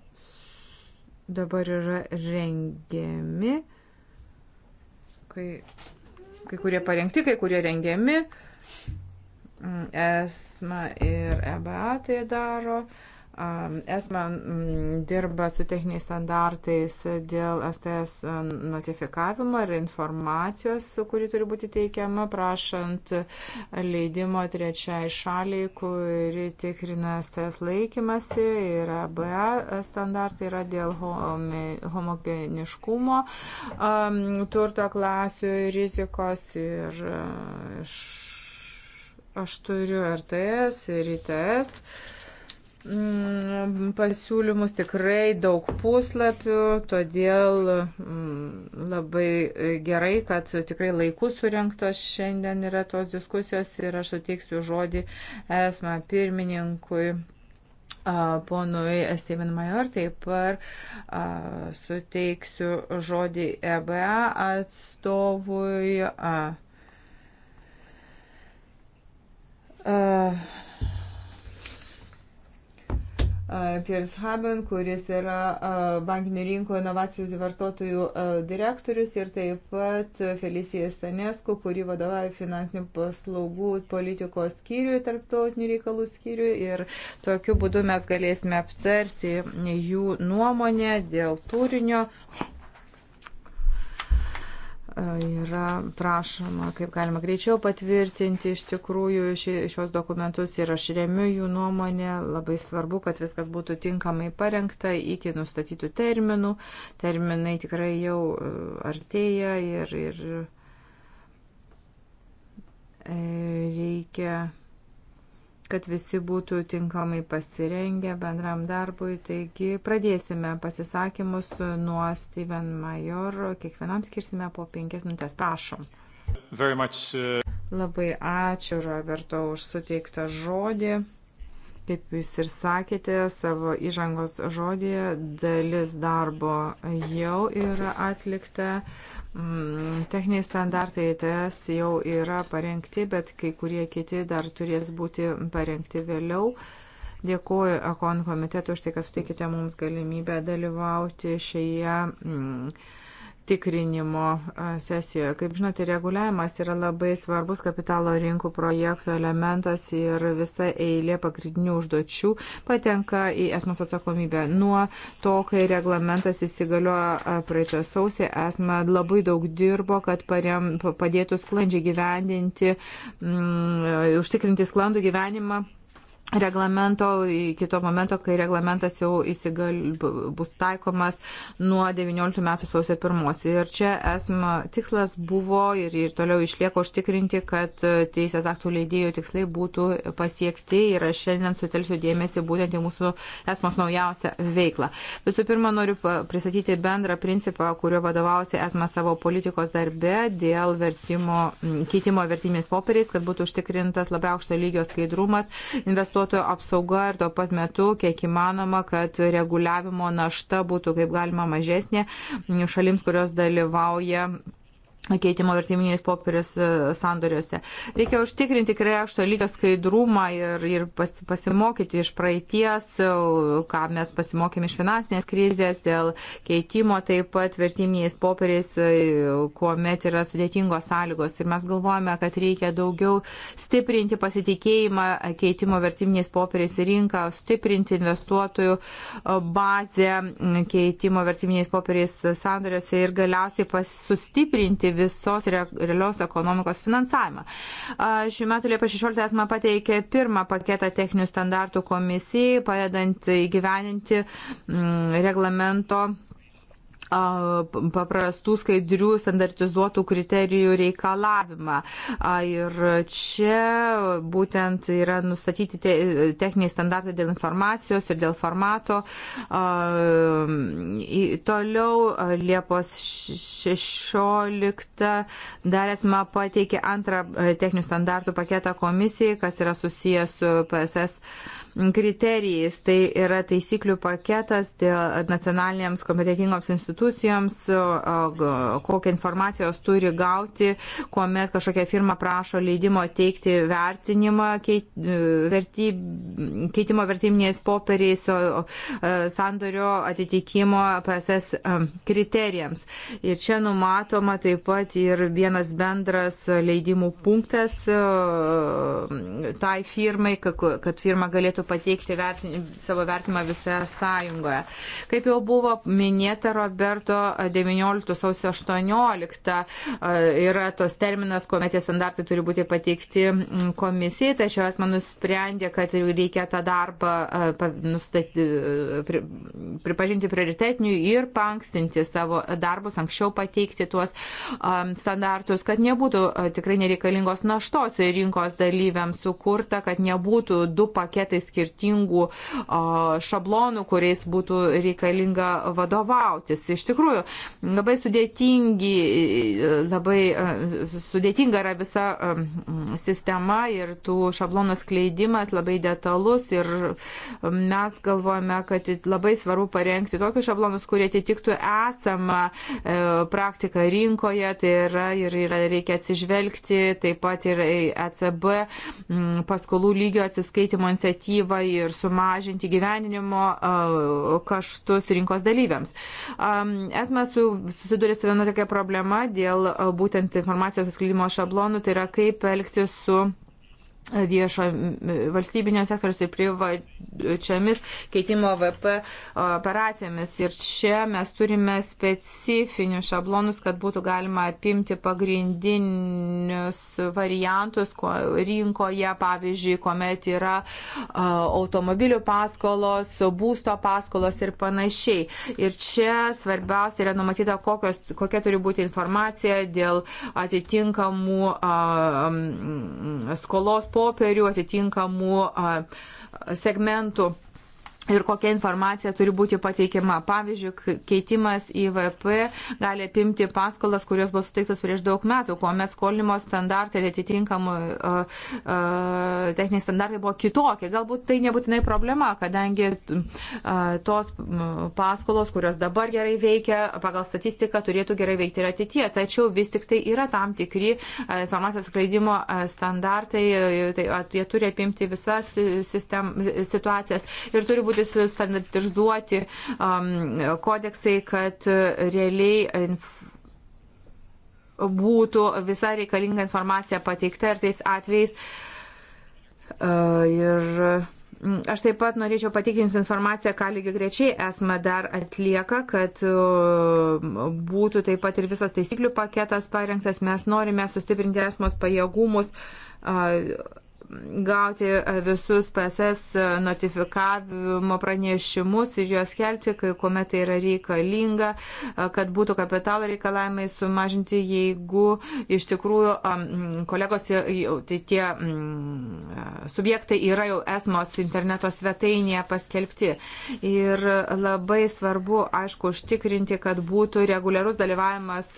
dabar yra rengiami, kai, kai kurie parengti, kai kurie rengiami, mm, ESMA ir EBA tai daro. Uh, ESMA mm, dirba su techniniais standartais dėl STS mm, notifikavimo ir informacijos, kuri turi būti teikiama, prašant leidimo trečiai šaliai, kuri tikrina STS laikymasi ir ABA standartai yra dėl homogeniškumo turto klasių rizikos ir iš, e, aš turiu RTS ir ITS. Mm, pasiūlymus, tikrai daug puslapių, todėl mm, labai gerai, kad tikrai laiku surinktos šiandien yra tos diskusijos ir aš suteiksiu žodį esmą pirmininkui. Ponui Steven Major taip pat suteiksiu žodį EBA atstovui. A, a, Piers Haben, kuris yra bankinių rinkų inovacijų vartotojų direktorius ir taip pat Felicija Stanesku, kuri vadovauja finansinių paslaugų politikos skyriui, tarptautinių reikalų skyriui. Ir tokiu būdu mes galėsime aptarti jų nuomonę dėl turinio yra prašoma, kaip galima greičiau patvirtinti iš tikrųjų šios dokumentus ir aš remiu jų nuomonę. Labai svarbu, kad viskas būtų tinkamai parengta iki nustatytų terminų. Terminai tikrai jau e, artėja ir, ir e, reikia kad visi būtų tinkamai pasirengę bendram darbui. Taigi pradėsime pasisakymus nuo Steven Major. Kiekvienam skirsime po penkias minutės. Prašom. Much, uh... Labai ačiū, Roberto, už suteiktą žodį. Kaip jūs ir sakėte savo įžangos žodėje, dalis darbo jau yra atlikta. Uh, Mm, techniniai standartai ETS jau yra parengti, bet kai kurie kiti dar turės būti parengti vėliau. Dėkuoju Ekon komitetu už tai, kad suteikite mums galimybę dalyvauti šioje. Mm, tikrinimo sesijoje. Kaip žinote, reguliavimas yra labai svarbus kapitalo rinkų projektų elementas ir visa eilė pagrindinių užduočių patenka į esmos atsakomybę. Nuo to, kai reglamentas įsigaliojo praeitą sausį, esmą labai daug dirbo, kad parem, padėtų sklandžiai gyvendinti, mm, užtikrinti sklandų gyvenimą reglamento iki to momento, kai reglamentas jau įsigal, bus taikomas nuo 19 metų sausio 1. Ir čia esma tikslas buvo ir, ir toliau išlieko užtikrinti, kad teisės aktų leidėjų tikslai būtų pasiekti ir aš šiandien sutelsiu dėmesį būtent į mūsų esmos naujausią veiklą. Visų pirma, noriu pristatyti bendrą principą, kurio vadovausi esma savo politikos darbe dėl vertimo, keitimo vertimės popieriais, kad būtų užtikrintas labai aukšto lygio skaidrumas investuotojų investuotojų apsauga ir tuo pat metu, kiek įmanoma, kad reguliavimo našta būtų kaip galima mažesnė šalims, kurios dalyvauja keitimo vertiminiais popieriais e, sandoriuose. Reikia užtikrinti tikrai aukšto lygio skaidrumą ir, ir pas, pasimokyti iš praeities, e, ką mes pasimokėme iš finansinės krizės dėl keitimo taip pat vertiminiais popieriais, e, kuomet yra sudėtingos sąlygos. Ir mes galvojame, kad reikia daugiau stiprinti pasitikėjimą keitimo vertiminiais popieriais į rinką, stiprinti investuotojų bazę keitimo vertiminiais popieriais sandoriuose ir galiausiai sustiprinti visos realios ekonomikos finansavimą. Šiuo metu Liepa 16 esame pateikę pirmą paketą techninių standartų komisijai, padedant įgyveninti mm, reglamento paprastų, skaidrių, standartizuotų kriterijų reikalavimą. Ir čia būtent yra nustatyti te, techniniai standartai dėl informacijos ir dėl formato. Toliau Liepos 16 dar esmą pateikė antrą techninių standartų paketą komisijai, kas yra susijęs su PSS kriterijais. Tai yra taisyklių paketas nacionalinėms kompetitingoms institucijoms, kokią informacijos turi gauti, kuomet kažkokia firma prašo leidimo teikti vertinimą, keit, verty, keitimo vertiminiais popieriais, e, sandorio atitikimo PSS e, kriterijams. Ir čia numatoma taip pat ir vienas bendras leidimų punktas e, tai firmai, kad firma galėtų pateikti vertin, savo vertimą visoje sąjungoje. Kaip jau buvo minėta Roberto 19 sausio 18 e, yra tos terminas, kuomet tie standartai turi būti pateikti mm, komisijai, tačiau esame nusprendę, kad reikia tą darbą e, nustatyti, e, pri, pripažinti prioritetiniu ir pankstinti savo darbus, anksčiau pateikti tuos standartus, kad nebūtų tikrai nereikalingos naštos rinkos dalyviams sukurta, kad nebūtų du paketai skirti skirtingų šablonų, kuriais būtų reikalinga vadovautis. Iš tikrųjų, labai sudėtingi, labai sudėtinga yra visa sistema ir tų šablonų skleidimas labai detalus ir mes galvojame, kad labai svarbu parengti tokius šablonus, kurie atitiktų esamą e, praktiką rinkoje, tai yra ir yra, reikia atsižvelgti taip pat ir ECB paskolų lygio atsiskaitimo iniciatyvą iniciatyvą ir sumažinti gyveninimo kaštus rinkos dalyviams. Esame susidurė su viena tokia problema dėl būtent informacijos atskleidimo šablonų, tai yra kaip elgtis su viešo valstybinio sektoriaus ir privačio konkrečiomis keitimo VP e, operacijomis. Ir čia mes turime specifinius šablonus, kad būtų galima apimti pagrindinius variantus rinkoje, pavyzdžiui, kuomet yra e, automobilių paskolos, būsto paskolos ir panašiai. Ir čia svarbiausia yra numatyta, kokios, kokia turi būti informacija dėl atitinkamų a, e, skolos popierių, atitinkamų a, segmentų ir kokia informacija turi būti pateikiama. Pavyzdžiui, keitimas IVP gali apimti paskolas, kurios buvo suteiktos prieš daug metų, kuomet skolinimo standartai ir atitinkamų uh, uh, techniniai standartai buvo kitokie. Galbūt tai nebūtinai problema, kadangi uh, tos paskolos, kurios dabar gerai veikia, pagal statistiką turėtų gerai veikti ir ateitie. Tačiau vis tik tai yra tam tikri uh, informacijos skleidimo uh, standartai, uh, tai, uh, jie turi apimti visas e, sistem, e, situacijas ir turi būti modelis, standartizuoti um, kodeksai, kad realiai būtų visa reikalinga informacija pateikta ir tais atvejais. Uh, ir mm, Aš taip pat norėčiau patikinti informaciją, ką lygiai grečiai esame dar atlieka, kad uh, būtų taip pat ir visas taisyklių paketas parengtas. Mes norime sustiprinti esmos pajėgumus uh, gauti e, visus PSS e, notifikavimo pranešimus ir juos skelbti, kai kuomet tai yra reikalinga, e, kad būtų kapitalo reikalavimai sumažinti, jeigu iš tikrųjų kolegos, tai tie mm, subjektai yra jau esmos interneto svetainėje paskelbti. Ir labai svarbu, aišku, užtikrinti, kad būtų reguliarus dalyvavimas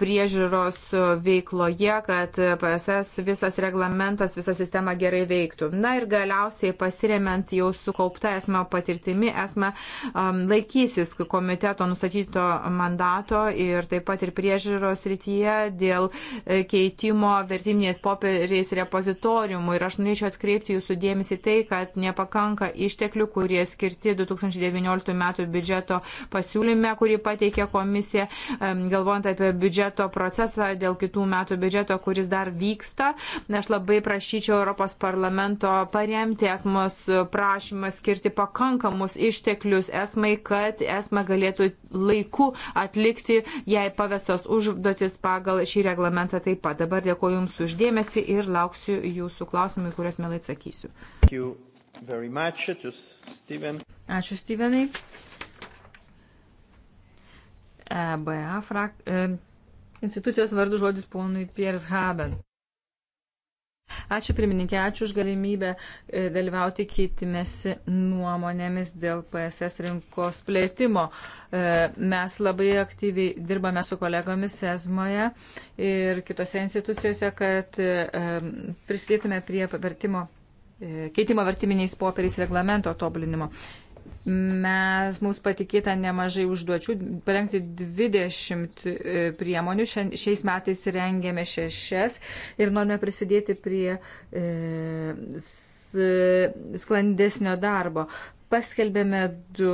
priežiūros veikloje, kad PSS visas reglamentas, visas visa sistema gerai veiktų. Na ir galiausiai pasiremiant jau sukaupta esmą patirtimi, esmą um, laikysis komiteto nustatyto mandato ir taip pat ir priežiūros rytyje dėl e, keitimo vertiminiais popieriais repozitoriumų. Ir aš norėčiau atkreipti jūsų dėmesį tai, kad nepakanka išteklių, kurie skirti 2019 metų biudžeto pasiūlyme, kurį pateikė komisija, um, galvojant apie biudžeto procesą dėl kitų metų biudžeto, kuris dar vyksta. Aš labai prašyčiau prašyčiau Europos parlamento paremti esmos prašymą skirti pakankamus išteklius esmai, kad esma galėtų laiku atlikti jai pavestos užduotis pagal šį reglamentą taip pat. Dabar dėkoju Jums uždėmesi ir lauksiu Jūsų klausimų, kuriuos mielai atsakysiu. Steven. Ačiū, Stevenai. EBA frak... E, institucijos vardu žodis ponui Piers Haben. Ačiū pirmininkė, ačiū už galimybę e, dalyvauti keitimėsi nuomonėmis dėl PSS rinkos plėtimo. E, mes labai aktyviai dirbame su kolegomis ESMOje ir kitose institucijose, kad e, prisidėtume prie vertimo keitimo vertiminiais popieriais reglamento tobulinimo. Mes, mums patikėta nemažai užduočių, parengti 20 e, priemonių, šiais metais rengėme šešias ir norime prisidėti prie e, sklandesnio darbo. Paskelbėme du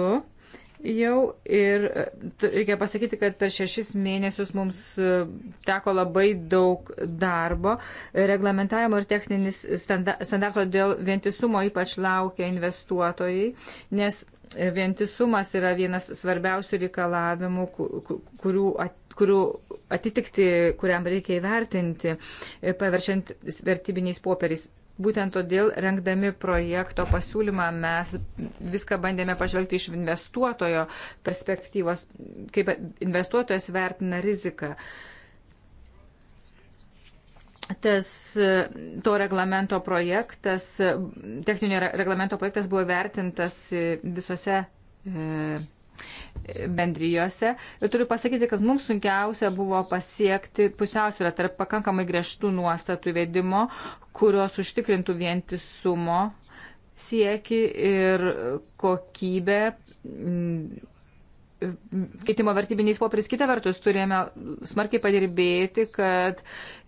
jau ir e, reikia pasakyti, kad per šešis mėnesius mums e, teko labai daug darbo. Reglamentavimo ir techninis standarto dėl vientisumo ypač laukia investuotojai, nes vientisumas yra vienas svarbiausių reikalavimų, kurių, at, kurių atitikti, kuriam reikia įvertinti, e, paveršiant vertybiniais popieriais. Būtent todėl, rengdami projekto pasiūlymą, mes viską bandėme pažvelgti iš investuotojo perspektyvos, kaip investuotojas vertina riziką. Uh, tas e, to reglamento projektas, e, techninio reglamento projektas buvo vertintas e, visose bendrijose. Ir turiu pasakyti, kad mums sunkiausia buvo pasiekti pusiausvyrą tarp pakankamai griežtų nuostatų įvedimo, kurios užtikrintų vientisumo sieki ir kokybę keitimo vertybiniais popieriais. Kita vertus, turėjome smarkiai padirbėti, kad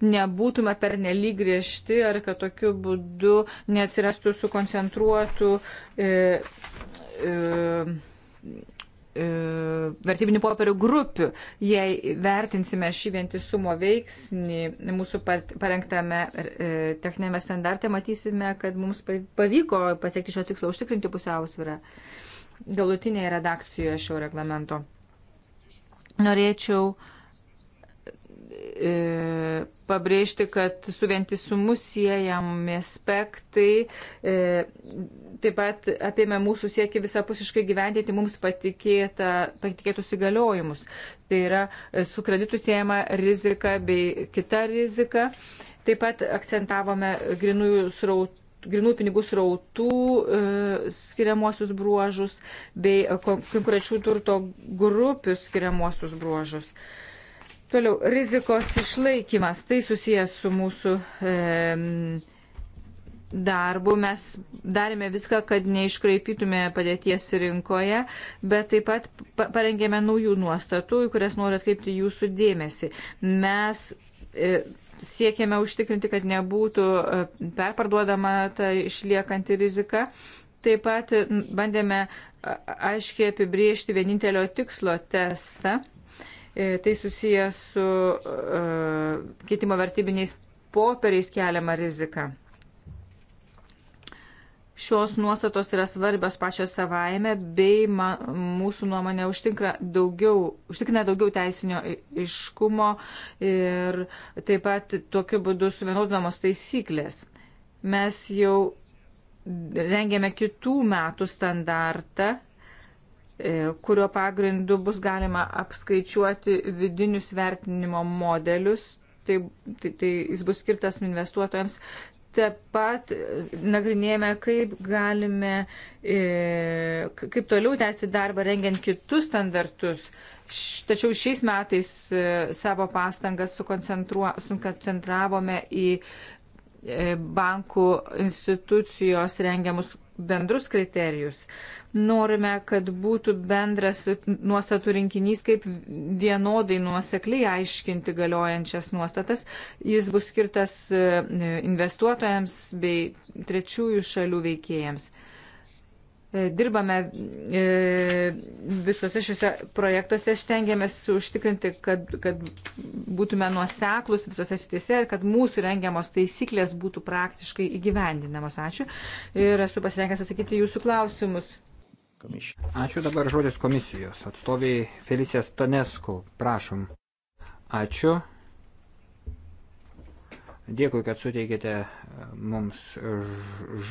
nebūtume pernelyg griežti ar kad tokiu būdu neatsirastų sukoncentruotų e, e, e, vertybinių popierių grupių. Jei vertinsime šį vientisumo veiksnį mūsų parengtame e, techninėme standarte, matysime, kad mums pavyko pasiekti šio tikslo užtikrinti pusiausvyrą. E, galutinėje redakcijoje šio reglamento. Norėčiau e, pabrėžti, kad su vientisumu siejami aspektai e, taip pat apėmė mūsų siekį visapusiškai gyventyti mums patikėta, patikėtus įgaliojimus. Tai yra e, su kreditu siejama rizika bei kita rizika. Taip pat akcentavome grinųjų srautų grinų pinigų srautų e, skiriamuosius bruožus bei e, konkrečių turto grupių skiriamuosius bruožus. Toliau, rizikos išlaikymas, tai susijęs su mūsų e, darbu. Mes darėme viską, kad neiškraipytume padėties rinkoje, bet taip pat parengėme naujų nuostatų, į kurias noriu atkreipti jūsų dėmesį. Mes e, siekiame užtikrinti, kad nebūtų e, perparduodama ta išliekanti rizika. Taip pat bandėme aiškiai apibriežti vienintelio tikslo testą. E, tai susijęs su uh, e, kitimo vertybiniais popieriais keliama rizika šios nuostatos yra svarbios pačios savaime, bei ma, mūsų nuomonė daugiau, užtikrina daugiau teisinio iškumo ir taip pat tokiu būdu suvienodinamos taisyklės. Mes jau rengėme kitų metų standartą e, kurio pagrindu bus galima apskaičiuoti vidinius vertinimo modelius, tai, tai, tai jis bus skirtas investuotojams Taip pat e, nagrinėjame, kaip galime, e, kaip toliau tęsti darbą rengiant kitus standartus. Tačiau šiais metais e, savo pastangas sukoncentravome į bankų institucijos rengiamus bendrus kriterijus. Norime, kad būtų bendras nuostatų rinkinys, kaip vienodai nuosekliai aiškinti galiojančias nuostatas. Jis bus skirtas e, investuotojams bei trečiųjų šalių veikėjams. E, dirbame e, visose šiuose projektuose, stengiamės užtikrinti, kad, kad būtume nuoseklus visose sitise ir kad mūsų rengiamos taisyklės būtų praktiškai įgyvendinamos. Ačiū ir esu pasirengęs atsakyti jūsų klausimus. Ačiū dabar žodis komisijos atstoviai Felicija Stanesku. Prašom. Ačiū. Dėkui, kad suteikėte e, mums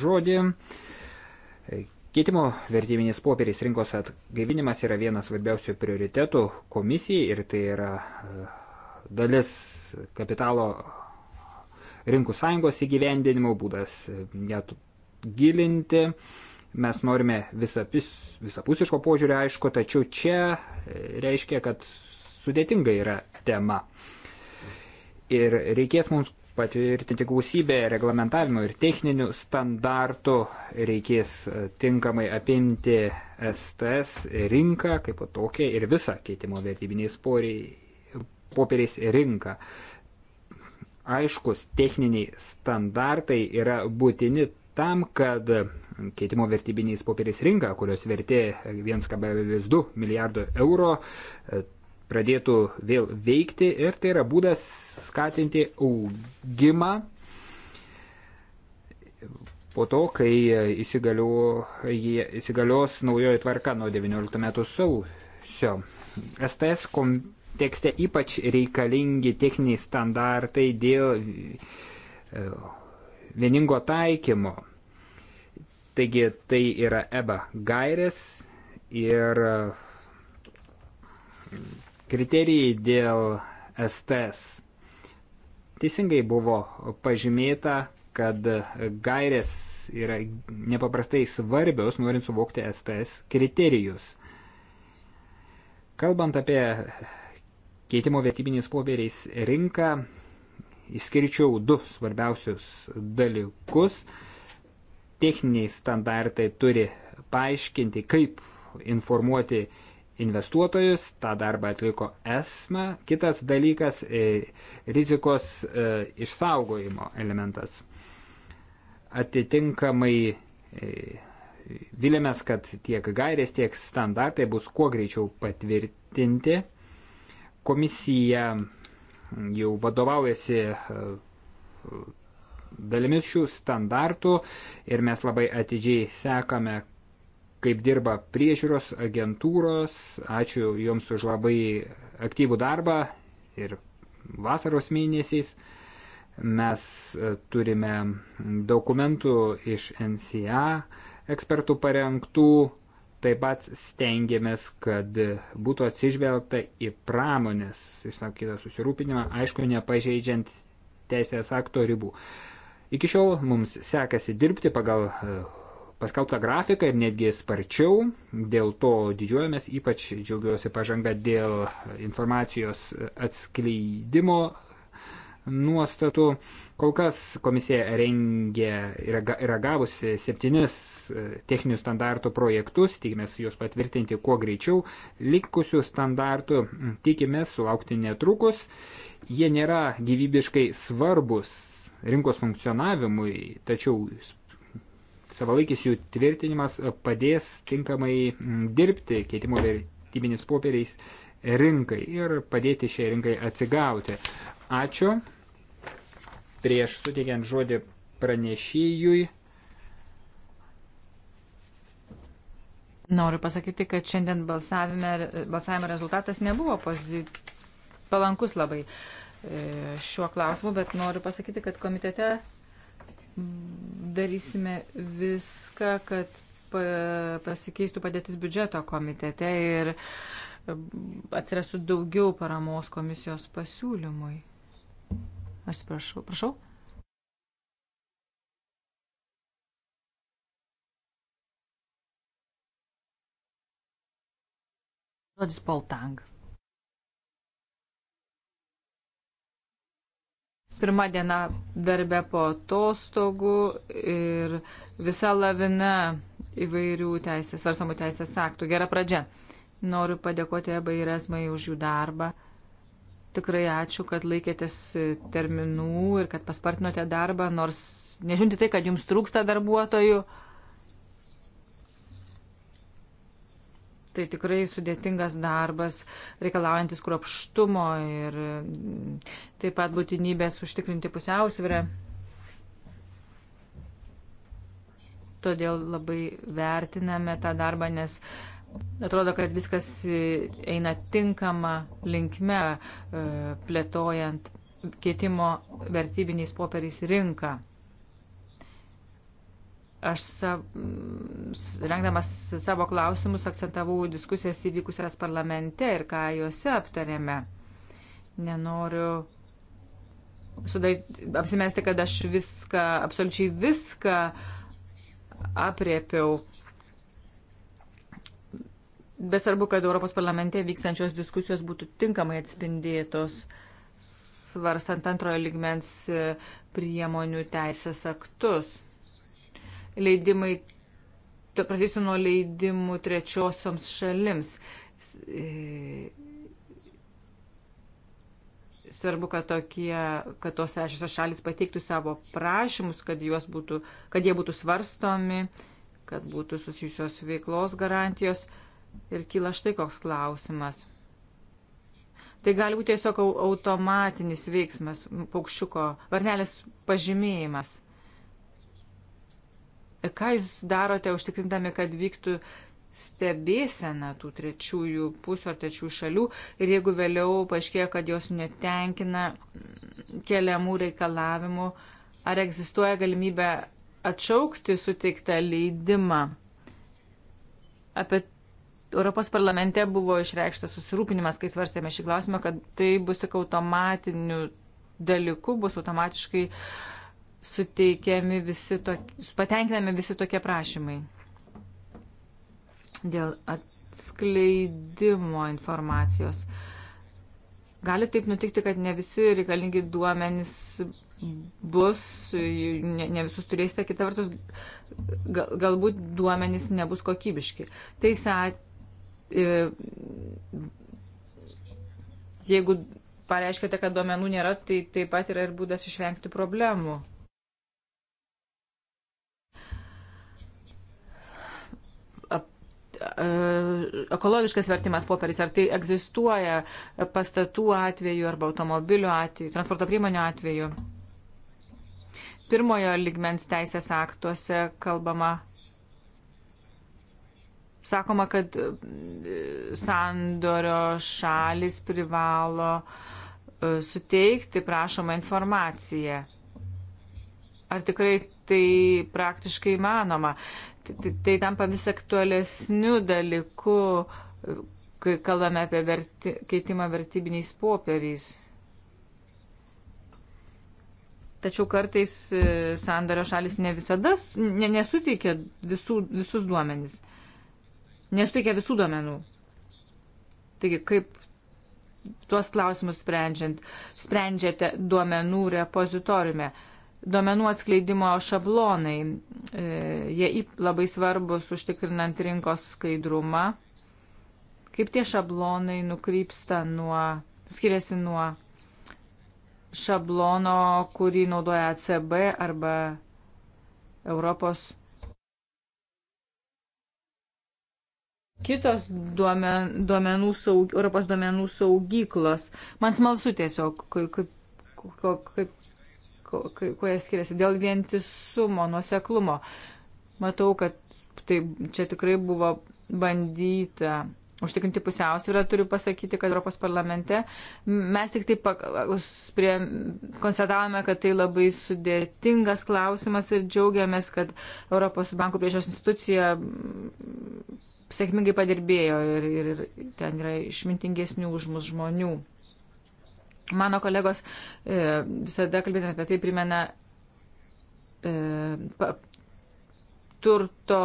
žodį. E, keitimo vertybinis popieriais rinkos atgaivinimas yra vienas svarbiausių prioritetų komisijai ir tai yra e, dalis kapitalo rinkų sąjungos įgyvendinimo būdas net gilinti Mes norime visapis, visapusiško požiūrio, aišku, tačiau čia e, reiškia, kad sudėtinga yra tema. Ir reikės mums patvirtinti gausybę reglamentavimo ir techninių standartų, reikės e, tinkamai apimti STS rinką kaip tokia ir visą keitimo vertybiniais popieriais rinką. Aiškus techniniai standartai yra būtini tam, kad keitimo vertybiniais popieriais rinką, kurios vertė 1,2 milijardo euro, e, pradėtų vėl veikti ir tai yra būdas skatinti augimą po to, kai įsigalios naujoji tvarka nuo 19 metų sausio. STS kontekste ypač reikalingi techniniai standartai dėl e, vieningo taikymo. Taigi tai yra EBA gairės ir mm, kriterijai dėl STS. Teisingai buvo pažymėta, kad gairės yra nepaprastai svarbios, norint suvokti STS kriterijus. Kalbant apie keitimo vertybiniais popieriais rinką, išskirčiau du svarbiausius dalykus – techniniai standartai turi paaiškinti, kaip informuoti investuotojus, tą darbą atliko ESMA. Kitas dalykas - e, rizikos e, išsaugojimo elementas. Atitinkamai e, vilėmės, kad tiek gairės, tiek standartai bus kuo greičiau patvirtinti. Komisija jau vadovaujasi dalimis šių standartų ir mes labai atidžiai sekame, kaip dirba priežiūros agentūros. Ačiū Jums už labai aktyvų darbą ir vasaros mėnesiais. Mes e, turime dokumentų iš NCA ekspertų parengtų, taip pat stengiamės, kad būtų atsižvelgta į pramonės išsakytą susirūpinimą, aišku, nepažeidžiant teisės akto ribų. Iki šiol mums sekasi dirbti pagal e, paskelbtą grafiką ir netgi sparčiau, dėl to didžiuojamės, ypač džiaugiuosi pažanga dėl informacijos atskleidimo nuostatų. Kol kas komisija rengė ir ragavusi septynis e, techninių standartų projektus, tikimės juos patvirtinti kuo greičiau. Likusių standartų tikimės sulaukti netrukus. Jie nėra gyvybiškai svarbus rinkos funkcionavimui, tačiau savalaikis jų tvirtinimas padės tinkamai mm, dirbti keitimo vertybinis popieriais rinkai ir padėti šiai rinkai atsigauti. Ačiū. Prieš suteikiant žodį pranešėjui. Noriu pasakyti, kad šiandien balsavime, balsavimo rezultatas nebuvo pozityvus palankus labai. Uh, E, šiuo klausimu, bet noriu pasakyti, kad komitete darysime viską, kad pasikeistų padėtis biudžeto komitete ir atsirastų daugiau paramos komisijos pasiūlymui. Aš prašau, prašau. Žodis Poltang. pirma diena darbė po atostogų ir visa lavina įvairių teisės, svarstamų teisės aktų. Gera pradžia. Noriu padėkoti Eba ir Esmai už jų darbą. Tikrai ačiū, kad laikėtės terminų ir kad paspartinote darbą, nors nežinti tai, kad jums trūksta darbuotojų. Tai tikrai sudėtingas darbas, reikalaujantis kruopštumo ir mm, taip pat būtinybės užtikrinti pusiausvyrę. Todėl labai vertiname tą darbą, nes atrodo, kad viskas eina tinkama linkme, e, plėtojant keitimo vertybiniais popieriais rinką. Aš sav, mm, rengdamas savo klausimus akcentavau diskusijas įvykusias parlamente ir ką juose aptarėme. Nenoriu sudaryti, apsimesti, kad aš viską, absoliučiai viską apriepiau. Bet svarbu, kad Europos parlamente vykstančios diskusijos būtų tinkamai atspindėtos, svarstant antrojo ligmens e, priemonių teisės aktus leidimai, pradėsiu nuo leidimų trečiosioms šalims. E, svarbu, kad, tokie, kad tos trečiosios šalis pateiktų savo prašymus, kad, būtų, kad jie būtų svarstomi, kad būtų susijusios veiklos garantijos. Ir kyla štai koks klausimas. Tai gali būti tiesiog automatinis veiksmas, paukščiuko varnelės pažymėjimas. Ką jūs darote užtikrintami, kad vyktų stebėsena tų trečiųjų pusių ar trečiųjų šalių ir jeigu vėliau paaiškėjo, kad jos netenkina keliamų reikalavimų, ar egzistuoja galimybė atšaukti suteiktą leidimą. Apie Europos parlamente buvo išreikštas susirūpinimas, kai svarstėme šį klausimą, kad tai bus tik automatiniu dalyku, bus automatiškai uh, suteikiami visi tokie, patenkinami visi tokie prašymai. Dėl atskleidimo informacijos. Gali taip nutikti, kad ne visi reikalingi duomenys bus, ne, ne visus turėsite, kita vertus, gal, galbūt duomenys nebus kokybiški. Tai at, e, jeigu pareiškite, kad duomenų nėra, tai taip pat yra ir būdas išvengti problemų. E, ekologiškas vertimas popieris, ar tai egzistuoja pastatų atveju arba automobilių atveju, transporto priemonių atveju. Pirmojo ligmens teisės aktuose kalbama, sakoma, kad e, sandorio šalis privalo e, suteikti prašomą informaciją Ar tikrai tai praktiškai manoma? Tai, tai tampa vis aktualesniu dalyku, kai kalbame apie verti, keitimą vertybiniais popieriais. Tačiau kartais e, sandario šalis ne visada ne, nesuteikia visų, visus duomenys. Nesuteikia visų duomenų. Taigi, kaip tuos klausimus sprendžiant, sprendžiate duomenų repozitoriume? duomenų atskleidimo šablonai. E, jie labai svarbus užtikrinant rinkos skaidrumą. Kaip tie šablonai nukrypsta nuo, skiriasi nuo šablono, kurį naudoja ECB arba Europos kitos duomen, duomenų saug, Europos duomenų saugyklos. Man smalsu tiesiog, kaip, kaip, kaip, kuo jie skiriasi, dėl vientisumo, nuoseklumo. Matau, kad tai čia tikrai buvo bandyta užtikrinti pusiausvyrą, turiu pasakyti, kad Europos parlamente mes tik taip prie, konstatavome, kad tai labai sudėtingas klausimas ir džiaugiamės, kad Europos bankų priežios institucija sėkmingai padirbėjo ir, ir, ir ten yra išmintingesnių už mus žmonių. Mano kolegos e, visada kalbėdami apie tai primena e, pa, turto,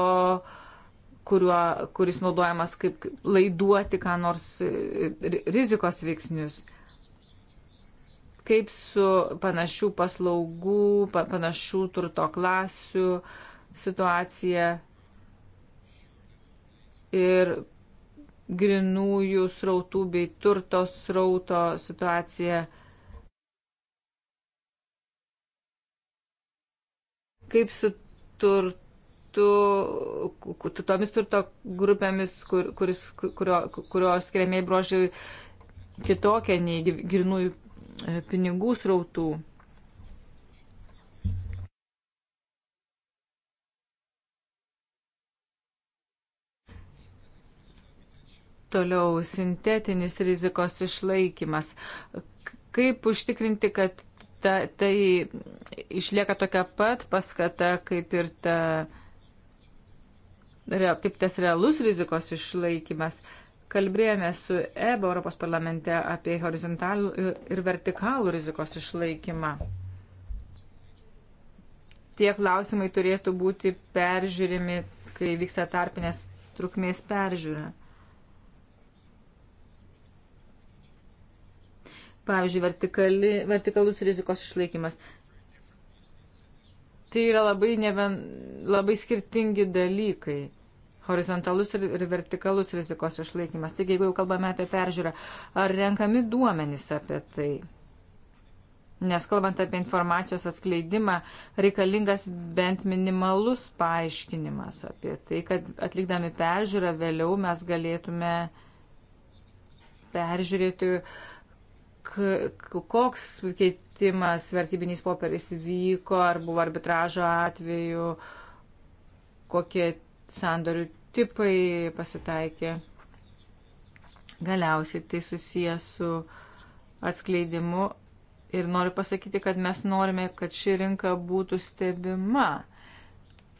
kuriuo, kuris naudojamas kaip laiduoti ką nors e, rizikos veiksnius. Kaip su panašių paslaugų, pa, panašių turto klasių situacija ir grinųjų srautų bei turto srauto situacija. Kaip su turtu, tomis turto grupėmis, kur, kuris, kurio, kurio skiriamiai brožiai kitokia nei grinųjų e, pinigų srautų. Toliau sintetinis rizikos išlaikymas. Kaip užtikrinti, kad ta, tai išlieka tokia pat paskata, kaip ir ta, real, taip tas realus rizikos išlaikymas. Kalbėjome su EBA Europos parlamente apie horizontalų ir vertikalų rizikos išlaikymą tie klausimai turėtų būti peržiūrimi, kai vyksta tarpinės trukmės peržiūra. pavyzdžiui, vertikali, vertikalus rizikos išlaikymas. Tai yra labai, neven, labai skirtingi dalykai horizontalus ir, ir vertikalus rizikos išlaikymas. Taigi, jeigu jau kalbame apie peržiūrą, ar renkami duomenys apie tai? Nes kalbant apie informacijos atskleidimą, reikalingas bent minimalus paaiškinimas apie tai, kad atlikdami peržiūrą vėliau mes galėtume peržiūrėti uh, koks keitimas vertybiniais popieriais vyko, ar buvo arbitražo atveju, kokie sandorių tipai pasitaikė. Galiausiai tai susijęs su atskleidimu ir noriu pasakyti, kad mes norime, kad ši rinka būtų stebima,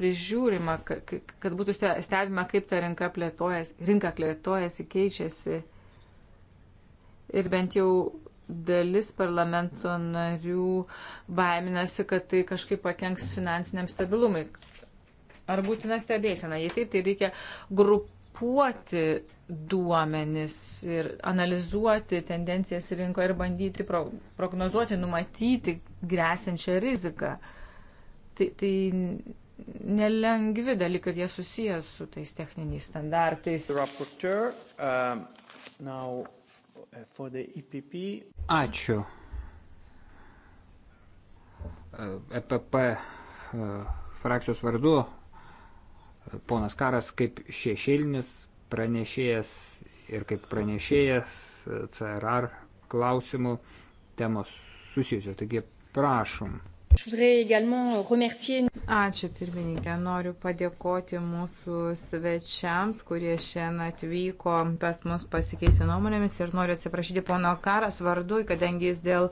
prižiūrima, kad būtų stebima, kaip ta rinka plėtojasi, rinka plėtojasi, keičiasi. Ir bent jau dalis parlamento narių baiminasi, kad tai kažkaip pakenks finansiniam stabilumui. Ar būtina stebėsena? Jei taip, tai reikia grupuoti duomenis ir analizuoti tendencijas rinkoje ir bandyti pro, prognozuoti, numatyti grėsinčią riziką. Tai, tai nelengvi dalykai ir jie susijęs su tais techniniais standartais. Rapporteur, um, now... Eh, e Ačiū. EPP eh, e eh, frakcijos vardu ponas Karas kaip šešėlinis pranešėjas ir kaip pranešėjas CRR klausimų temos susijusios. Taigi prašom. Euh, Ačiū pirmininkė, noriu padėkoti mūsų svečiams, kurie šiandien atvyko pas mus pasikeisti nuomonėmis ir noriu atsiprašyti pono Karas vardu, kadangi jis dėl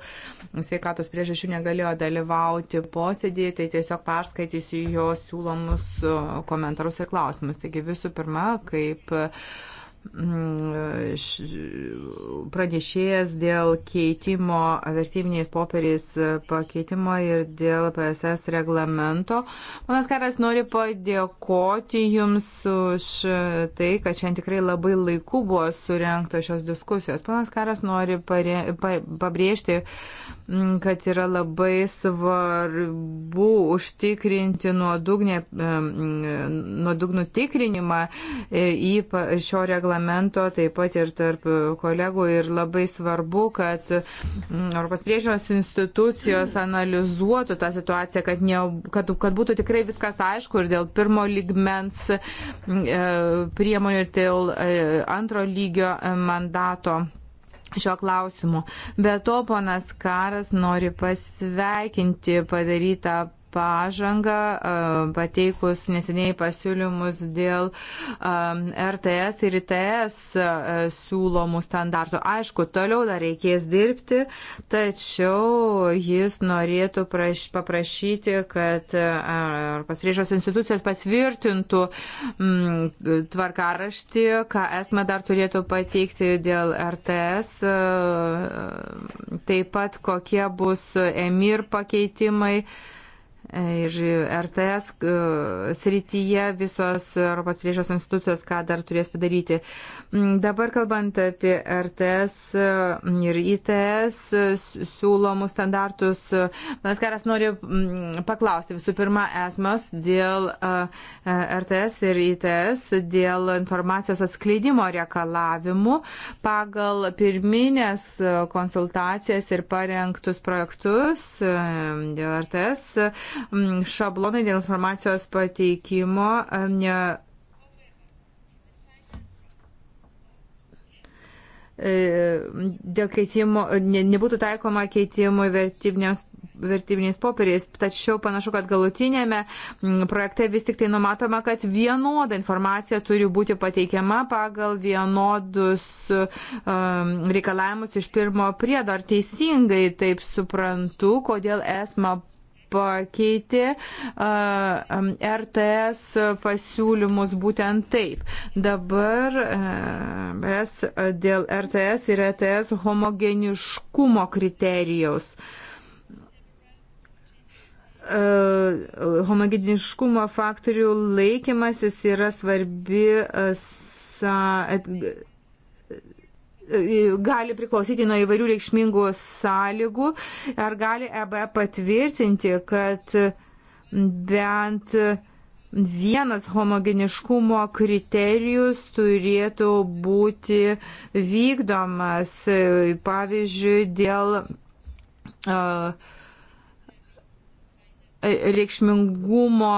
sveikatos priežasčių negalėjo dalyvauti posėdėje, tai tiesiog perskaitysiu jo siūlomus komentarus ir klausimus. Taigi visų pirma, kaip uh, Mm, pranešėjas dėl keitimo vertybiniais popieriais e, pakeitimo ir dėl PSS reglamento. Manas Karas nori padėkoti Jums už tai, kad šiandien tikrai labai laiku buvo surinktos šios diskusijos. Panas Karas nori pare, pa, pabrėžti, mm, kad yra labai svarbu užtikrinti nuodugnį e, mm, nuo tikrinimą e, į šio reglamento parlamento, taip pat ir tarp kolegų. Ir labai svarbu, kad mm, Europos priežiūros institucijos analizuotų tą situaciją, kad, ne, kad, kad būtų tikrai viskas aišku ir dėl pirmo ligmens mm, e, priemonių ir dėl e, antro lygio e, mandato šio klausimu. Be to, ponas Karas nori pasveikinti padarytą pažangą, pateikus neseniai pasiūlymus dėl RTS ir ITS siūlomų standartų. Aišku, toliau dar reikės dirbti, tačiau jis norėtų praš, paprašyti, kad Europos priežos institucijos patvirtintų mm, tvarkaraštį, ką esame dar turėtų pateikti dėl RTS, taip pat kokie bus emir pakeitimai. E, ir RTS e, srityje visos Europos priežios institucijos, ką dar turės padaryti. Mm, dabar kalbant apie RTS e, ir ITS siūlomus standartus, mes karas noriu mm, paklausti visų pirma esmas dėl RTS ir ITS, dėl informacijos atskleidimo reikalavimų pagal pirminės konsultacijas ir parengtus projektus dėl RTS šablonai dėl informacijos pateikimo. Ne, e, dėl keitimo, ne, nebūtų taikoma keitimui vertybinėms vertybiniais popieriais, tačiau panašu, kad galutinėme projekte vis tik tai numatoma, kad vienoda informacija turi būti pateikiama pagal vienodus um, reikalavimus iš pirmo priedo. Ar teisingai taip suprantu, kodėl esma pakeitė RTS pasiūlymus būtent taip. Dabar mes dėl RTS ir RTS homogeniškumo kriterijaus homogeniškumo faktorių laikymasis yra svarbi sa, E, gali priklausyti nuo įvairių reikšmingų sąlygų. Ar gali EB patvirtinti, kad bent vienas homogeniškumo kriterijus turėtų būti vykdomas, pavyzdžiui, dėl uh, E, reikšmingumo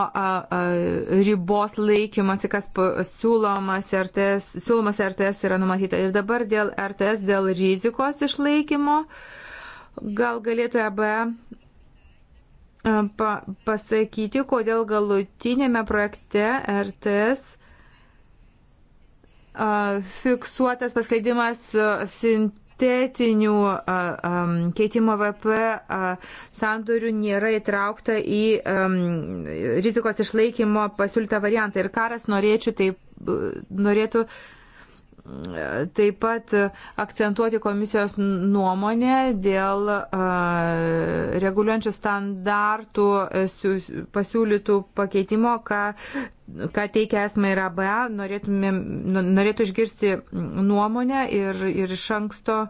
ribos laikymasi, kas siūlomas RTS, siūlomas RTS yra numatyta. Ir dabar dėl RTS, dėl rizikos išlaikymo, gal galėtų EBA e, pa, pasakyti, kodėl galutinėme projekte RTS fiksuotas paskleidimas sint prioritetinių a, a, keitimo VP a, sandorių nėra įtraukta į a, rizikos išlaikymo pasiūlytą variantą. Ir karas norėčiau taip, norėtų taip pat akcentuoti komisijos nuomonę dėl reguliuojančių standartų pasiūlytų pakeitimo, ką, ką teikia esmė ir ABA. Norėtų išgirsti nuomonę ir, ir iš anksto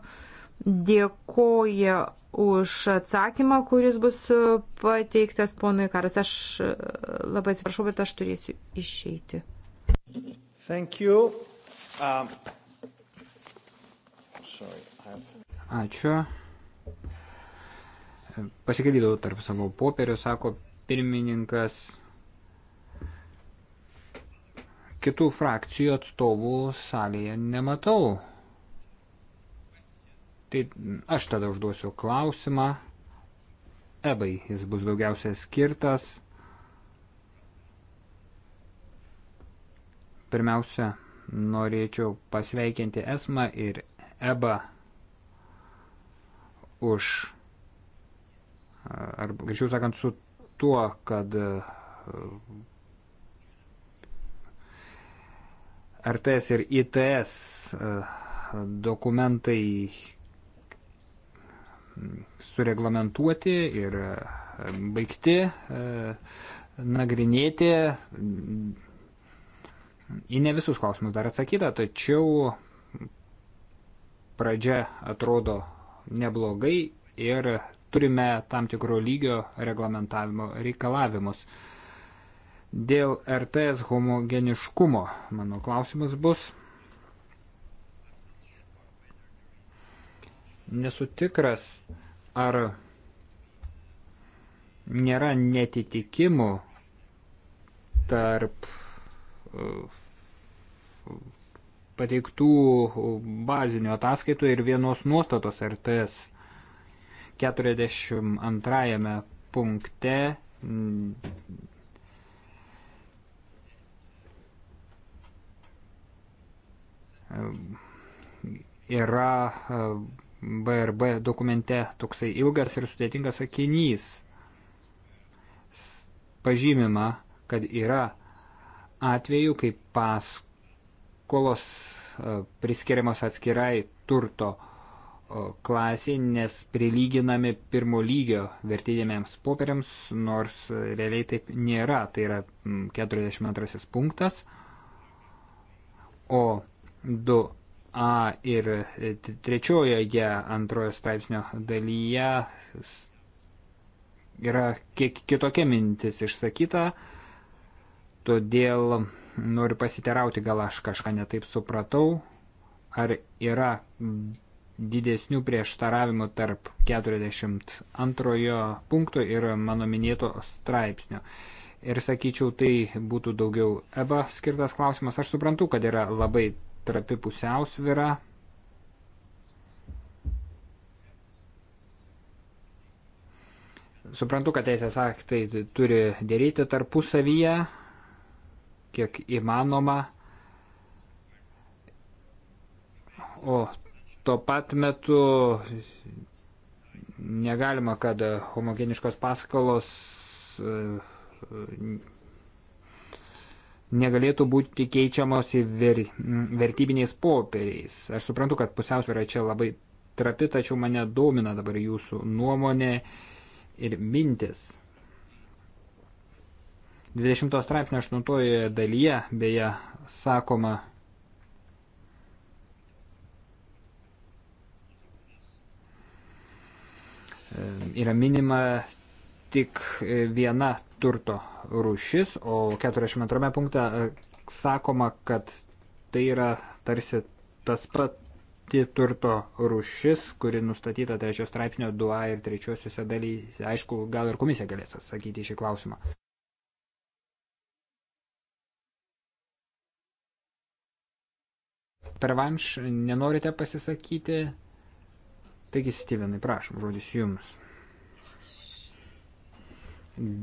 dėkoja už atsakymą, kuris bus pateiktas ponui Karas. Aš labai atsiprašau, bet aš turėsiu išeiti. Thank you. Um, sorry, have... Ačiū. Pasikalydau tarp savo popierių, sako pirmininkas. Kitų frakcijų atstovų salėje nematau. Tai aš tada užduosiu klausimą. Ebai jis bus daugiausiai skirtas. Pirmiausia, norėčiau pasveikinti Esmą ir EBA už, ar greičiau sakant, su tuo, kad eh, RTS ir ITS eh, dokumentai mm, sureglamentuoti ir eh, baigti nagrinėti mm, į ne visus klausimus dar atsakyta, tačiau pradžia atrodo neblogai ir turime tam tikro lygio reglamentavimo reikalavimus. Dėl RTS homogeniškumo mano klausimas bus. Nesu tikras, ar nėra netitikimų tarp uh, pateiktų bazinių ataskaitų ir vienos nuostatos RTS 42 punkte mm, yra BRB e, dokumente toksai ilgas ir sudėtingas sakinys. Pažymima, kad yra atveju, kai paskui skolos e, priskiriamos atskirai turto e, klasė, nes prilyginami pirmo lygio vertybėms popieriams, nors realiai taip nėra, tai yra 42 punktas, o 2a ir trečiojoje antrojo straipsnio dalyje yra kiek kitokia mintis išsakyta, todėl Noriu pasiterauti, gal aš kažką netaip supratau, ar yra didesnių prieštaravimų tarp 42 punkto ir mano minėto straipsnio. Ir sakyčiau, tai būtų daugiau EBA skirtas klausimas. Aš suprantu, kad yra labai trapi pusiausvira. Suprantu, kad teisės aktai turi dėrėti tarpusavyje, kiek įmanoma. O tuo pat metu negalima, kad homogeniškos paskalos e, negalėtų būti keičiamos į ver, vertybiniais popieriais. Aš suprantu, kad pusiausvėra čia labai trapi, tačiau mane domina dabar jūsų nuomonė ir mintis. 20 straipsnio 8 dalyje beje sakoma, yra minima tik e, viena turto rušis, o 42 punkte e, sakoma, kad tai yra tarsi tas pati turto rušis, kuri nustatyta trečios straipsnio 2 ir trečiosiuose dalyse. Aišku, gal ir komisija galės atsakyti šį klausimą. Pervanš, nenorite pasisakyti? Taigi, Stevenai, prašom, žodis jums.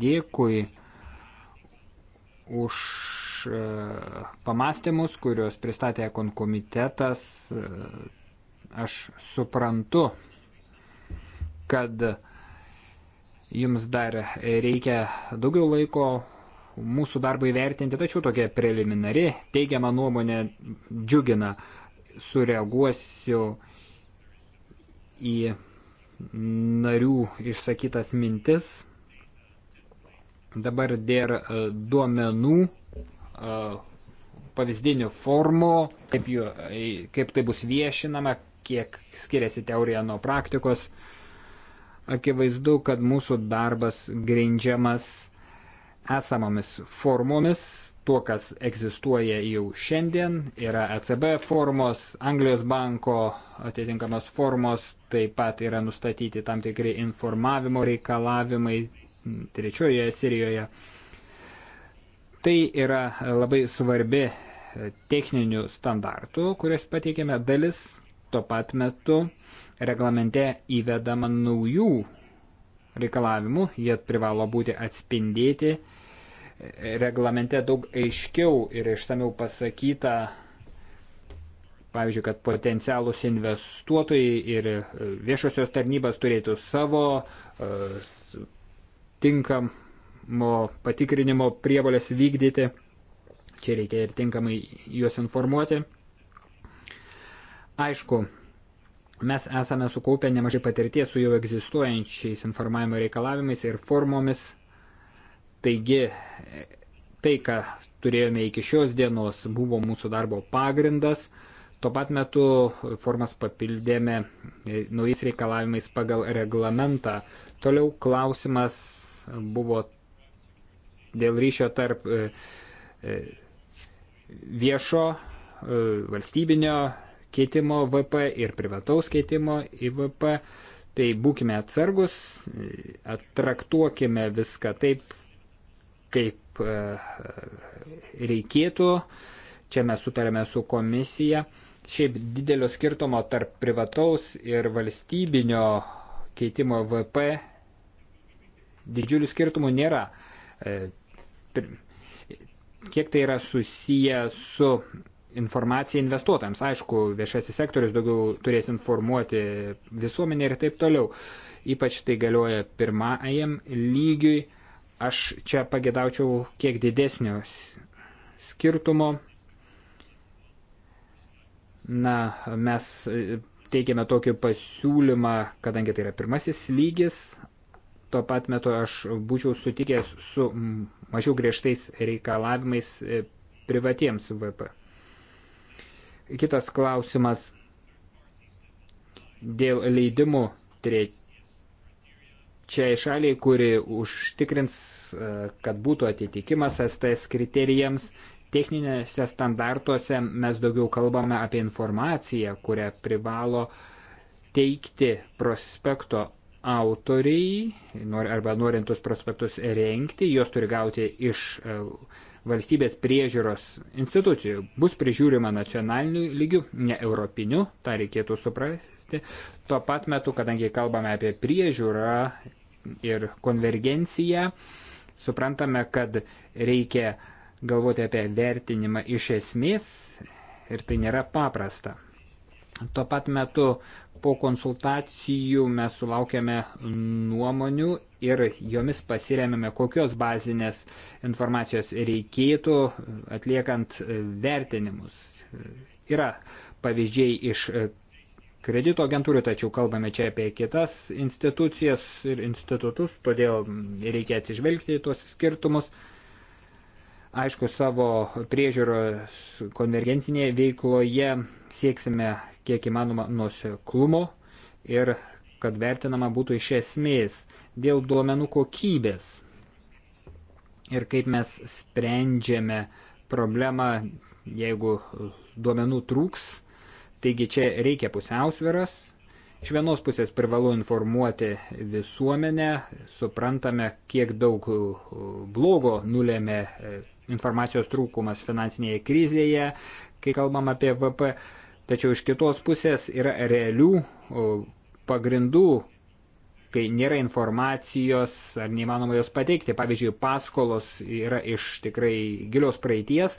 Dėkui už e, pamastymus, kuriuos pristatė konkomitetas. E, aš suprantu, kad jums dar reikia daugiau laiko mūsų darbą įvertinti, tačiau tokia preliminari teigiama nuomonė džiugina. Sureaguosiu į narių išsakytas mintis. Dabar dėl e, duomenų e, pavyzdinių formų, kaip, jų, e, kaip tai bus viešinama, kiek skiriasi teorija nuo praktikos. Akivaizdu, kad mūsų darbas grindžiamas esamomis formomis, tuo, kas egzistuoja jau šiandien, yra ECB formos, Anglijos banko atitinkamos formos, taip pat yra nustatyti tam tikri informavimo reikalavimai trečiojoje Sirijoje. Tai yra labai svarbi techninių standartų, kuriuos pateikėme dalis, tuo pat metu reglamente įvedama naujų reikalavimų, jie privalo būti atspindėti reglamente daug aiškiau ir išsamiau pasakyta, pavyzdžiui, kad potencialus investuotojai ir e, viešosios tarnybas turėtų savo e, tinkamo patikrinimo prievalės vykdyti. Čia reikia ir tinkamai juos informuoti. Aišku, mes esame sukaupę nemažai patirties su jau egzistuojančiais informavimo reikalavimais ir formomis Taigi tai, ką turėjome iki šios dienos, buvo mūsų darbo pagrindas. Tuo pat metu formas papildėme e, naujais reikalavimais pagal reglamentą. Toliau klausimas buvo dėl ryšio tarp e, e, viešo valstybinio keitimo VP ir privataus keitimo į VP. Tai būkime atsargus, atraktuokime viską taip, kaip e, reikėtų. Čia mes sutarėme su komisija. Šiaip didelio skirtumo tarp privataus ir valstybinio keitimo VP didžiulių skirtumų nėra. E, kiek tai yra susiję su informacija investuotojams. Aišku, viešasis sektorius daugiau turės informuoti visuomenę ir taip toliau. Ypač tai galioja pirmajam lygiui. Aš čia pagėdaučiau kiek didesnio skirtumo. Na, mes e, teikiame tokį pasiūlymą, kadangi tai yra pirmasis lygis, tuo pat metu aš būčiau sutikęs su mažiau griežtais reikalavimais e, privatiems VP. Kitas klausimas dėl leidimų trečiai trečiai šaliai, kuri užtikrins, e, kad būtų atitikimas STS kriterijams. Techninėse standartuose mes daugiau kalbame apie informaciją, kurią privalo teikti prospekto autoriai, nor, arba norintus prospektus renkti, juos turi gauti iš e, valstybės priežiūros institucijų. Bus prižiūrima nacionaliniu lygiu, ne europiniu, tą reikėtų suprasti. Tuo pat metu, kadangi kalbame apie priežiūrą, ir konvergenciją. Suprantame, kad reikia galvoti apie vertinimą iš esmės ir tai nėra paprasta. Tuo pat metu po konsultacijų mes sulaukėme nuomonių ir jomis pasiremėme, kokios bazinės informacijos reikėtų atliekant vertinimus. Yra pavyzdžiai iš kredito agentūrų, tačiau kalbame čia apie kitas institucijas ir institutus, todėl reikia atsižvelgti į tuos skirtumus. Aišku, savo priežiūros konvergencinėje veikloje sieksime kiek įmanoma nuseklumo ir kad vertinama būtų iš esmės dėl duomenų kokybės ir kaip mes sprendžiame problemą, jeigu duomenų trūks Taigi čia reikia pusiausviras. Iš vienos pusės privalu informuoti visuomenę, suprantame, kiek daug e, blogo nulėmė e, informacijos trūkumas finansinėje krizėje, kai kalbam apie VP, tačiau iš kitos pusės yra realių pagrindų, kai nėra informacijos ar neįmanoma jos pateikti. Pavyzdžiui, paskolos yra iš tikrai gilios praeities,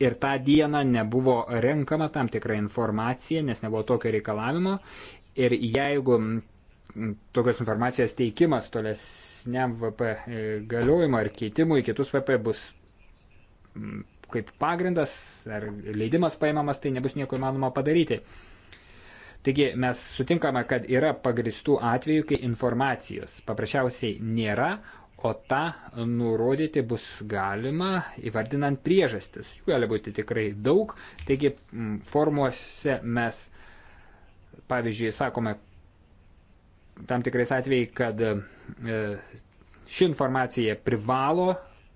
ir tą dieną nebuvo renkama tam tikra informacija, nes nebuvo tokio reikalavimo. Ir jeigu tokios informacijos teikimas tolesniam VP e, galiojimo ar keitimui į kitus VP bus kaip pagrindas ar leidimas paimamas, tai nebus nieko įmanoma padaryti. Taigi mes sutinkame, kad yra pagristų atvejų, kai informacijos paprasčiausiai nėra, o tą nurodyti bus galima įvardinant priežastis. Jų gali būti tikrai daug, taigi formuose mes, pavyzdžiui, sakome tam tikrais atvejai, kad e, ši informacija privalo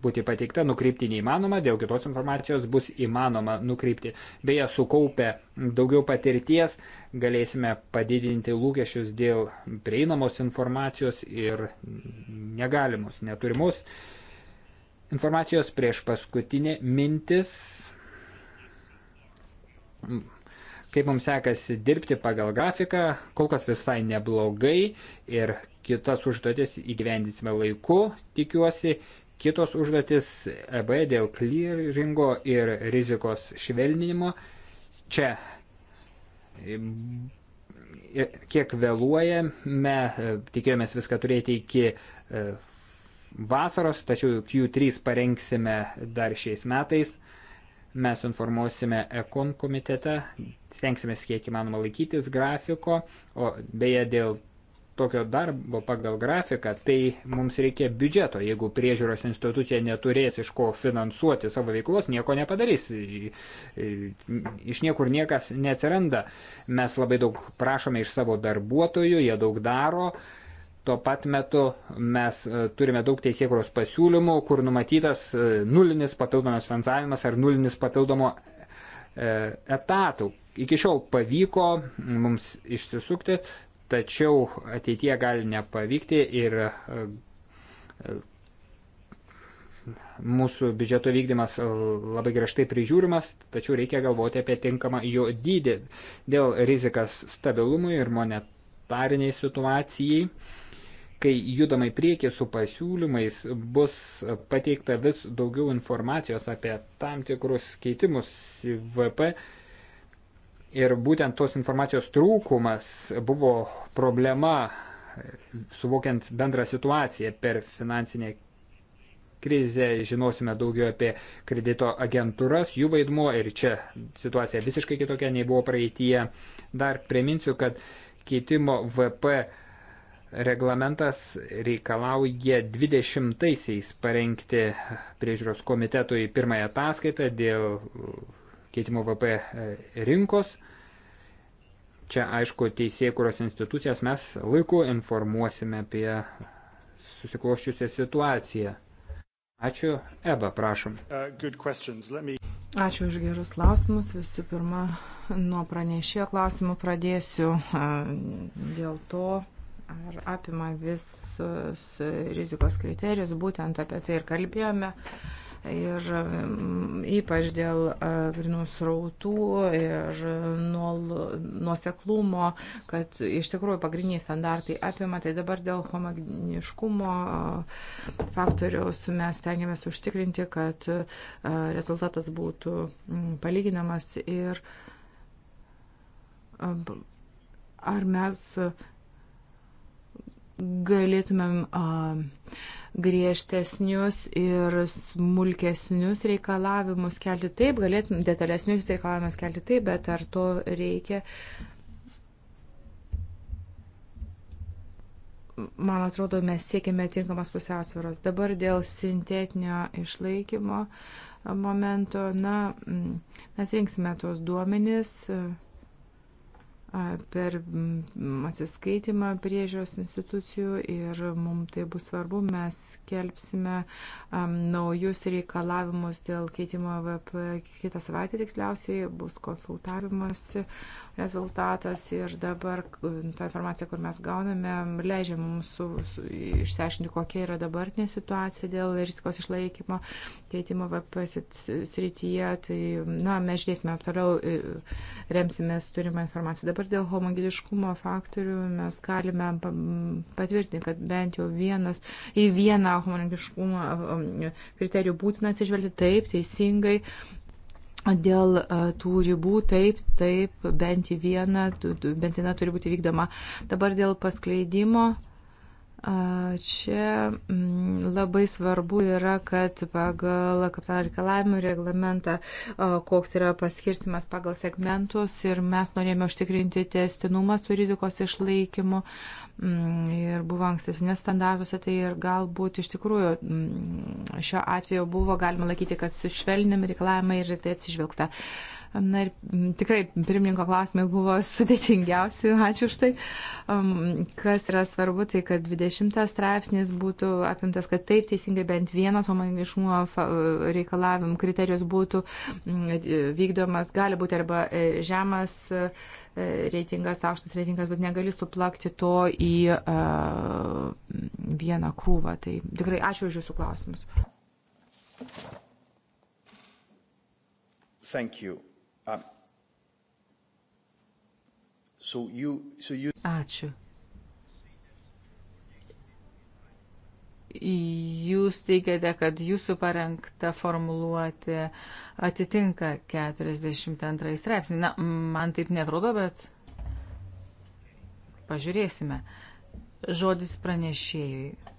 būti pateikta, nukreipti neįmanoma, dėl kitos informacijos bus įmanoma nukreipti. Beje, sukaupę daugiau patirties galėsime padidinti lūkesčius dėl prieinamos informacijos ir negalimus, neturimus. Informacijos prieš paskutinė mintis kaip mums sekasi dirbti pagal grafiką, kol kas visai neblogai ir kitas užduotis įgyvendysime laiku, tikiuosi, Kitos užduotis EB dėl klyringo ir rizikos švelninimo. Čia e, kiek vėluojame, e, tikėjomės viską turėti iki e, vasaros, tačiau Q3 parengsime dar šiais metais. Mes informuosime ekon komitete, stengsime kiek įmanoma laikytis grafiko, o beje dėl tokio darbo pagal grafiką, tai mums reikia biudžeto. Jeigu priežiūros institucija neturės iš ko finansuoti savo veiklos, nieko nepadarys. Iš niekur niekas neatsiranda. Mes labai daug prašome iš savo darbuotojų, jie daug daro. Tuo pat metu mes e, turime daug teisėkuros pasiūlymų, kur numatytas e, nulinis papildomas finansavimas ar nulinis papildomo e, etatų. Iki šiol pavyko mums išsisukti, tačiau ateitie gali nepavykti ir e, mūsų biudžeto vykdymas e, labai griežtai prižiūrimas, tačiau reikia galvoti apie tinkamą jo dydį dėl rizikas stabilumui ir monetariniai situacijai. Kai judama į priekį su pasiūlymais, bus pateikta vis daugiau informacijos apie tam tikrus keitimus VP Ir būtent tos informacijos trūkumas buvo problema, suvokiant bendrą situaciją per finansinę krizę, žinosime daugiau apie kredito agentūras, jų vaidmuo ir čia situacija visiškai kitokia nei buvo praeitie. Dar priminsiu, kad keitimo VP reglamentas reikalauja 20-aisiais parengti priežiūros komitetui pirmąją ataskaitą dėl keitimo VP e, rinkos. Čia, aišku, teisėkuros institucijas mes laiku informuosime apie susikloščiusią situaciją. Ačiū. Eba, prašom. Uh, Ačiū už gerus klausimus. Visų pirma, nuo pranešėjo klausimų pradėsiu e, dėl to, ar apima visus rizikos kriterijus. Būtent apie tai ir kalbėjome. Uh, ir mm, ypač dėl grinų srautų ir nuoseklumo, kad iš tikrųjų pagrindiniai standartai apima, tai dabar dėl homogeniškumo faktoriaus mes tengiamės užtikrinti, kad rezultatas būtų mm, palyginamas ir ar mes galėtumėm uh, griežtesnius ir smulkesnius reikalavimus kelti taip, galėtum detalesnius reikalavimus kelti taip, bet ar to reikia? Man atrodo, mes siekime tinkamas pusiausvėros. Dabar dėl sintetinio išlaikymo momento, na, mm, mes rinksime tuos duomenis. Uh, per atsiskaitimą priežiūros institucijų ir mums tai bus svarbu, mes kelpsime naujus reikalavimus dėl keitimo VP kitą savaitę tiksliausiai, bus konsultavimas rezultatas ir dabar ta informacija, kur mes gauname, leidžia mums su, su, išsiaiškinti, kokia yra dabartinė situacija dėl rizikos išlaikymo keitimo VP srityje. Tai, na, mes žiūrėsime toliau, remsimės turimą informaciją. Dabar Dabar dėl homogeniškumo faktorių mes galime patvirtinti, kad bent jau vienas į vieną homogeniškumo kriterijų būtina atsižvelgti taip, teisingai. Dėl tų ribų taip, taip, bent į vieną, bent viena turi būti vykdoma. Dabar dėl paskleidimo Čia mm, labai svarbu yra, kad pagal kapitalo reikalavimų reglamentą, koks yra paskirstimas pagal segmentus ir mes norėjome užtikrinti testinumą su rizikos išlaikymu mm, ir buvo ankstesnės standartuose, tai ir galbūt iš tikrųjų mm, šiuo atveju buvo galima laikyti, kad sušvelninami reikalavimai ir tai atsižvelgta. Na ir tikrai pirmininko klausimai buvo sudėtingiausi, ačiū už tai. Um, kas yra svarbu, tai kad 20 straipsnis būtų apimtas, kad taip teisingai bent vienas omaniškumo e, reikalavimų kriterijus būtų e, vykdomas, gali būti arba e, žemas reitingas, aukštas reitingas, bet negali suplakti to į uh, vieną krūvą. Tai tikrai ačiū už Jūsų klausimus. Thank you. Um, so you, so you... Ačiū. Jūs teigiate, kad jūsų parengta formuluotė atitinka 42 straipsnį. Na, man taip netrodo, bet pažiūrėsime. Žodis pranešėjui.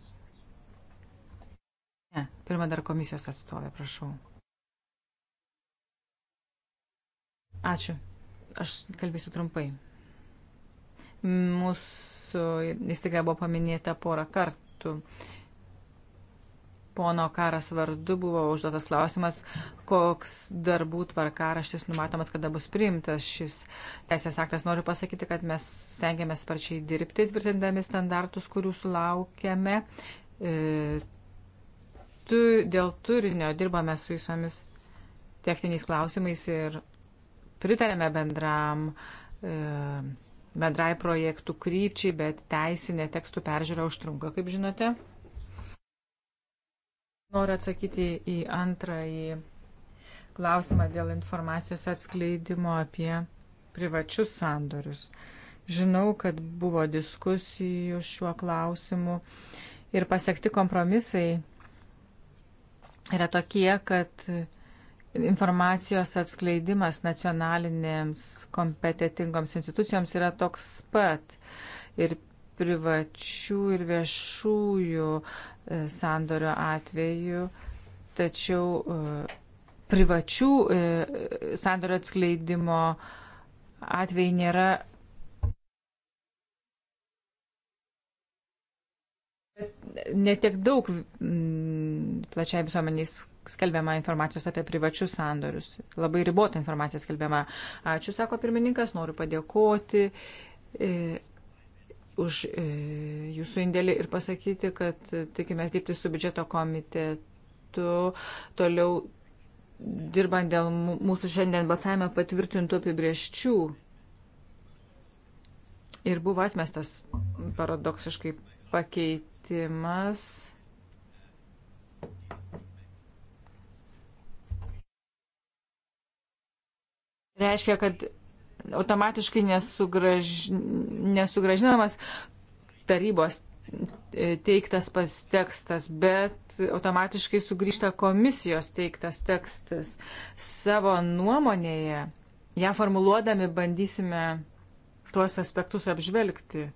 Ne, pirmą dar komisijos atstovę, prašau. Ačiū. Aš kalbėsiu trumpai. Mūsų įstaiga buvo paminėta porą kartų. Pono karas vardu buvo užduotas klausimas, koks darbų tvarkaraštis numatomas, kada bus priimtas šis teisės aktas. Noriu pasakyti, kad mes stengiamės sparčiai dirbti, tvirtindami standartus, kurių sulaukiame. E, tu, dėl turinio dirbame su visomis techniniais klausimais ir pritarėme bendram, e, bendrai projektų krypčiai, bet teisinė tekstų peržiūra užtrunka, kaip žinote. Noriu atsakyti į antrąjį klausimą dėl informacijos atskleidimo apie privačius sandorius. Žinau, kad buvo diskusijų šiuo klausimu ir pasiekti kompromisai yra tokie, kad informacijos atskleidimas nacionalinėms kompetitingoms institucijoms yra toks pat ir privačių ir viešųjų e, sandorio atveju, tačiau e, privačių e, sandorio atskleidimo atvejai nėra netiek daug mm, plačiai visuomeniai skelbiama informacijos apie privačius sandorius. Labai ribota informacija skelbiama. Ačiū, sako pirmininkas, noriu padėkoti e, už e, jūsų indėlį ir pasakyti, kad tikimės dirbti su biudžeto komitetu toliau dirbant dėl mūsų šiandien balsavime patvirtintų apibrieščių. Ir buvo atmestas paradoksiškai pakeitimas pakeitimas. Reiškia, kad automatiškai nesugraž... nesugražinamas tarybos teiktas pas tekstas, bet automatiškai sugrįžta komisijos teiktas tekstas. Savo nuomonėje, ją formuluodami, bandysime tuos aspektus apžvelgti.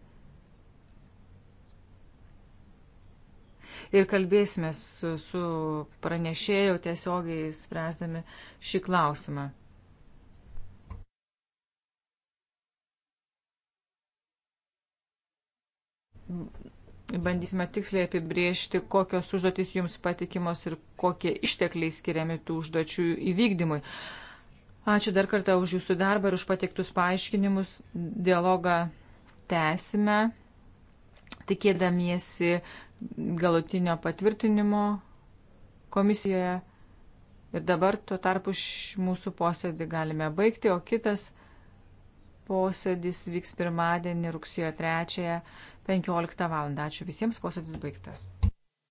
ir kalbėsime su, su pranešėjau tiesiogiai spręsdami šį klausimą. Bandysime tiksliai apibriežti, kokios užduotis jums patikimos ir kokie ištekliai skiriami tų užduočių įvykdymui. Ačiū dar kartą už jūsų darbą ir už patiktus paaiškinimus. Dialogą tęsime tikėdamiesi galutinio patvirtinimo komisijoje. Ir dabar tuo tarpu mūsų posėdį galime baigti, o kitas posėdis vyks pirmadienį rugsėjo 3.15 val. Ačiū visiems, posėdis baigtas.